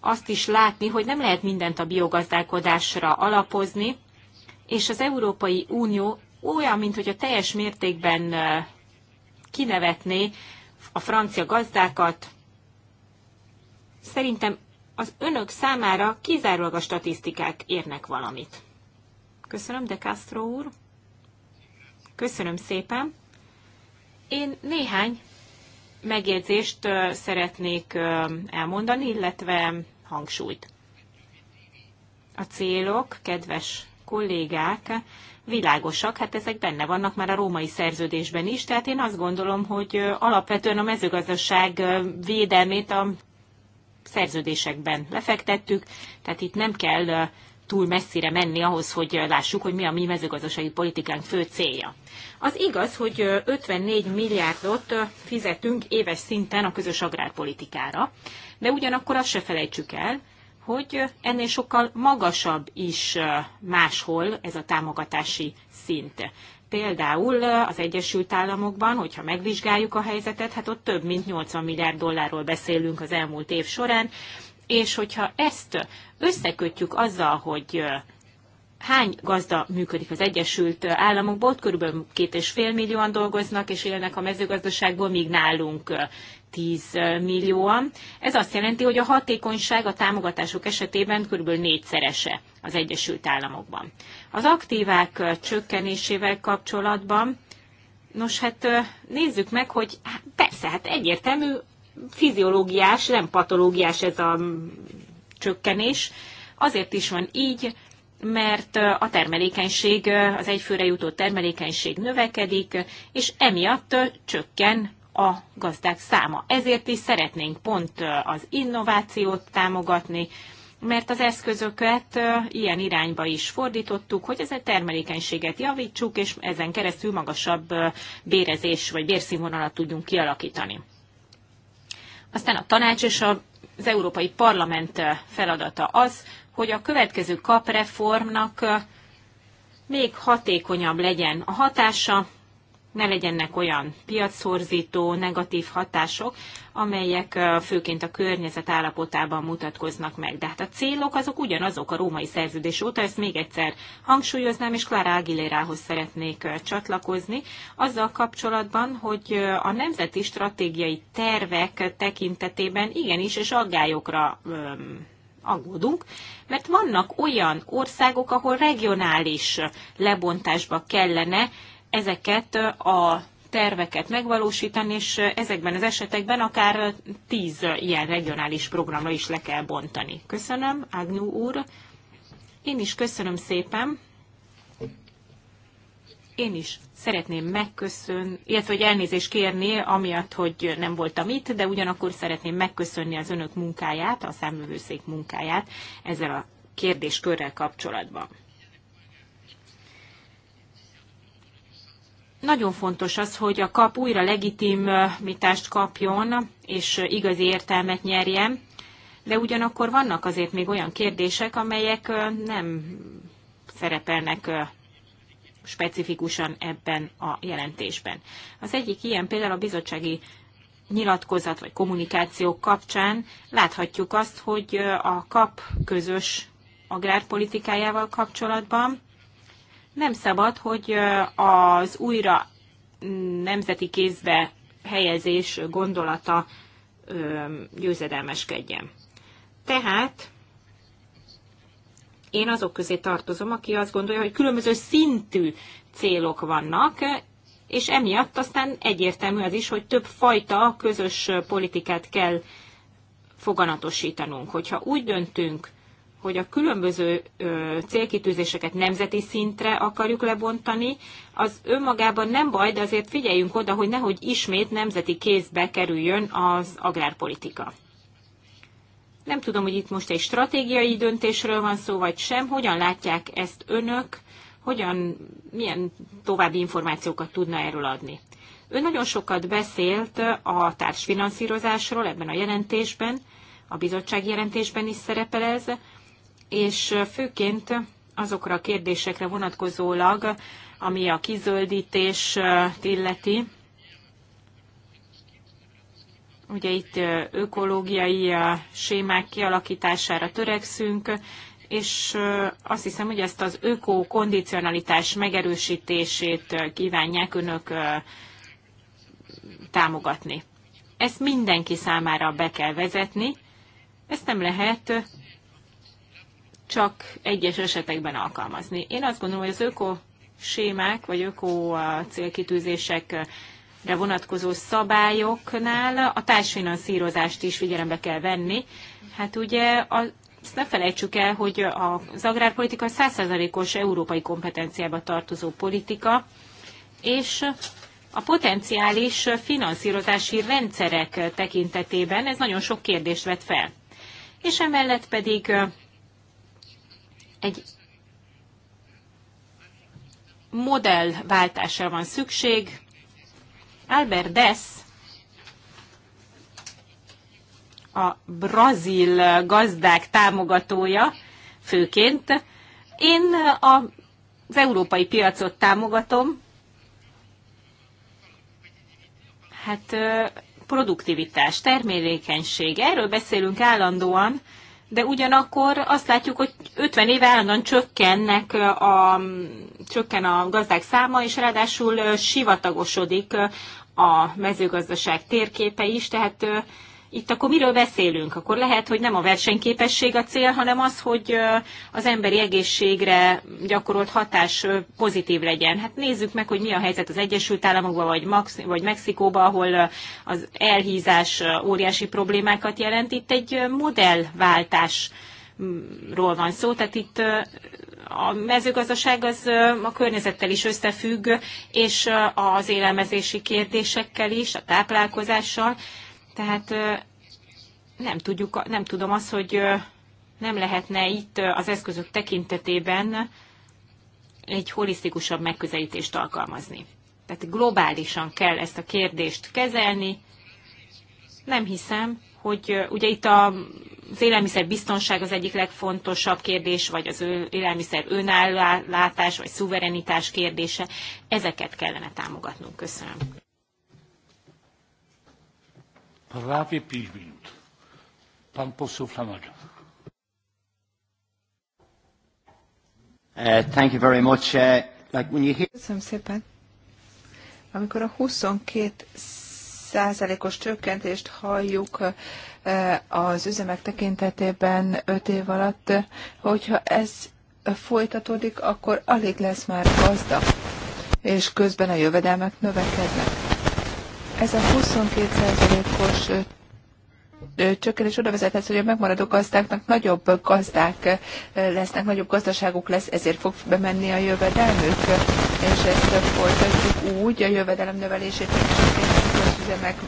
azt is látni, hogy nem lehet mindent a biogazdálkodásra alapozni, és az Európai Unió olyan, mint hogy a teljes mértékben kinevetné a francia gazdákat. Szerintem az önök számára kizárólag a statisztikák érnek valamit. Köszönöm, de Castro úr. Köszönöm szépen. Én néhány megjegyzést szeretnék elmondani, illetve hangsúlyt. A célok, kedves kollégák, világosak, hát ezek benne vannak már a római szerződésben is, tehát én azt gondolom, hogy alapvetően a mezőgazdaság védelmét a szerződésekben lefektettük, tehát itt nem kell túl messzire menni ahhoz, hogy lássuk, hogy mi a mi mezőgazdasági politikánk fő célja. Az igaz, hogy 54 milliárdot fizetünk éves szinten a közös agrárpolitikára, de ugyanakkor azt se felejtsük el, hogy ennél sokkal magasabb is máshol ez a támogatási szint. Például az Egyesült Államokban, hogyha megvizsgáljuk a helyzetet, hát ott több mint 80 milliárd dollárról beszélünk az elmúlt év során, és hogyha ezt összekötjük azzal, hogy hány gazda működik az Egyesült Államokból, ott körülbelül két és fél millióan dolgoznak és élnek a mezőgazdaságból, míg nálunk 10 millióan. Ez azt jelenti, hogy a hatékonyság a támogatások esetében kb. négyszerese az Egyesült Államokban. Az aktívák csökkenésével kapcsolatban, nos hát nézzük meg, hogy hát persze, hát egyértelmű, fiziológiás, nem patológiás ez a csökkenés. Azért is van így, mert a termelékenység, az egyfőre jutó termelékenység növekedik, és emiatt csökken a gazdák száma. Ezért is szeretnénk pont az innovációt támogatni, mert az eszközöket ilyen irányba is fordítottuk, hogy ezen termelékenységet javítsuk, és ezen keresztül magasabb bérezés vagy bérszínvonalat tudjunk kialakítani. Aztán a tanács és az Európai Parlament feladata az, hogy a következő kapreformnak még hatékonyabb legyen a hatása, ne legyenek olyan piacszorzító, negatív hatások, amelyek főként a környezet állapotában mutatkoznak meg. De hát a célok azok ugyanazok a római szerződés óta, ezt még egyszer hangsúlyoznám, és Clara Aguilerához szeretnék csatlakozni, azzal kapcsolatban, hogy a nemzeti stratégiai tervek tekintetében igenis, és aggályokra aggódunk, mert vannak olyan országok, ahol regionális lebontásba kellene ezeket a terveket megvalósítani, és ezekben az esetekben akár tíz ilyen regionális programra is le kell bontani. Köszönöm, Ágnyú úr. Én is köszönöm szépen. Én is szeretném megköszönni, illetve hogy elnézést kérni, amiatt, hogy nem voltam itt, de ugyanakkor szeretném megköszönni az önök munkáját, a számövőszék munkáját ezzel a kérdéskörrel kapcsolatban. nagyon fontos az, hogy a kap újra legitimitást kapjon, és igazi értelmet nyerjen, de ugyanakkor vannak azért még olyan kérdések, amelyek nem szerepelnek specifikusan ebben a jelentésben. Az egyik ilyen például a bizottsági nyilatkozat vagy kommunikáció kapcsán láthatjuk azt, hogy a kap közös agrárpolitikájával kapcsolatban nem szabad, hogy az újra mm, nemzeti kézbe helyezés gondolata győzedelmeskedjen. Tehát én azok közé tartozom, aki azt gondolja, hogy különböző szintű célok vannak, és emiatt aztán egyértelmű az is, hogy több fajta közös politikát kell foganatosítanunk. Hogyha úgy döntünk, hogy a különböző célkitűzéseket nemzeti szintre akarjuk lebontani, az önmagában nem baj, de azért figyeljünk oda, hogy nehogy ismét nemzeti kézbe kerüljön az agrárpolitika. Nem tudom, hogy itt most egy stratégiai döntésről van szó, vagy sem. Hogyan látják ezt önök? Hogyan, milyen további információkat tudna erről adni? Ő nagyon sokat beszélt a társfinanszírozásról ebben a jelentésben, a bizottság jelentésben is szerepel ez, és főként azokra a kérdésekre vonatkozólag, ami a kizöldítés illeti. Ugye itt ökológiai sémák kialakítására törekszünk, és azt hiszem, hogy ezt az ökokondicionalitás megerősítését kívánják önök támogatni. Ezt mindenki számára be kell vezetni, ezt nem lehet csak egyes esetekben alkalmazni. Én azt gondolom, hogy az öko sémák vagy öko célkitűzésekre vonatkozó szabályoknál a társfinanszírozást is figyelembe kell venni. Hát ugye a azt ne felejtsük el, hogy az agrárpolitika 100%-os európai kompetenciába tartozó politika, és a potenciális finanszírozási rendszerek tekintetében ez nagyon sok kérdést vet fel. És emellett pedig egy modellváltásra van szükség. Albert Dess, a brazil gazdák támogatója, főként. Én az európai piacot támogatom. Hát produktivitás, termékenység, erről beszélünk állandóan, de ugyanakkor azt látjuk, hogy 50 éve állandóan csökkennek a, csökken a gazdák száma, és ráadásul sivatagosodik a mezőgazdaság térképe is, tehát itt akkor miről beszélünk? Akkor lehet, hogy nem a versenyképesség a cél, hanem az, hogy az emberi egészségre gyakorolt hatás pozitív legyen. Hát nézzük meg, hogy mi a helyzet az Egyesült Államokban, vagy, Max- vagy Mexikóban, ahol az elhízás óriási problémákat jelent. Itt egy modellváltás ról van szó, tehát itt a mezőgazdaság az a környezettel is összefügg, és az élelmezési kérdésekkel is, a táplálkozással, tehát nem, tudjuk, nem tudom azt, hogy nem lehetne itt az eszközök tekintetében egy holisztikusabb megközelítést alkalmazni. Tehát globálisan kell ezt a kérdést kezelni. Nem hiszem, hogy ugye itt a, az biztonság az egyik legfontosabb kérdés, vagy az élelmiszer önállátás, vagy szuverenitás kérdése. Ezeket kellene támogatnunk. Köszönöm prawie pięć minut. Pan poseł Flanagan. Uh, uh, Köszönöm szépen. Amikor a 22 százalékos csökkentést halljuk uh, az üzemek tekintetében 5 év alatt, hogyha ez folytatódik, akkor alig lesz már gazda, és közben a jövedelmek növekednek. Ez a 22%-os csökkenés oda vezethet, hogy a megmaradó gazdáknak nagyobb gazdák lesznek, nagyobb gazdaságuk lesz, ezért fog bemenni a jövedelmük, és ezt folytatjuk úgy, a jövedelem növelését csökkentjük az közüzemek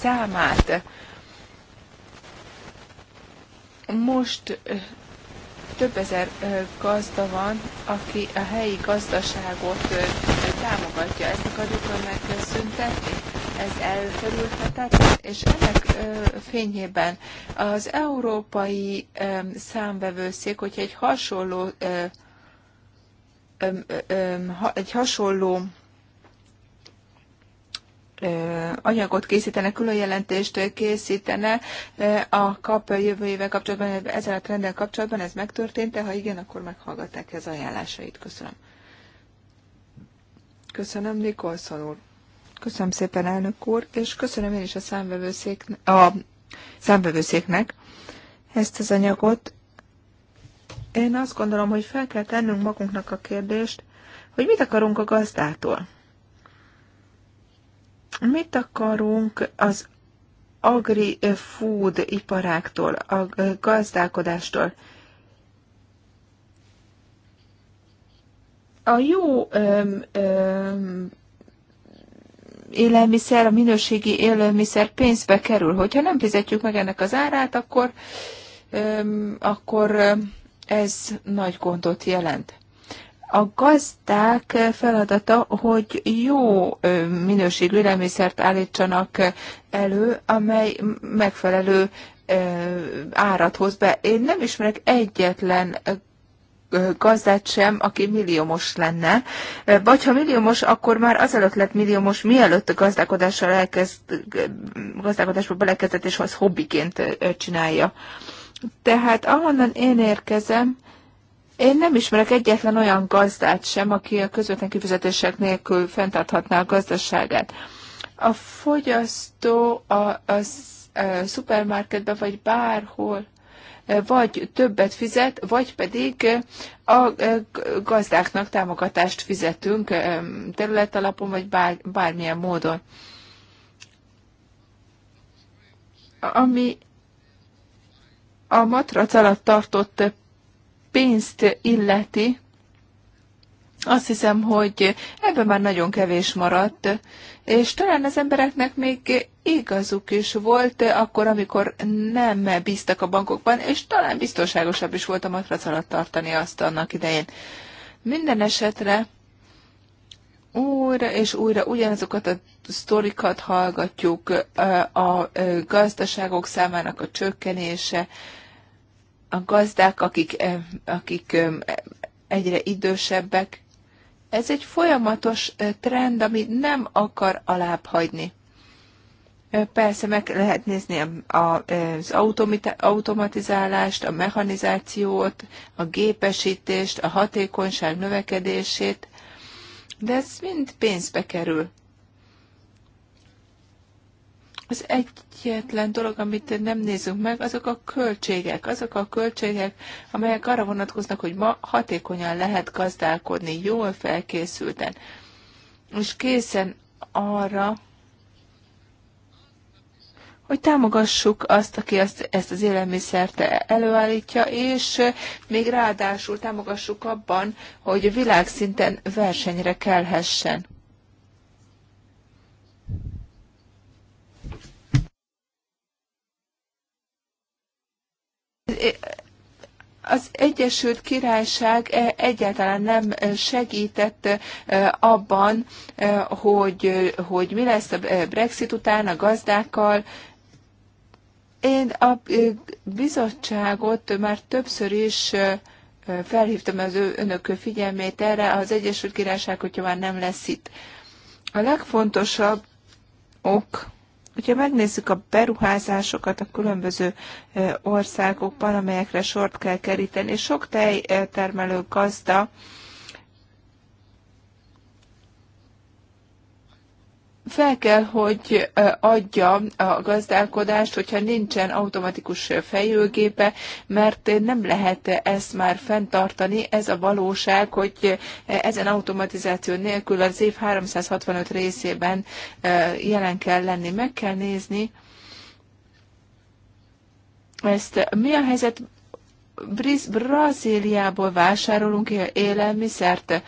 számát. Most több ezer gazda van, aki a helyi gazdaságot támogatja. Ezt akarjuk önnek szüntetni. Ez elkerülhetetlen, és ennek fényében az európai számvevőszék, hogyha egy hasonló egy hasonló anyagot készítene, külön jelentést készítene a kap éve kapcsolatban, ezzel a trenddel kapcsolatban ez megtörtént, ha igen, akkor meghallgatták az ajánlásait. Köszönöm. Köszönöm, Nikolson úr. Köszönöm szépen, elnök úr, és köszönöm én is a, számvevőszék, a számvevőszéknek ezt az anyagot. Én azt gondolom, hogy fel kell tennünk magunknak a kérdést, hogy mit akarunk a gazdától. Mit akarunk az agri-food iparáktól, a gazdálkodástól? A jó öm, öm, élelmiszer, a minőségi élelmiszer pénzbe kerül. Hogyha nem fizetjük meg ennek az árát, akkor, akkor ez nagy gondot jelent. A gazdák feladata, hogy jó minőségű élelmiszert állítsanak elő, amely megfelelő árat hoz be. Én nem ismerek egyetlen gazdát sem, aki milliómos lenne. Vagy ha milliómos, akkor már azelőtt lett milliómos, mielőtt a gazdálkodással elkezd, gazdálkodásba belekezdett, és az hobbiként csinálja. Tehát ahonnan én érkezem, én nem ismerek egyetlen olyan gazdát sem, aki a közvetlen kifizetések nélkül fenntarthatná a gazdaságát. A fogyasztó a, a, a szupermarketben vagy bárhol vagy többet fizet, vagy pedig a eh, gazdáknak támogatást fizetünk eh, területalapon, vagy bár, bármilyen módon. Ami a matrac alatt tartott pénzt illeti, azt hiszem, hogy ebben már nagyon kevés maradt, és talán az embereknek még igazuk is volt akkor, amikor nem bíztak a bankokban, és talán biztonságosabb is volt a matrac alatt tartani azt annak idején. Minden esetre újra és újra ugyanazokat a sztorikat hallgatjuk, eh, a eh, gazdaságok számának a csökkenése, a gazdák, akik, eh, akik egyre idősebbek, ez egy folyamatos trend, ami nem akar alább hagyni. Persze meg lehet nézni az automatizálást, a mechanizációt, a gépesítést, a hatékonyság növekedését, de ez mind pénzbe kerül. Az egyetlen dolog, amit nem nézünk meg, azok a költségek. Azok a költségek, amelyek arra vonatkoznak, hogy ma hatékonyan lehet gazdálkodni, jól felkészülten, és készen arra, hogy támogassuk azt, aki azt, ezt az élelmiszert előállítja, és még ráadásul támogassuk abban, hogy világszinten versenyre kelhessen. az Egyesült Királyság eh, egyáltalán nem eh, segített eh, abban, hogy, hogy mi lesz a Brexit után a gazdákkal. Én a bizottságot már többször is felhívtam az önök figyelmét erre, az Egyesült Királyság, hogyha már nem lesz itt. A legfontosabb ok Hogyha megnézzük a beruházásokat a különböző országokban, amelyekre sort kell keríteni, és sok tejtermelő gazda, fel kell, hogy adja a gazdálkodást, hogyha nincsen automatikus fejőgépe, mert nem lehet ezt már fenntartani. Ez a valóság, hogy ezen automatizáció nélkül az év 365 részében jelen kell lenni. Meg kell nézni ezt. Mi a helyzet Brazíliából vásárolunk élelmiszert,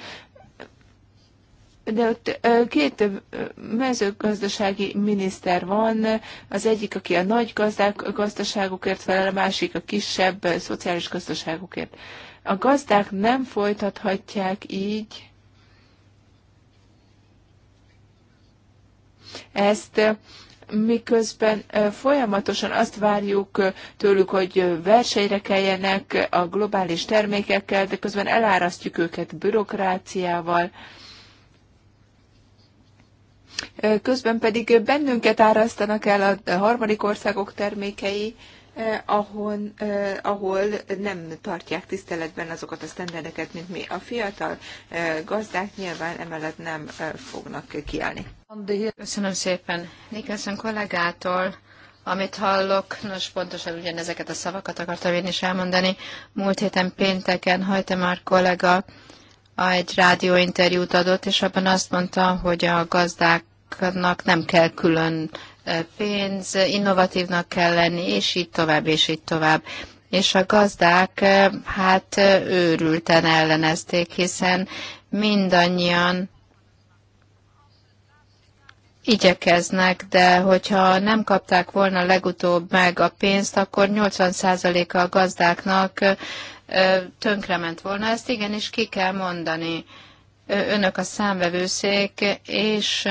de ott két mezőgazdasági miniszter van, az egyik, aki a nagy gazdák, gazdaságokért felel, a másik a kisebb szociális gazdaságokért. A gazdák nem folytathatják így ezt, miközben folyamatosan azt várjuk tőlük, hogy versenyre keljenek a globális termékekkel, de közben elárasztjuk őket bürokráciával Közben pedig bennünket árasztanak el a harmadik országok termékei, ahol, ahol nem tartják tiszteletben azokat a sztenderdeket, mint mi. A fiatal gazdák nyilván emellett nem fognak kiállni. Köszönöm szépen Nikelsen kollégától, amit hallok, nos pontosan ugyanezeket a szavakat akartam én is elmondani. Múlt héten pénteken már kollega egy rádióinterjút adott, és abban azt mondta, hogy a gazdáknak nem kell külön pénz, innovatívnak kell lenni, és így tovább, és így tovább. És a gazdák hát őrülten ellenezték, hiszen mindannyian igyekeznek, de hogyha nem kapták volna legutóbb meg a pénzt, akkor 80%-a a gazdáknak tönkrement volna. Ezt igenis ki kell mondani. Önök a számvevőszék, és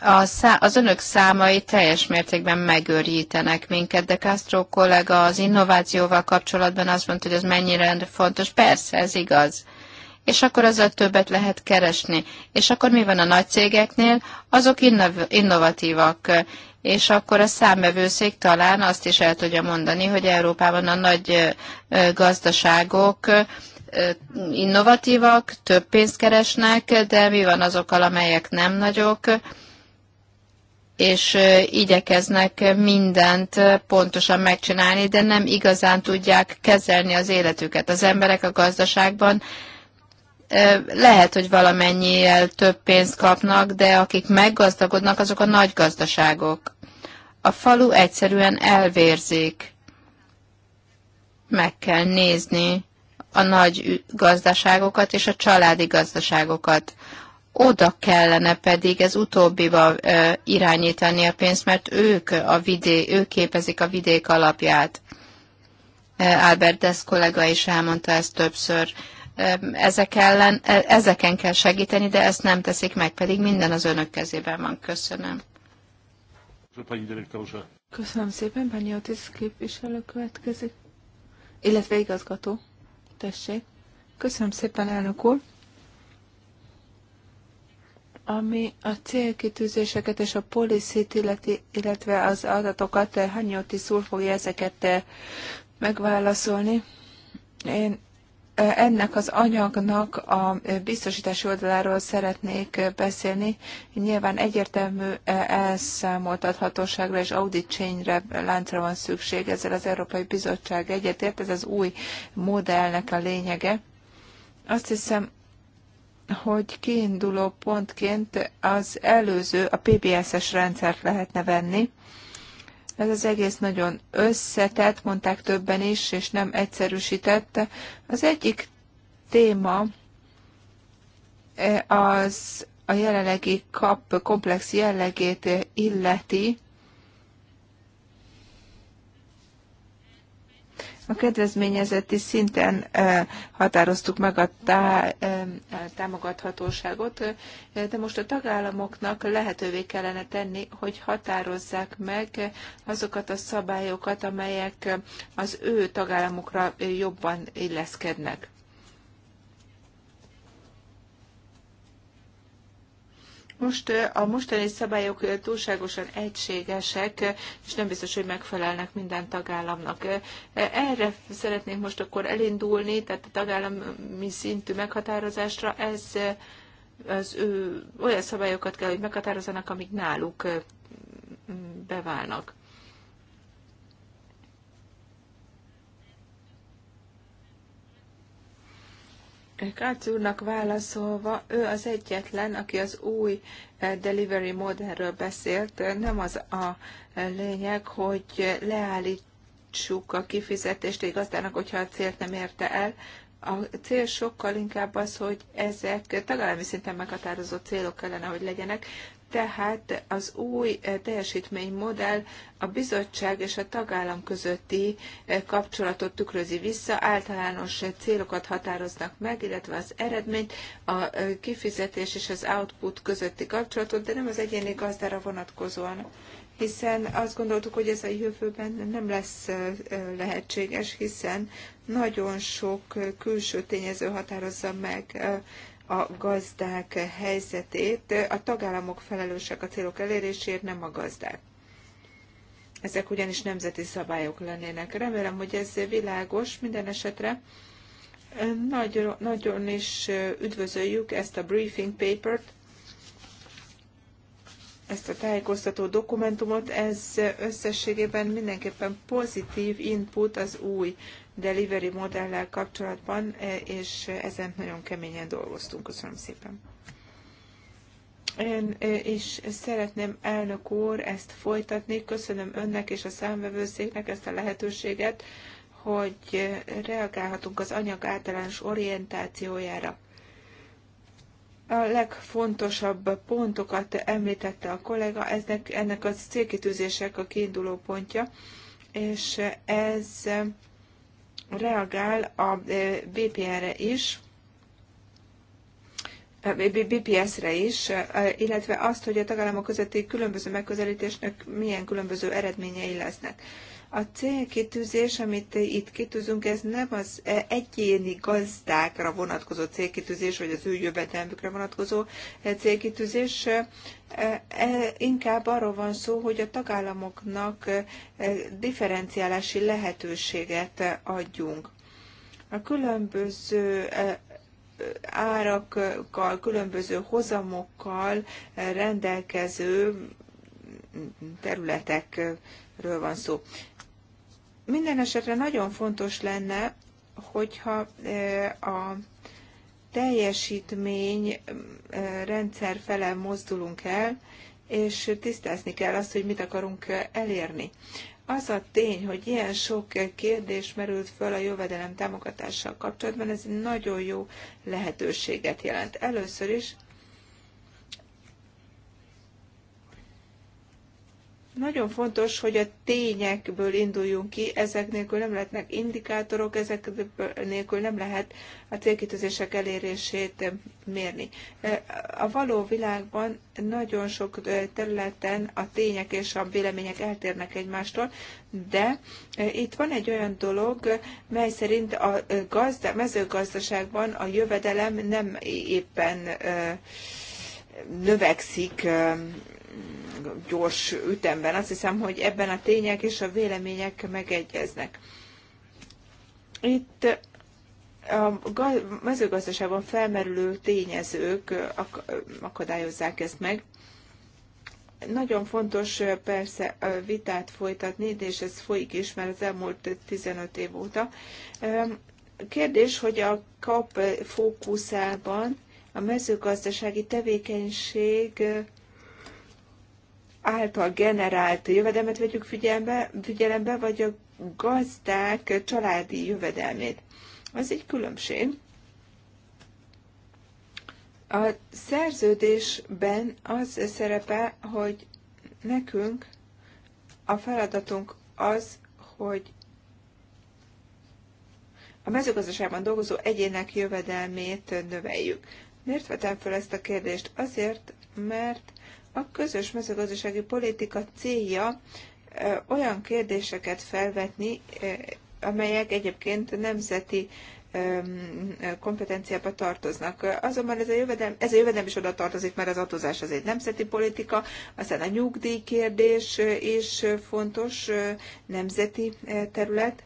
a szá- az önök számai teljes mértékben megőrítenek minket, de Castro kollega az innovációval kapcsolatban azt mondta, hogy ez mennyire fontos. Persze, ez igaz. És akkor azzal többet lehet keresni. És akkor mi van a nagy cégeknél? Azok innov- innovatívak, és akkor a számvevőszék talán azt is el tudja mondani, hogy Európában a nagy gazdaságok innovatívak, több pénzt keresnek, de mi van azokkal, amelyek nem nagyok, és igyekeznek mindent pontosan megcsinálni, de nem igazán tudják kezelni az életüket. Az emberek a gazdaságban lehet, hogy valamennyiel több pénzt kapnak, de akik meggazdagodnak, azok a nagy gazdaságok. A falu egyszerűen elvérzik. Meg kell nézni a nagy gazdaságokat és a családi gazdaságokat. Oda kellene pedig ez utóbbiba irányítani a pénzt, mert ők, a vidé, ők képezik a vidék alapját. Albert Desz kollega is elmondta ezt többször ezek ellen, e, ezeken kell segíteni, de ezt nem teszik meg, pedig minden az önök kezében van. Köszönöm. Köszönöm szépen, Pányi Otis képviselő következik, illetve igazgató. Tessék. Köszönöm szépen, elnök úr. Ami a célkitűzéseket és a policit, illetve az adatokat, Hanyóti szúr fogja ezeket eh, megválaszolni. Én ennek az anyagnak a biztosítási oldaláról szeretnék beszélni. Nyilván egyértelmű elszámoltathatóságra és audit chainre láncra van szükség, ezzel az Európai Bizottság egyetért, ez az új modellnek a lényege. Azt hiszem, hogy kiinduló pontként az előző, a PBS-es rendszert lehetne venni, ez az egész nagyon összetett, mondták többen is, és nem egyszerűsítette. Az egyik téma eh, az a jelenlegi kap komplex jellegét illeti, A kedvezményezeti szinten határoztuk meg a tá, támogathatóságot, de most a tagállamoknak lehetővé kellene tenni, hogy határozzák meg azokat a szabályokat, amelyek az ő tagállamokra jobban illeszkednek. Most a mostani szabályok túlságosan egységesek, és nem biztos, hogy megfelelnek minden tagállamnak. Erre szeretnénk most akkor elindulni, tehát a tagállami szintű meghatározásra ez az ő, olyan szabályokat kell, hogy meghatározzanak, amik náluk beválnak. Kárc úrnak válaszolva, ő az egyetlen, aki az új eh, delivery modellről beszélt. Nem az a eh, lényeg, hogy leállítsuk a kifizetést egy gazdának, hogyha a célt nem érte el. A cél sokkal inkább az, hogy ezek tagállami szinten meghatározott célok kellene, hogy legyenek, tehát az új eh, teljesítménymodell a bizottság és a tagállam közötti eh, kapcsolatot tükrözi vissza, általános eh, célokat határoznak meg, illetve az eredményt, a kifizetés és az output közötti kapcsolatot, de nem az egyéni gazdára vonatkozóan hiszen azt gondoltuk, hogy ez a jövőben nem lesz lehetséges, hiszen nagyon sok külső tényező határozza meg a gazdák helyzetét. A tagállamok felelősek a célok eléréséért, nem a gazdák. Ezek ugyanis nemzeti szabályok lennének. Remélem, hogy ez világos minden esetre. Nagyon, nagyon is üdvözöljük ezt a briefing papert, ezt a tájékoztató dokumentumot, ez összességében mindenképpen pozitív input az új delivery modellel kapcsolatban, e, és ezen nagyon keményen dolgoztunk. Köszönöm szépen. Én is e, szeretném, elnök úr, ezt folytatni. Köszönöm önnek és a számvevőszéknek ezt a lehetőséget, hogy reagálhatunk az anyag általános orientációjára. A legfontosabb pontokat említette a kollega, eznek, ennek a célkitűzések a kiinduló pontja, és ez reagál a BPR-re e, is, BPS-re e, is, e, illetve azt, hogy a tagállamok közötti különböző megközelítésnek milyen különböző eredményei lesznek. A célkitűzés, amit itt kitűzünk, ez nem az e, egyéni gazdákra vonatkozó célkitűzés, vagy az ő jövedelmükre vonatkozó e, célkitűzés, e, inkább arról van szó, hogy a tagállamoknak differenciálási lehetőséget adjunk. A különböző árakkal, különböző hozamokkal rendelkező területek ről van szó. Minden esetre nagyon fontos lenne, hogyha e, a teljesítmény e, rendszer fele mozdulunk el, és tisztázni kell azt, hogy mit akarunk elérni. Az a tény, hogy ilyen sok kérdés merült föl a jövedelem támogatással kapcsolatban, ez nagyon jó lehetőséget jelent. Először is Nagyon fontos, hogy a tényekből induljunk ki, ezek nélkül nem lehetnek indikátorok, ezek nélkül nem lehet a célkitűzések elérését mérni. E, a való világban nagyon sok e, területen a tények és a vélemények eltérnek egymástól, de e, itt van egy olyan dolog, mely szerint a gazda, mezőgazdaságban a jövedelem nem éppen növekszik gyors ütemben. Azt hiszem, hogy ebben a tények és a vélemények megegyeznek. Itt a mezőgazdaságban felmerülő tényezők akadályozzák ezt meg. Nagyon fontos persze vitát folytatni, és ez folyik is, mert az elmúlt 15 év óta. Kérdés, hogy a kap fókuszában a mezőgazdasági tevékenység által generált jövedelmet vegyük figyelembe, figyelembe vagy a gazdák családi jövedelmét. Az egy különbség. A szerződésben az szerepe, hogy nekünk a feladatunk az, hogy a mezőgazdaságban dolgozó egyének jövedelmét növeljük. Miért vetem fel ezt a kérdést? Azért, mert a közös mezőgazdasági politika célja olyan kérdéseket felvetni, amelyek egyébként nemzeti kompetenciába tartoznak. Azonban ez a, jövedelem, ez a jövedelem is oda tartozik, mert az adózás az egy nemzeti politika, aztán a nyugdíjkérdés kérdés is fontos nemzeti terület.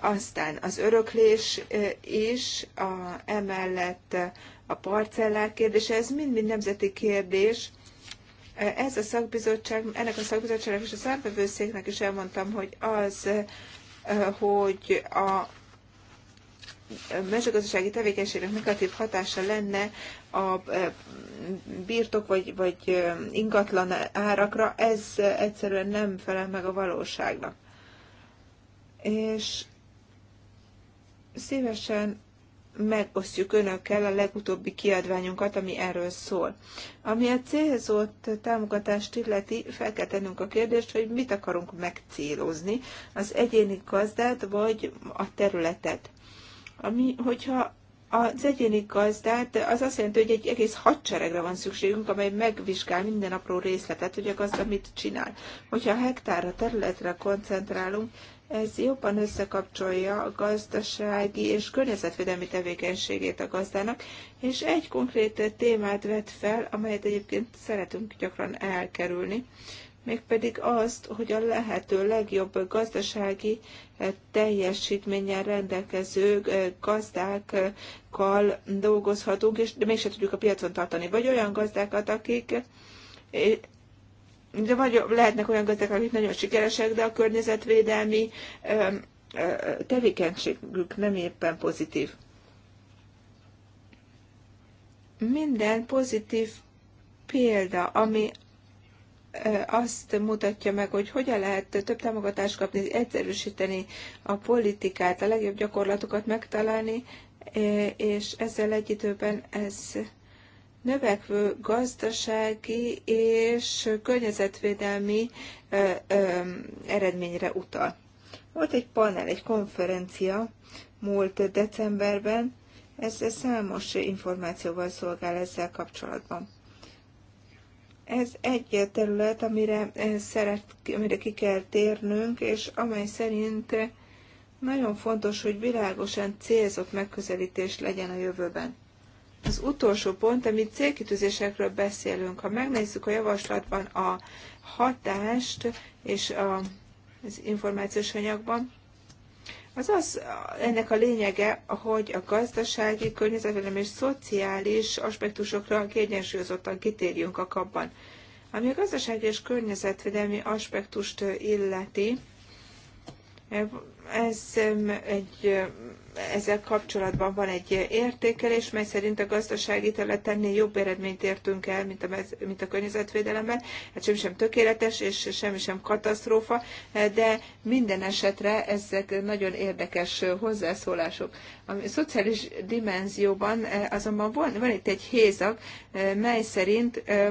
Aztán az öröklés is a, emellett a parcellák kérdése, ez mind-mind nemzeti kérdés. Ez a szakbizottság, ennek a szakbizottságnak és a számvevőszéknek is elmondtam, hogy az, hogy a mezőgazdasági tevékenységnek negatív hatása lenne a birtok vagy, vagy ingatlan árakra, ez egyszerűen nem felel meg a valóságnak. És szívesen megosztjuk önökkel a legutóbbi kiadványunkat, ami erről szól. Ami a célzott támogatást illeti, fel kell tennünk a kérdést, hogy mit akarunk megcélozni, az egyéni gazdát vagy a területet. Ami, hogyha az egyéni gazdát, az azt jelenti, hogy egy egész hadseregre van szükségünk, amely megvizsgál minden apró részletet, hogy a gazda mit csinál. Hogyha a hektárra, területre koncentrálunk, ez jobban összekapcsolja a gazdasági és környezetvédelmi tevékenységét a gazdának, és egy konkrét témát vet fel, amelyet egyébként szeretünk gyakran elkerülni, mégpedig azt, hogy a lehető legjobb gazdasági eh, teljesítménnyel rendelkező eh, gazdákkal dolgozhatunk, és de mégsem tudjuk a piacon tartani, vagy olyan gazdákat, akik eh, de vagy, lehetnek olyan gazdák, akik nagyon sikeresek, de a környezetvédelmi tevékenységük nem éppen pozitív. Minden pozitív példa, ami azt mutatja meg, hogy hogyan lehet több támogatást kapni, egyszerűsíteni a politikát, a legjobb gyakorlatokat megtalálni, és ezzel egy időben ez növekvő gazdasági és környezetvédelmi eredményre utal. Volt egy panel, egy konferencia múlt decemberben, ez számos információval szolgál ezzel kapcsolatban. Ez egy terület, amire, eh, szeret, amire ki kell térnünk, és amely szerint nagyon fontos, hogy világosan célzott megközelítés legyen a jövőben az utolsó pont, amit célkitűzésekről beszélünk. Ha megnézzük a javaslatban a hatást és a, az információs anyagban, az az ennek a lényege, hogy a gazdasági, környezetvédelmi és szociális aspektusokra kiegyensúlyozottan kitérjünk a kapban. Ami a gazdasági és környezetvédelmi aspektust illeti, ez egy ezzel kapcsolatban van egy értékelés, mely szerint a gazdasági területen jobb eredményt értünk el, mint a, mint a környezetvédelemben. Hát semmi sem tökéletes, és semmi sem katasztrófa, de minden esetre ezek nagyon érdekes hozzászólások. A szociális dimenzióban eh, azonban van, van itt egy hézak, eh, mely szerint eh,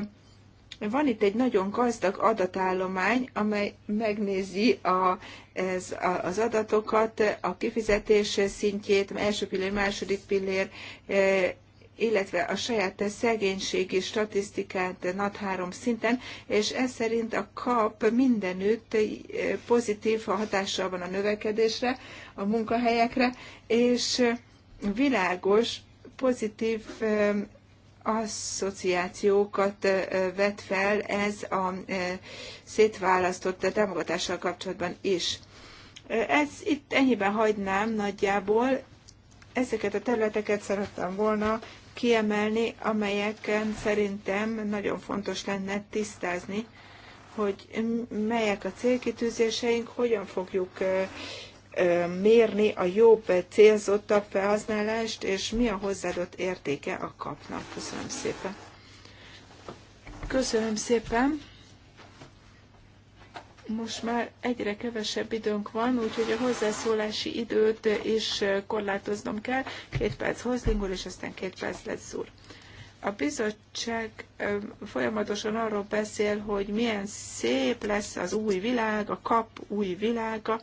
van itt egy nagyon gazdag adatállomány, amely megnézi a, ez, a, az adatokat, a kifizetés szintjét, első pillér, második pillér, e, illetve a saját szegénységi statisztikát nagy három szinten, és ez szerint a kap mindenütt e, pozitív hatással van a növekedésre, a munkahelyekre, és világos, pozitív e, asszociációkat vet fel ez a szétválasztott támogatással kapcsolatban is. Ez itt ennyiben hagynám nagyjából. Ezeket a területeket szerettem volna kiemelni, amelyeken szerintem nagyon fontos lenne tisztázni, hogy melyek a célkitűzéseink, hogyan fogjuk mérni a jobb, célzottabb felhasználást, és mi a hozzáadott értéke a kapnak. Köszönöm szépen. Köszönöm szépen. Most már egyre kevesebb időnk van, úgyhogy a hozzászólási időt is korlátoznom kell. Két perc Hozling úr, és aztán két perc lesz úr. A bizottság folyamatosan arról beszél, hogy milyen szép lesz az új világ, a kap új világa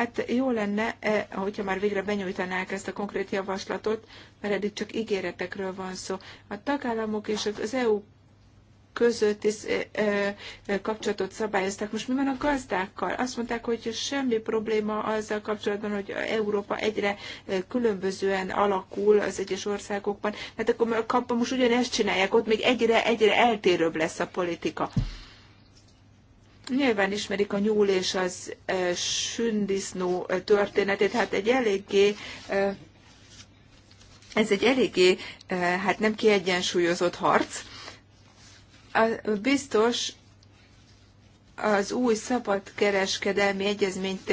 Hát jó lenne, eh, hogyha már végre benyújtanák ezt a konkrét javaslatot, mert eddig csak ígéretekről van szó. A tagállamok és az EU között is eh, eh, kapcsolatot szabályoztak. Most mi van a gazdákkal? Azt mondták, hogy semmi probléma azzal kapcsolatban, hogy Európa egyre különbözően alakul az egyes országokban. Hát akkor a kapban most ugyanezt csinálják, ott még egyre, egyre eltérőbb lesz a politika. Nyilván ismerik a nyúl és az sündisznó történetét, hát egy eléggé ez egy eléggé, hát nem kiegyensúlyozott harc. Biztos az új szabadkereskedelmi egyezményt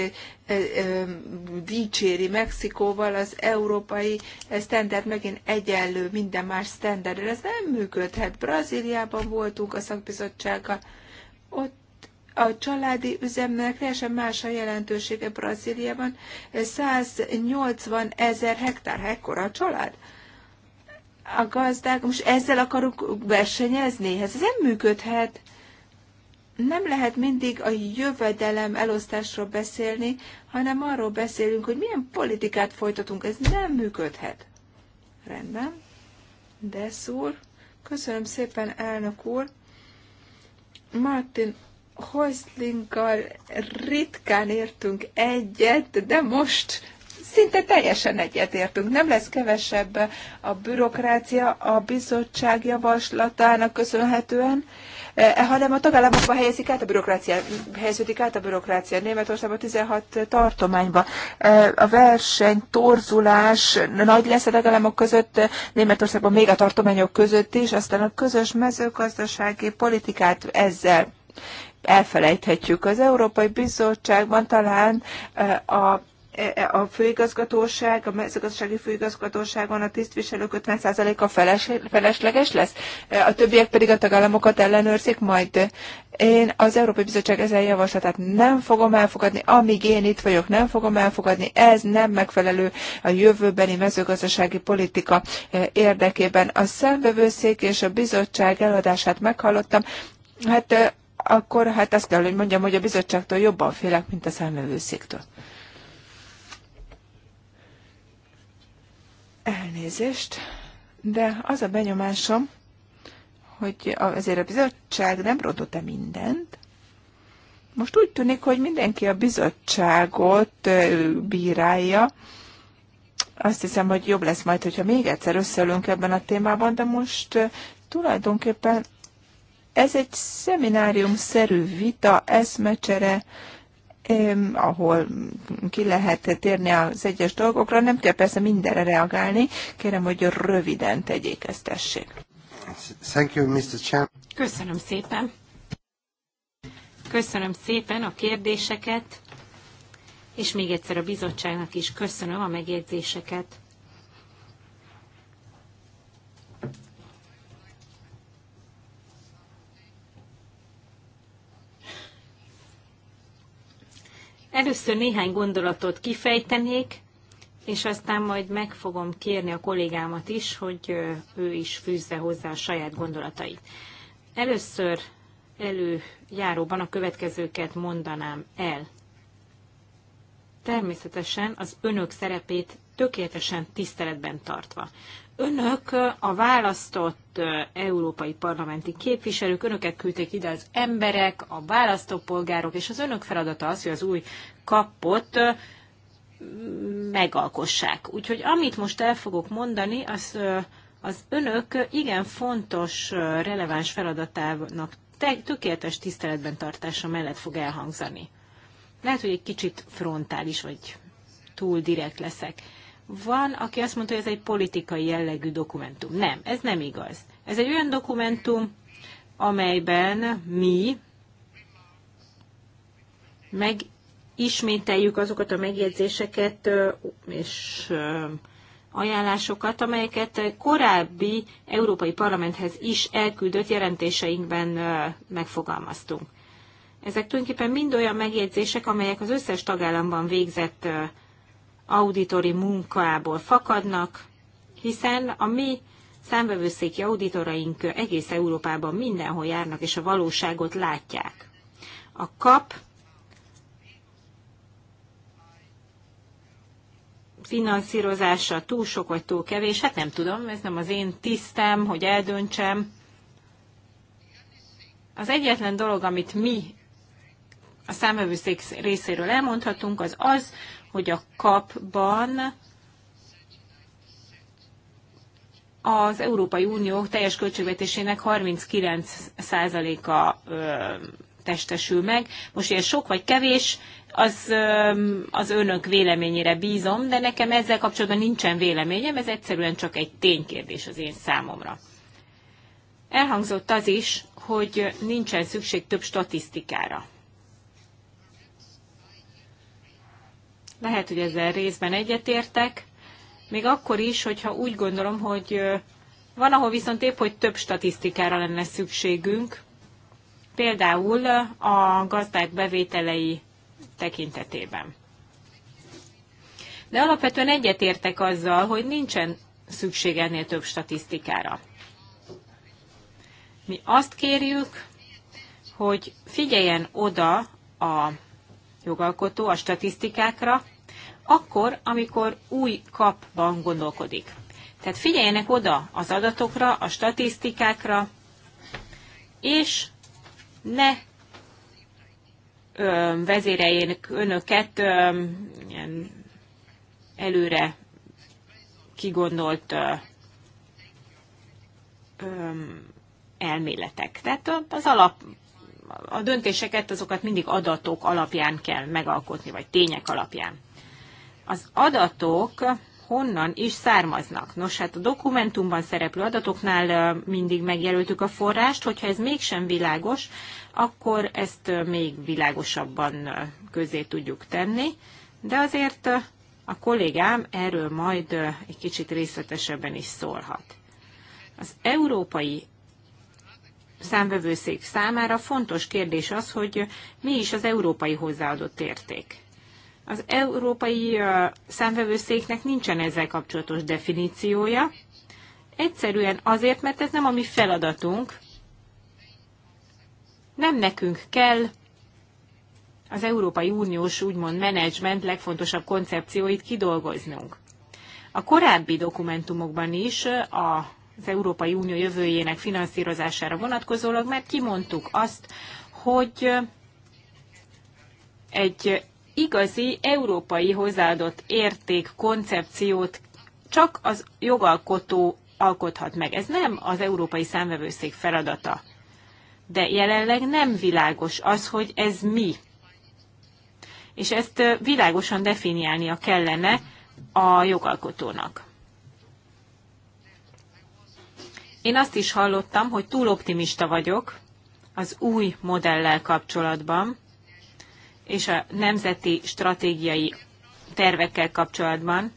dicséri Mexikóval az európai standard megint egyenlő minden más standardra. Ez nem működhet. Brazíliában voltunk a szakbizottsággal, ott a családi üzemnek teljesen más a jelentősége Brazíliában. 180 ezer hektár, ekkora a család. A gazdák, most ezzel akarunk versenyezni? Ez nem működhet. Nem lehet mindig a jövedelem elosztásról beszélni, hanem arról beszélünk, hogy milyen politikát folytatunk. Ez nem működhet. Rendben. De szúr. Köszönöm szépen, elnök úr. Martin Hozlinggal ritkán értünk egyet, de most szinte teljesen egyet értünk. Nem lesz kevesebb a bürokrácia a bizottság javaslatának köszönhetően, eh, hanem a tagállamokban helyezik át a bürokrácia, helyeződik át a bürokrácia. Németországban 16 tartományban eh, a verseny, torzulás nagy lesz a tagállamok között, Németországban még a tartományok között is, aztán a közös mezőgazdasági politikát ezzel elfelejthetjük. Az Európai Bizottságban talán eh, a eh, a főigazgatóság, a mezőgazdasági főigazgatóságon a tisztviselők 50%-a felesleges lesz, eh, a többiek pedig a tagállamokat ellenőrzik majd. Én az Európai Bizottság ezen javaslatát nem fogom elfogadni, amíg én itt vagyok, nem fogom elfogadni, ez nem megfelelő a jövőbeni mezőgazdasági politika érdekében. A szembevőszék és a bizottság eladását meghallottam, Hát akkor hát ezt kell, hogy mondjam, hogy a bizottságtól jobban félek, mint a számövőszéktől. Elnézést, de az a benyomásom, hogy azért a bizottság nem rontott -e mindent. Most úgy tűnik, hogy mindenki a bizottságot bírálja. Azt hiszem, hogy jobb lesz majd, hogyha még egyszer összeülünk ebben a témában, de most tulajdonképpen ez egy szeminárium vita, eszmecsere, ahol ki lehet térni az egyes dolgokra. Nem kell persze mindenre reagálni. Kérem, hogy röviden tegyék ezt, tessék. Thank you, Mr. Chairman. Köszönöm szépen. Köszönöm szépen a kérdéseket, és még egyszer a bizottságnak is köszönöm a megjegyzéseket. Először néhány gondolatot kifejtenék, és aztán majd meg fogom kérni a kollégámat is, hogy ő is fűzze hozzá a saját gondolatait. Először előjáróban a következőket mondanám el. Természetesen az önök szerepét tökéletesen tiszteletben tartva. Önök a választott európai parlamenti képviselők, önöket küldték ide az emberek, a választópolgárok, és az önök feladata az, hogy az új kapot megalkossák. Úgyhogy amit most el fogok mondani, az az önök igen fontos, releváns feladatának tökéletes tiszteletben tartása mellett fog elhangzani. Lehet, hogy egy kicsit frontális, vagy túl direkt leszek. Van, aki azt mondta, hogy ez egy politikai jellegű dokumentum. Nem, ez nem igaz. Ez egy olyan dokumentum, amelyben mi megismételjük azokat a megjegyzéseket és ajánlásokat, amelyeket korábbi Európai Parlamenthez is elküldött jelentéseinkben megfogalmaztunk. Ezek tulajdonképpen mind olyan megjegyzések, amelyek az összes tagállamban végzett auditori munkából fakadnak, hiszen a mi számvevőszéki auditoraink egész Európában mindenhol járnak, és a valóságot látják. A kap finanszírozása túl sok vagy túl kevés, hát nem tudom, ez nem az én tisztem, hogy eldöntsem. Az egyetlen dolog, amit mi a számövőszék részéről elmondhatunk, az az, hogy a kapban az Európai Unió teljes költségvetésének 39%-a testesül meg. Most ilyen sok vagy kevés, az, az önök véleményére bízom, de nekem ezzel kapcsolatban nincsen véleményem, ez egyszerűen csak egy ténykérdés az én számomra. Elhangzott az is, hogy nincsen szükség több statisztikára. Lehet, hogy ezzel részben egyetértek, még akkor is, hogyha úgy gondolom, hogy van, ahol viszont épp, hogy több statisztikára lenne szükségünk, például a gazdák bevételei tekintetében. De alapvetően egyetértek azzal, hogy nincsen szükség ennél több statisztikára. Mi azt kérjük, hogy figyeljen oda a jogalkotó a statisztikákra, akkor, amikor új kapban gondolkodik. Tehát figyeljenek oda az adatokra, a statisztikákra, és ne vezéreljenek önöket ö, ilyen előre kigondolt ö, ö, elméletek. Tehát az alap a döntéseket azokat mindig adatok alapján kell megalkotni, vagy tények alapján. Az adatok honnan is származnak. Nos, hát a dokumentumban szereplő adatoknál mindig megjelöltük a forrást, hogyha ez mégsem világos, akkor ezt még világosabban közé tudjuk tenni, de azért a kollégám erről majd egy kicsit részletesebben is szólhat. Az európai számvevőszék számára fontos kérdés az, hogy mi is az európai hozzáadott érték. Az európai számvevőszéknek nincsen ezzel kapcsolatos definíciója, egyszerűen azért, mert ez nem a mi feladatunk, nem nekünk kell az Európai Uniós úgymond menedzsment legfontosabb koncepcióit kidolgoznunk. A korábbi dokumentumokban is a az Európai Unió jövőjének finanszírozására vonatkozólag, mert kimondtuk azt, hogy egy igazi európai hozzáadott érték koncepciót csak az jogalkotó alkothat meg. Ez nem az európai számvevőszék feladata. De jelenleg nem világos az, hogy ez mi. És ezt világosan definiálnia kellene a jogalkotónak. Én azt is hallottam, hogy túl optimista vagyok az új modellel kapcsolatban, és a nemzeti stratégiai tervekkel kapcsolatban.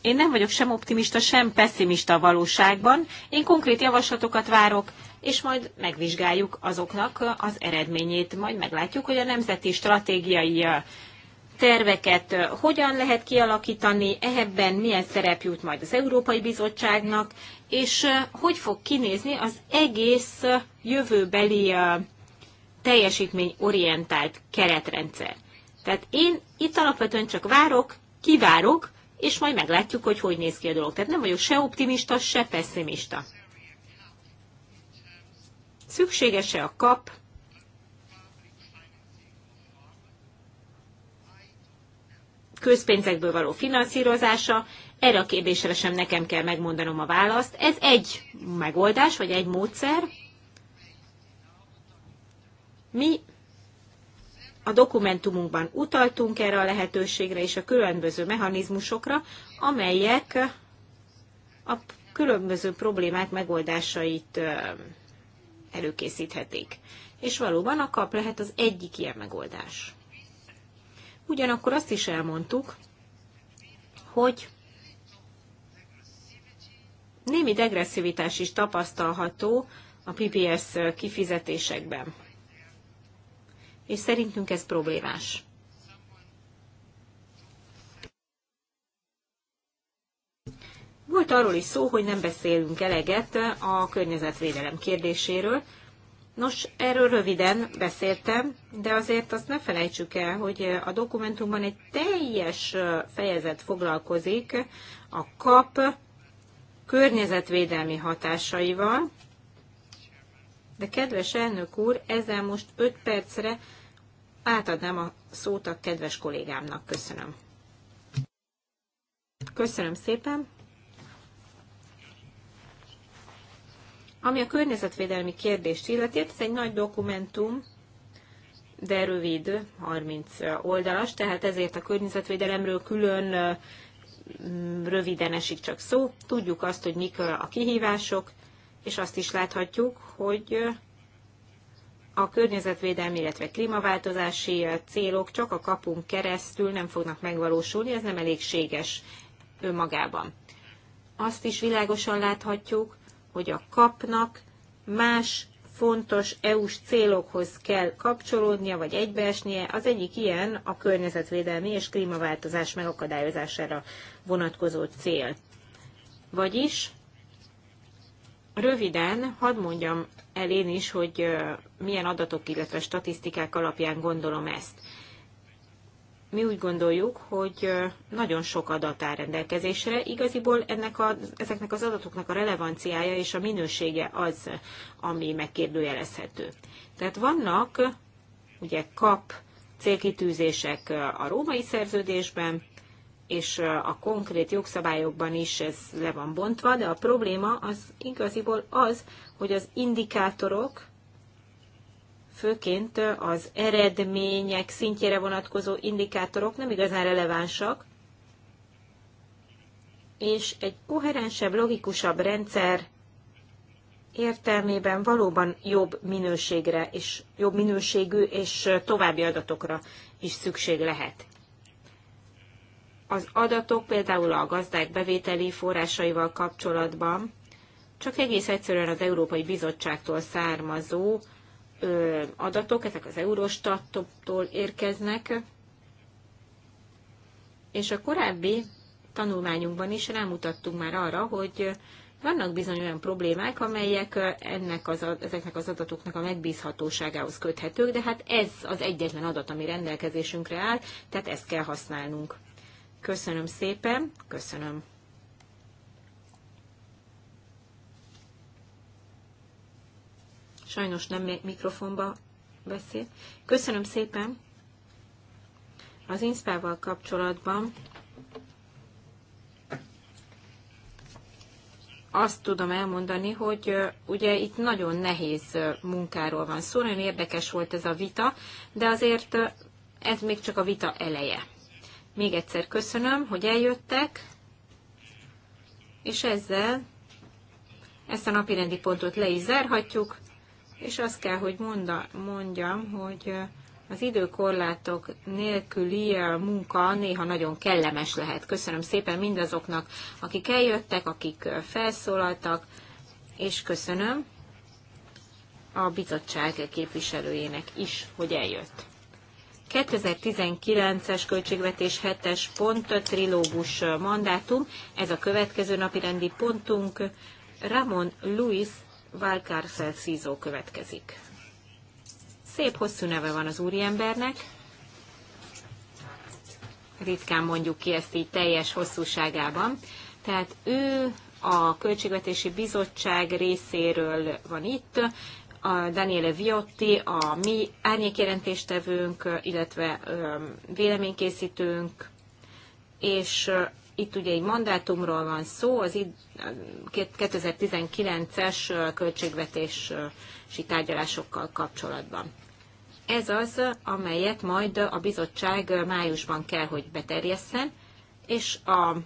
Én nem vagyok sem optimista, sem pessimista a valóságban. Én konkrét javaslatokat várok, és majd megvizsgáljuk azoknak az eredményét. Majd meglátjuk, hogy a nemzeti stratégiai terveket hogyan lehet kialakítani, ebben milyen szerep jut majd az Európai Bizottságnak, és hogy fog kinézni az egész jövőbeli teljesítményorientált keretrendszer. Tehát én itt alapvetően csak várok, kivárok, és majd meglátjuk, hogy hogy néz ki a dolog. Tehát nem vagyok se optimista, se pessimista. Szükséges-e a kap közpénzekből való finanszírozása, erre a kérdésre sem nekem kell megmondanom a választ. Ez egy megoldás, vagy egy módszer. Mi a dokumentumunkban utaltunk erre a lehetőségre és a különböző mechanizmusokra, amelyek a különböző problémák megoldásait előkészíthetik. És valóban a kap lehet az egyik ilyen megoldás. Ugyanakkor azt is elmondtuk, hogy némi degresszivitás is tapasztalható a PPS kifizetésekben. És szerintünk ez problémás. Volt arról is szó, hogy nem beszélünk eleget a környezetvédelem kérdéséről, Nos, erről röviden beszéltem, de azért azt ne felejtsük el, hogy a dokumentumban egy teljes fejezet foglalkozik a kap környezetvédelmi hatásaival, de kedves elnök úr, ezzel most 5 percre átadnám a szót a kedves kollégámnak. Köszönöm. Köszönöm szépen. Ami a környezetvédelmi kérdést illeti, ez egy nagy dokumentum, de rövid, 30 oldalas, tehát ezért a környezetvédelemről külön röviden esik csak szó. Tudjuk azt, hogy mik a kihívások, és azt is láthatjuk, hogy a környezetvédelmi, illetve klímaváltozási célok csak a kapunk keresztül nem fognak megvalósulni, ez nem elégséges önmagában. Azt is világosan láthatjuk, hogy a kapnak más fontos EU-s célokhoz kell kapcsolódnia, vagy egybeesnie. Az egyik ilyen a környezetvédelmi és klímaváltozás megakadályozására vonatkozó cél. Vagyis röviden hadd mondjam el én is, hogy milyen adatok, illetve statisztikák alapján gondolom ezt mi úgy gondoljuk, hogy nagyon sok adat áll rendelkezésre. Igaziból ennek a, ezeknek az adatoknak a relevanciája és a minősége az, ami megkérdőjelezhető. Tehát vannak ugye kap célkitűzések a római szerződésben, és a konkrét jogszabályokban is ez le van bontva, de a probléma az igaziból az, hogy az indikátorok főként az eredmények szintjére vonatkozó indikátorok nem igazán relevánsak, és egy koherensebb, logikusabb rendszer értelmében valóban jobb minőségre és jobb minőségű és további adatokra is szükség lehet. Az adatok például a gazdák bevételi forrásaival kapcsolatban csak egész egyszerűen az Európai Bizottságtól származó adatok, ezek az Eurostattól érkeznek, és a korábbi tanulmányunkban is rámutattunk már arra, hogy vannak bizony olyan problémák, amelyek ennek az, ezeknek az adatoknak a megbízhatóságához köthetők, de hát ez az egyetlen adat, ami rendelkezésünkre áll, tehát ezt kell használnunk. Köszönöm szépen, köszönöm. Sajnos nem mikrofonba beszél. Köszönöm szépen! Az Inspával kapcsolatban azt tudom elmondani, hogy ugye itt nagyon nehéz munkáról van szó, nagyon érdekes volt ez a vita, de azért ez még csak a vita eleje. Még egyszer köszönöm, hogy eljöttek, és ezzel ezt a napirendi pontot le is zárhatjuk és azt kell, hogy monda, mondjam, hogy az időkorlátok nélküli munka néha nagyon kellemes lehet. Köszönöm szépen mindazoknak, akik eljöttek, akik felszólaltak, és köszönöm a bizottság képviselőjének is, hogy eljött. 2019-es költségvetés 7-es pont, trilógus mandátum, ez a következő napi rendi pontunk. Ramon Luis Valcárcel Szízó következik. Szép hosszú neve van az úriembernek. Ritkán mondjuk ki ezt így teljes hosszúságában. Tehát ő a Költségvetési Bizottság részéről van itt, a Daniele Viotti, a mi árnyékjelentéstevőnk, illetve véleménykészítőnk, és itt ugye egy mandátumról van szó, az 2019-es költségvetési tárgyalásokkal kapcsolatban. Ez az, amelyet majd a bizottság májusban kell, hogy beterjesszen, és a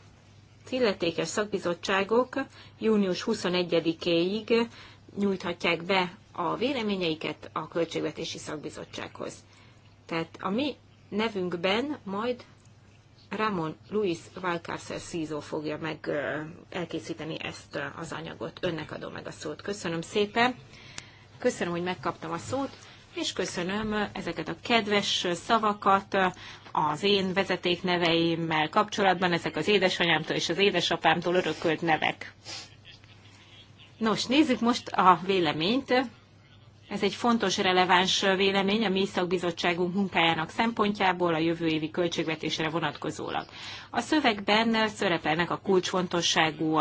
illetékes szakbizottságok június 21-éig nyújthatják be a véleményeiket a Költségvetési Szakbizottsághoz. Tehát a mi nevünkben majd Ramon Luis Valcárcel Szízó fogja meg elkészíteni ezt az anyagot. Önnek adom meg a szót. Köszönöm szépen. Köszönöm, hogy megkaptam a szót, és köszönöm ezeket a kedves szavakat az én vezetékneveimmel kapcsolatban. Ezek az édesanyámtól és az édesapámtól örökölt nevek. Nos, nézzük most a véleményt. Ez egy fontos, releváns vélemény a mi szakbizottságunk munkájának szempontjából a jövő évi költségvetésre vonatkozólag. A szövegben szerepelnek a kulcsfontosságú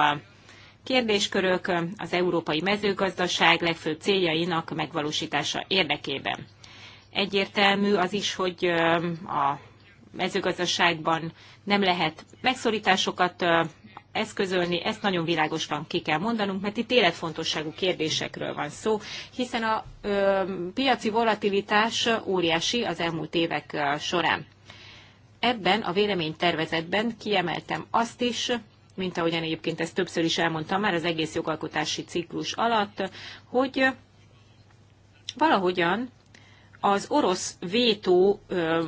kérdéskörök az európai mezőgazdaság legfőbb céljainak megvalósítása érdekében. Egyértelmű az is, hogy a mezőgazdaságban nem lehet megszorításokat eszközölni, ezt nagyon világosan ki kell mondanunk, mert itt életfontosságú kérdésekről van szó, hiszen a ö, piaci volatilitás óriási az elmúlt évek során. Ebben a véleménytervezetben kiemeltem azt is, mint ahogyan egyébként ezt többször is elmondtam már az egész jogalkotási ciklus alatt, hogy valahogyan az orosz vétó ö,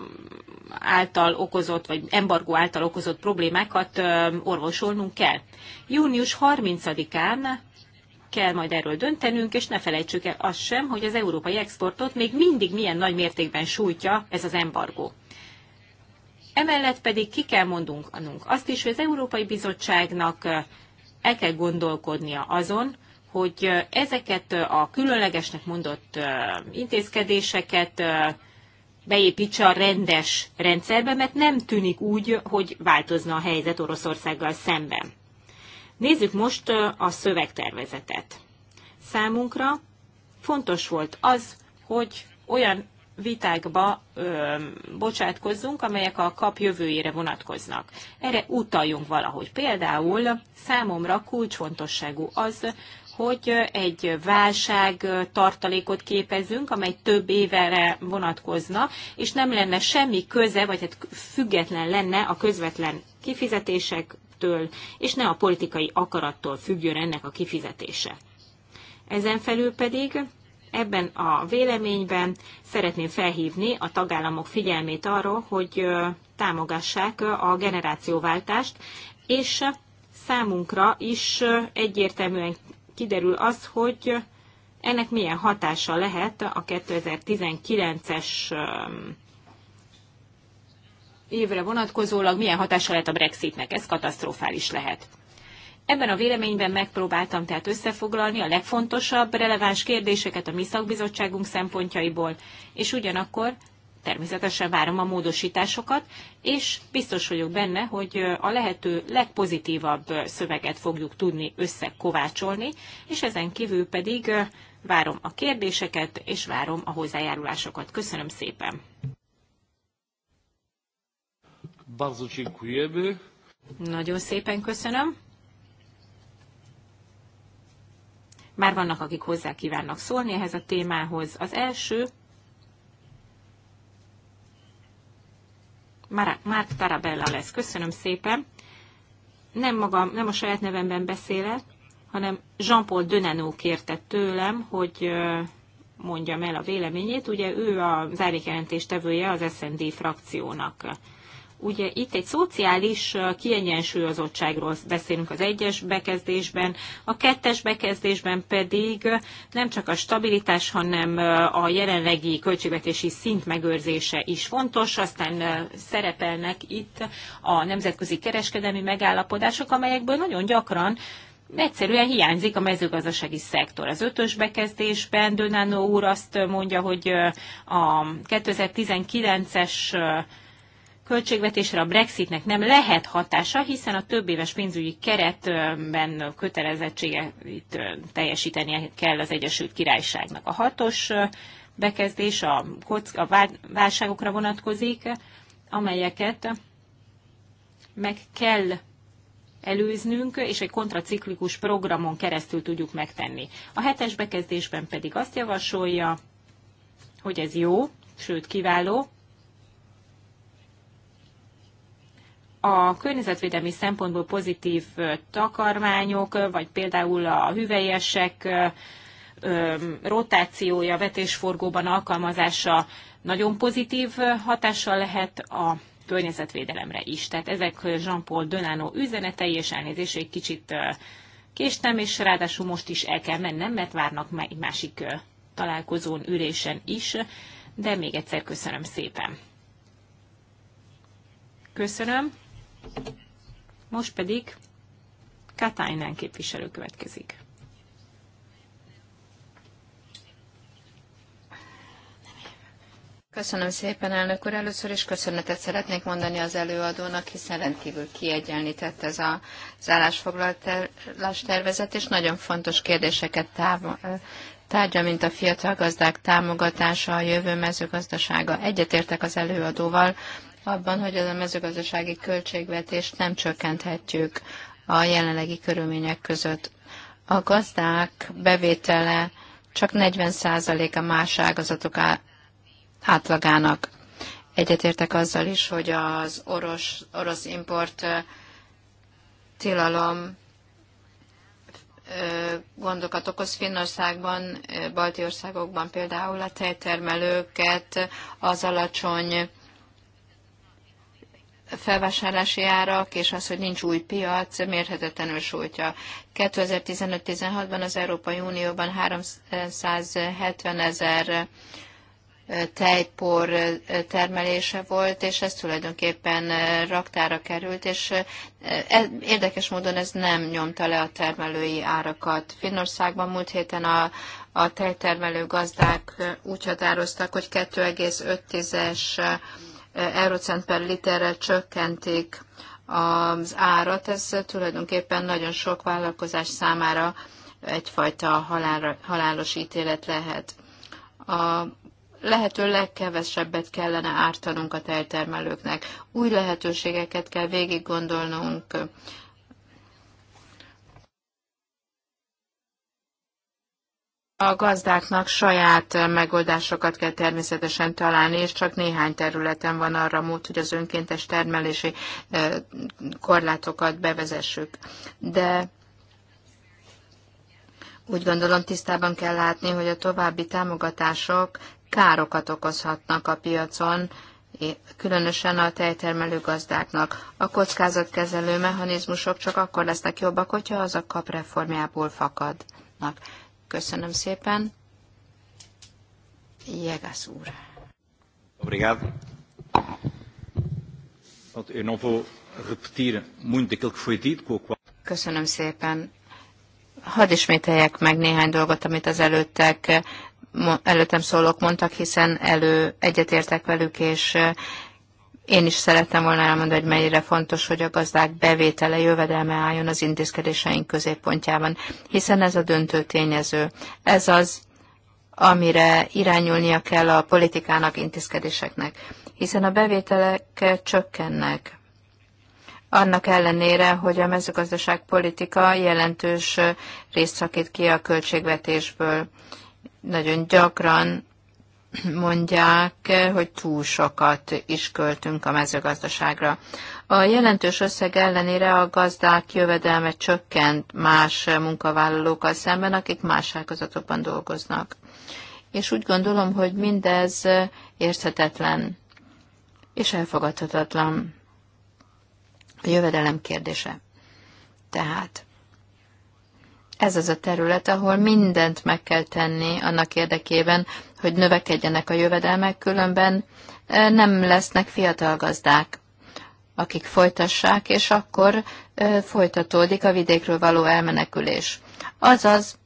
által okozott, vagy embargó által okozott problémákat orvosolnunk kell. Június 30-án kell majd erről döntenünk, és ne felejtsük el azt sem, hogy az európai exportot még mindig milyen nagy mértékben sújtja ez az embargó. Emellett pedig ki kell mondunk azt is, hogy az Európai Bizottságnak el kell gondolkodnia azon, hogy ezeket a különlegesnek mondott intézkedéseket beépítse a rendes rendszerbe, mert nem tűnik úgy, hogy változna a helyzet Oroszországgal szemben. Nézzük most a szövegtervezetet. Számunkra fontos volt az, hogy olyan vitákba ö, bocsátkozzunk, amelyek a kap jövőjére vonatkoznak. Erre utaljunk valahogy. Például számomra kulcsfontosságú az, hogy egy válság tartalékot képezünk, amely több évre vonatkozna, és nem lenne semmi köze, vagy hát független lenne a közvetlen kifizetésektől, és ne a politikai akarattól függjön ennek a kifizetése. Ezen felül pedig ebben a véleményben szeretném felhívni a tagállamok figyelmét arról, hogy támogassák a generációváltást, és számunkra is egyértelműen kiderül az, hogy ennek milyen hatása lehet a 2019-es évre vonatkozólag, milyen hatása lehet a Brexitnek. Ez katasztrofális lehet. Ebben a véleményben megpróbáltam tehát összefoglalni a legfontosabb releváns kérdéseket a mi szakbizottságunk szempontjaiból, és ugyanakkor természetesen várom a módosításokat, és biztos vagyok benne, hogy a lehető legpozitívabb szöveget fogjuk tudni összekovácsolni, és ezen kívül pedig várom a kérdéseket, és várom a hozzájárulásokat. Köszönöm szépen! Bardzo dziękujemy. Nagyon szépen köszönöm. Már vannak, akik hozzá kívánnak szólni ehhez a témához. Az első Márk Tarabella lesz. Köszönöm szépen. Nem, magam, nem a saját nevemben beszélek, hanem Jean-Paul Dönenó kérte tőlem, hogy mondjam el a véleményét. Ugye ő a zárékjelentés tevője az SND frakciónak. Ugye itt egy szociális kiegyensúlyozottságról beszélünk az egyes bekezdésben, a kettes bekezdésben pedig nem csak a stabilitás, hanem a jelenlegi költségvetési szint megőrzése is fontos, aztán szerepelnek itt a nemzetközi kereskedelmi megállapodások, amelyekből nagyon gyakran egyszerűen hiányzik a mezőgazdasági szektor. Az ötös bekezdésben Dönánó úr azt mondja, hogy a 2019-es költségvetésre a Brexitnek nem lehet hatása, hiszen a több éves pénzügyi keretben kötelezettséget teljesítenie kell az Egyesült Királyságnak. A hatos bekezdés a, a válságokra vonatkozik, amelyeket meg kell előznünk, és egy kontraciklikus programon keresztül tudjuk megtenni. A hetes bekezdésben pedig azt javasolja, hogy ez jó, sőt kiváló, a környezetvédelmi szempontból pozitív takarmányok, vagy például a hüvelyesek rotációja, vetésforgóban alkalmazása nagyon pozitív hatással lehet a környezetvédelemre is. Tehát ezek Jean-Paul Dönánó üzenetei, és elnézést, egy kicsit késtem, és ráadásul most is el kell mennem, mert várnak egy másik találkozón, ülésen is, de még egyszer köszönöm szépen. Köszönöm. Most pedig Katainen képviselő következik. Köszönöm szépen, elnök úr. Először is köszönetet szeretnék mondani az előadónak, hiszen rendkívül kiegyenlített ez a, az tervezet, és nagyon fontos kérdéseket táv, tárgya, mint a fiatal gazdák támogatása, a jövő mezőgazdasága. Egyetértek az előadóval abban, hogy a mezőgazdasági költségvetést nem csökkenthetjük a jelenlegi körülmények között. A gazdák bevétele csak 40% a más ágazatok átlagának. Egyetértek azzal is, hogy az orosz, orosz import tilalom gondokat okoz Finnországban, balti országokban például a tejtermelőket az alacsony felvásárlási árak, és az, hogy nincs új piac, mérhetetlenül sújtja. 2015-16-ban az Európai Unióban 370 ezer tejpor termelése volt, és ez tulajdonképpen raktára került, és e, érdekes módon ez nem nyomta le a termelői árakat. Finnországban múlt héten a, a tejtermelő gazdák úgy határoztak, hogy 2,5-es eurocent per literrel csökkentik az árat, ez tulajdonképpen nagyon sok vállalkozás számára egyfajta halálra, halálos ítélet lehet. A lehető legkevesebbet kellene ártanunk a tejtermelőknek. Új lehetőségeket kell végig gondolnunk A gazdáknak saját megoldásokat kell természetesen találni, és csak néhány területen van arra mód, hogy az önkéntes termelési korlátokat bevezessük. De úgy gondolom tisztában kell látni, hogy a további támogatások károkat okozhatnak a piacon, különösen a tejtermelő gazdáknak. A kockázatkezelő mechanizmusok csak akkor lesznek jobbak, hogyha az a kap reformjából fakadnak. Köszönöm szépen. Jegász úr. Obrigado. Köszönöm szépen. Hadd ismételjek meg néhány dolgot, amit az előttek, előttem szólók mondtak, hiszen elő egyetértek velük, és én is szerettem volna elmondani, hogy mennyire fontos, hogy a gazdák bevétele, jövedelme álljon az intézkedéseink középpontjában, hiszen ez a döntő tényező. Ez az, amire irányulnia kell a politikának, intézkedéseknek, hiszen a bevételek csökkennek. Annak ellenére, hogy a mezőgazdaság politika jelentős részt szakít ki a költségvetésből. Nagyon gyakran mondják, hogy túl sokat is költünk a mezőgazdaságra. A jelentős összeg ellenére a gazdák jövedelme csökkent más munkavállalókkal szemben, akik más ágazatokban dolgoznak. És úgy gondolom, hogy mindez érthetetlen és elfogadhatatlan a jövedelem kérdése. Tehát ez az a terület, ahol mindent meg kell tenni annak érdekében, hogy növekedjenek a jövedelmek, különben e, nem lesznek fiatal gazdák, akik folytassák, és akkor e, folytatódik a vidékről való elmenekülés. Azaz,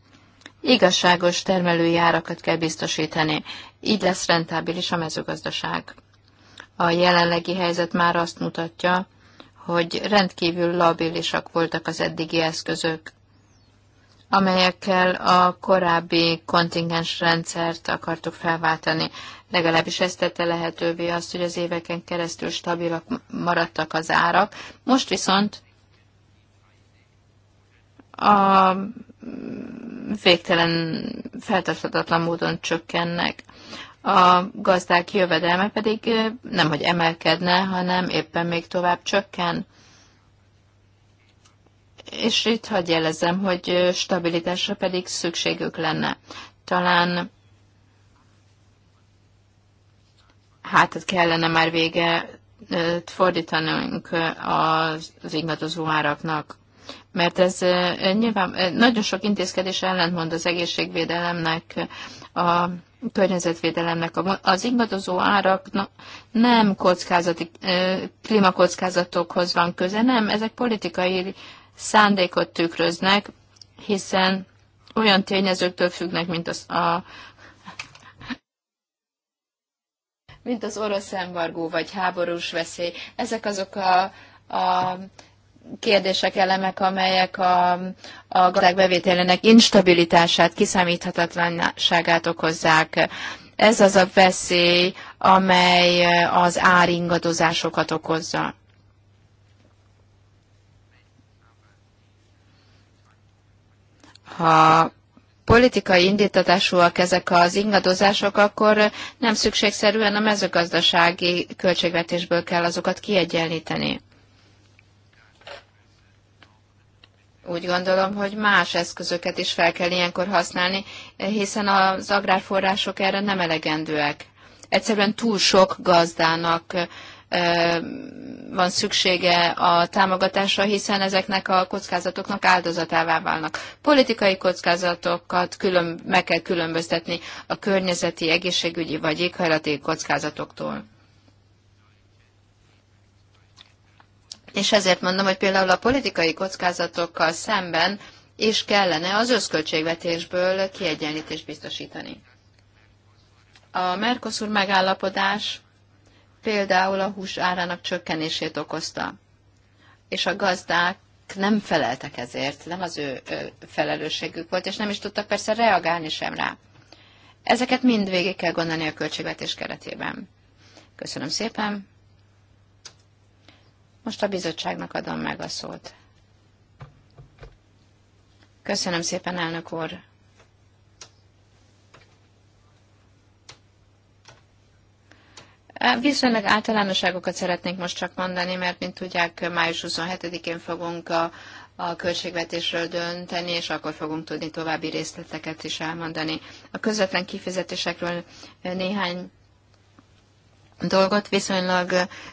igazságos termelői árakat kell biztosítani. Így lesz rentábilis a mezőgazdaság. A jelenlegi helyzet már azt mutatja, hogy rendkívül labilisak voltak az eddigi eszközök, amelyekkel a korábbi kontingens rendszert akartuk felváltani. Legalábbis ezt tette lehetővé azt, hogy az éveken keresztül stabilak maradtak az árak. Most viszont a végtelen, feltartatatlan módon csökkennek. A gazdák jövedelme pedig eh, nem, hogy emelkedne, hanem éppen még tovább csökken és itt hagyj jelezem, hogy stabilitásra pedig szükségük lenne. Talán hát kellene már vége fordítanunk az, az ingadozó áraknak, mert ez nyilván nagyon sok intézkedés ellentmond az egészségvédelemnek, a környezetvédelemnek. Az ingadozó árak nem kockázati, klímakockázatokhoz van köze, nem, ezek politikai szándékot tükröznek, hiszen olyan tényezőktől függnek, mint az a mint az orosz embargó vagy háborús veszély. Ezek azok a, a kérdések, elemek, amelyek a, a gazdaság bevételének instabilitását, kiszámíthatatlanságát okozzák. Ez az a veszély, amely az áringadozásokat okozza. ha politikai indítatásúak ezek az ingadozások, akkor nem szükségszerűen a mezőgazdasági költségvetésből kell azokat kiegyenlíteni. Úgy gondolom, hogy más eszközöket is fel kell ilyenkor használni, hiszen az agrárforrások erre nem elegendőek. Egyszerűen túl sok gazdának van szüksége a támogatásra, hiszen ezeknek a kockázatoknak áldozatává válnak. Politikai kockázatokat külön, meg kell különböztetni a környezeti, egészségügyi vagy éghajlati kockázatoktól. És ezért mondom, hogy például a politikai kockázatokkal szemben is kellene az összköltségvetésből kiegyenlítést biztosítani. A Mercosur megállapodás például a hús árának csökkenését okozta, és a gazdák nem feleltek ezért, nem az ő felelősségük volt, és nem is tudtak persze reagálni sem rá. Ezeket mind végig kell gondolni a költségvetés keretében. Köszönöm szépen. Most a bizottságnak adom meg a szót. Köszönöm szépen, elnök úr. Viszonylag általánosságokat szeretnék most csak mondani, mert mint tudják, május 27-én fogunk a, a költségvetésről dönteni, és akkor fogunk tudni további részleteket is elmondani. A közvetlen kifizetésekről néhány dolgot viszonylag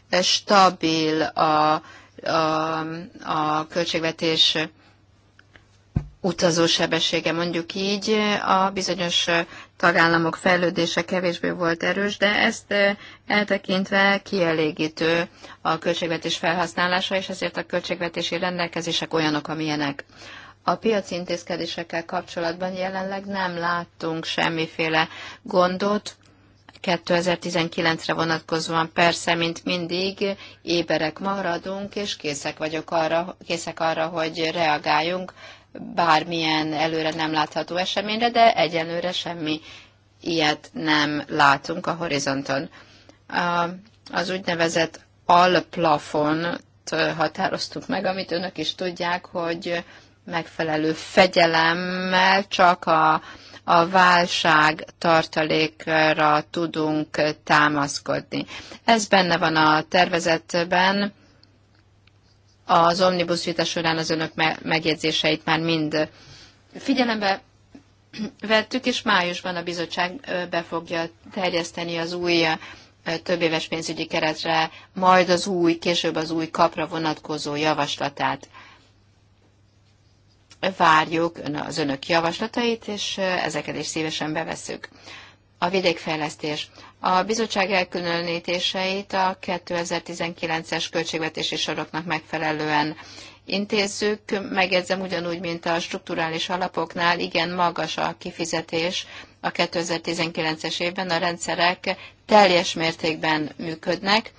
eh, stabil a, a, a költségvetés utazó sebessége, mondjuk így. A bizonyos tagállamok fejlődése kevésbé volt erős, de ezt eltekintve kielégítő a költségvetés felhasználása, és ezért a költségvetési rendelkezések olyanok, amilyenek. A piaci intézkedésekkel kapcsolatban jelenleg nem láttunk semmiféle gondot, 2019-re vonatkozóan persze, mint mindig, éberek maradunk, és készek vagyok arra, készek arra, hogy reagáljunk bármilyen előre nem látható eseményre, de egyelőre semmi ilyet nem látunk a horizonton. Az úgynevezett alplafont határoztuk meg, amit önök is tudják, hogy megfelelő fegyelemmel csak a, a válság tartalékra tudunk támaszkodni. Ez benne van a tervezetben, az omnibus vita során az önök megjegyzéseit már mind figyelembe vettük, és májusban a bizottság be fogja terjeszteni az új több éves pénzügyi keretre, majd az új, később az új kapra vonatkozó javaslatát. Várjuk az önök javaslatait, és ezeket is szívesen bevesszük a vidékfejlesztés. A bizottság elkülönítéseit a 2019-es költségvetési soroknak megfelelően intézzük. Megjegyzem ugyanúgy, mint a strukturális alapoknál, igen magas a kifizetés a 2019-es évben, a rendszerek teljes mértékben működnek.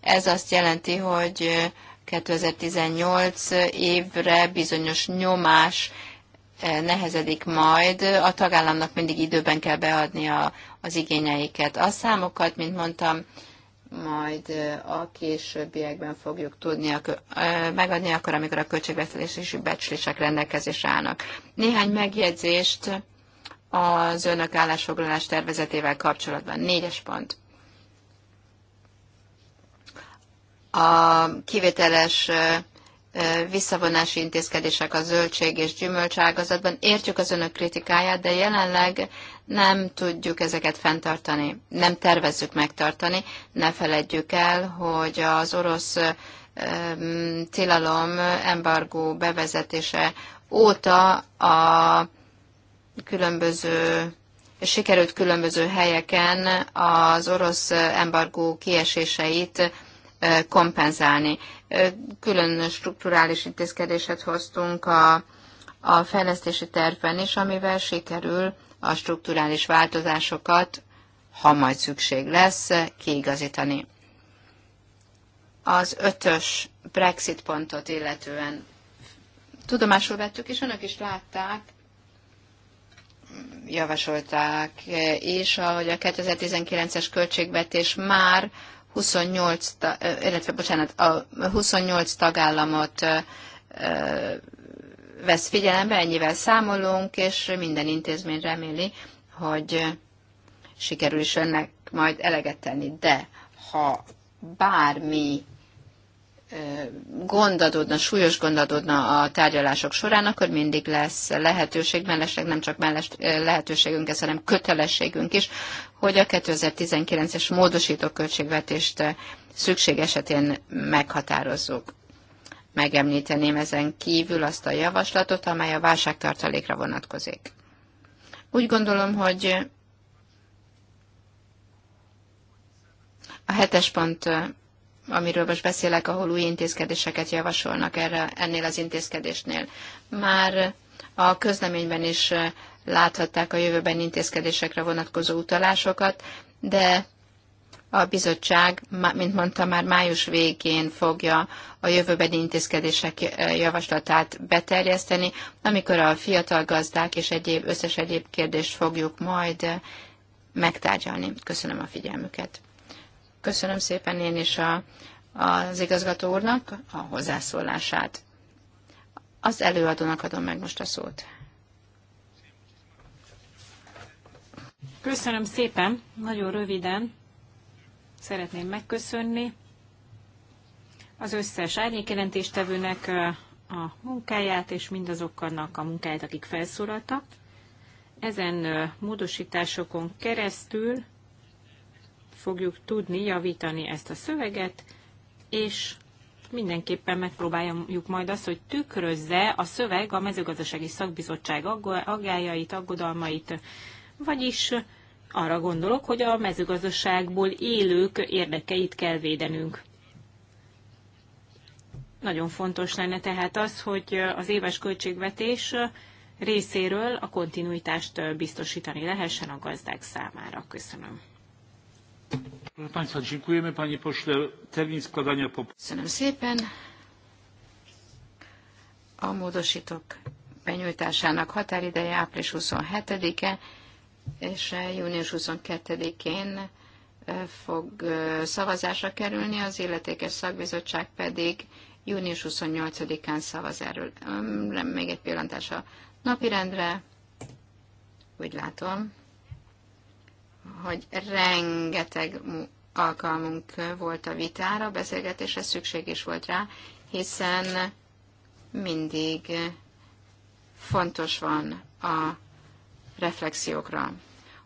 Ez azt jelenti, hogy 2018 évre bizonyos nyomás nehezedik majd, a tagállamnak mindig időben kell beadni a, az igényeiket. A számokat, mint mondtam, majd a későbbiekben fogjuk tudni megadni, akkor, amikor a költségvetési becslések rendelkezésre állnak. Néhány megjegyzést az önök állásfoglalás tervezetével kapcsolatban. Négyes pont. A kivételes visszavonási intézkedések a zöldség és gyümölcságazatban. Értjük az önök kritikáját, de jelenleg nem tudjuk ezeket fenntartani, nem tervezzük megtartani. Ne feledjük el, hogy az orosz tilalom, embargó bevezetése óta a különböző sikerült különböző helyeken az orosz embargó kieséseit kompenzálni. Külön strukturális intézkedéset hoztunk a, a fejlesztési tervben is, amivel sikerül a strukturális változásokat, ha majd szükség lesz, kiigazítani. Az ötös Brexit pontot illetően tudomásul vettük, és önök is látták, javasolták is, hogy a 2019-es költségvetés már 28, illetve bocsánat, a 28 tagállamot vesz figyelembe, ennyivel számolunk, és minden intézmény reméli, hogy sikerül is önnek majd eleget tenni. De ha bármi gond adódna, súlyos gond adódna a tárgyalások során, akkor mindig lesz lehetőség, mellesleg nem csak melles lehetőségünk ez, hanem kötelességünk is, hogy a 2019-es módosító költségvetést szükség esetén meghatározzuk. Megemlíteném ezen kívül azt a javaslatot, amely a válságtartalékra vonatkozik. Úgy gondolom, hogy a hetes pont amiről most beszélek, ahol új intézkedéseket javasolnak erre, ennél az intézkedésnél. Már a közleményben is eh, láthatták a jövőben intézkedésekre vonatkozó utalásokat, de a bizottság, mint mondta, már május végén fogja a jövőbeni intézkedések eh, javaslatát beterjeszteni, amikor a fiatal gazdák és egyéb, összes egyéb kérdést fogjuk majd eh, megtárgyalni. Köszönöm a figyelmüket. Köszönöm szépen én is a, az igazgató úrnak a hozzászólását. Az előadónak adom meg most a szót. Köszönöm szépen, nagyon röviden szeretném megköszönni az összes árnyékjelentéstevőnek a munkáját, és mindazoknak a munkáját, akik felszólaltak. Ezen módosításokon keresztül fogjuk tudni javítani ezt a szöveget, és mindenképpen megpróbáljuk majd azt, hogy tükrözze a szöveg a mezőgazdasági szakbizottság aggájait, aggodalmait, vagyis arra gondolok, hogy a mezőgazdaságból élők érdekeit kell védenünk. Nagyon fontos lenne tehát az, hogy az éves költségvetés részéről a kontinuitást biztosítani lehessen a gazdák számára. Köszönöm. Köszönöm szépen. A módosítók benyújtásának határideje április 27-e, és június 22-én fog szavazásra kerülni, az illetékes szakbizottság pedig június 28-án szavaz erről. Még egy pillantás a napirendre, úgy látom hogy rengeteg alkalmunk volt a vitára, beszélgetésre szükség is volt rá, hiszen mindig fontos van a reflexiókra.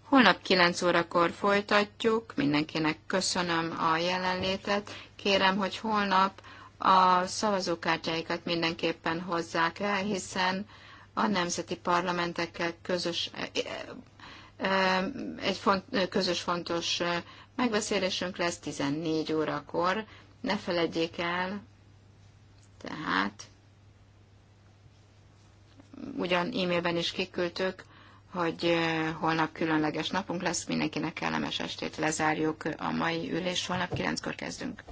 Holnap 9 órakor folytatjuk, mindenkinek köszönöm a jelenlétet, kérem, hogy holnap a szavazókártyáikat mindenképpen hozzák el, hiszen a nemzeti parlamentekkel közös egy font, közös fontos megbeszélésünk lesz 14 órakor. Ne feledjék el, tehát ugyan e-mailben is kiküldtük, hogy holnap különleges napunk lesz, mindenkinek kellemes estét lezárjuk a mai ülés, holnap 9-kor kezdünk.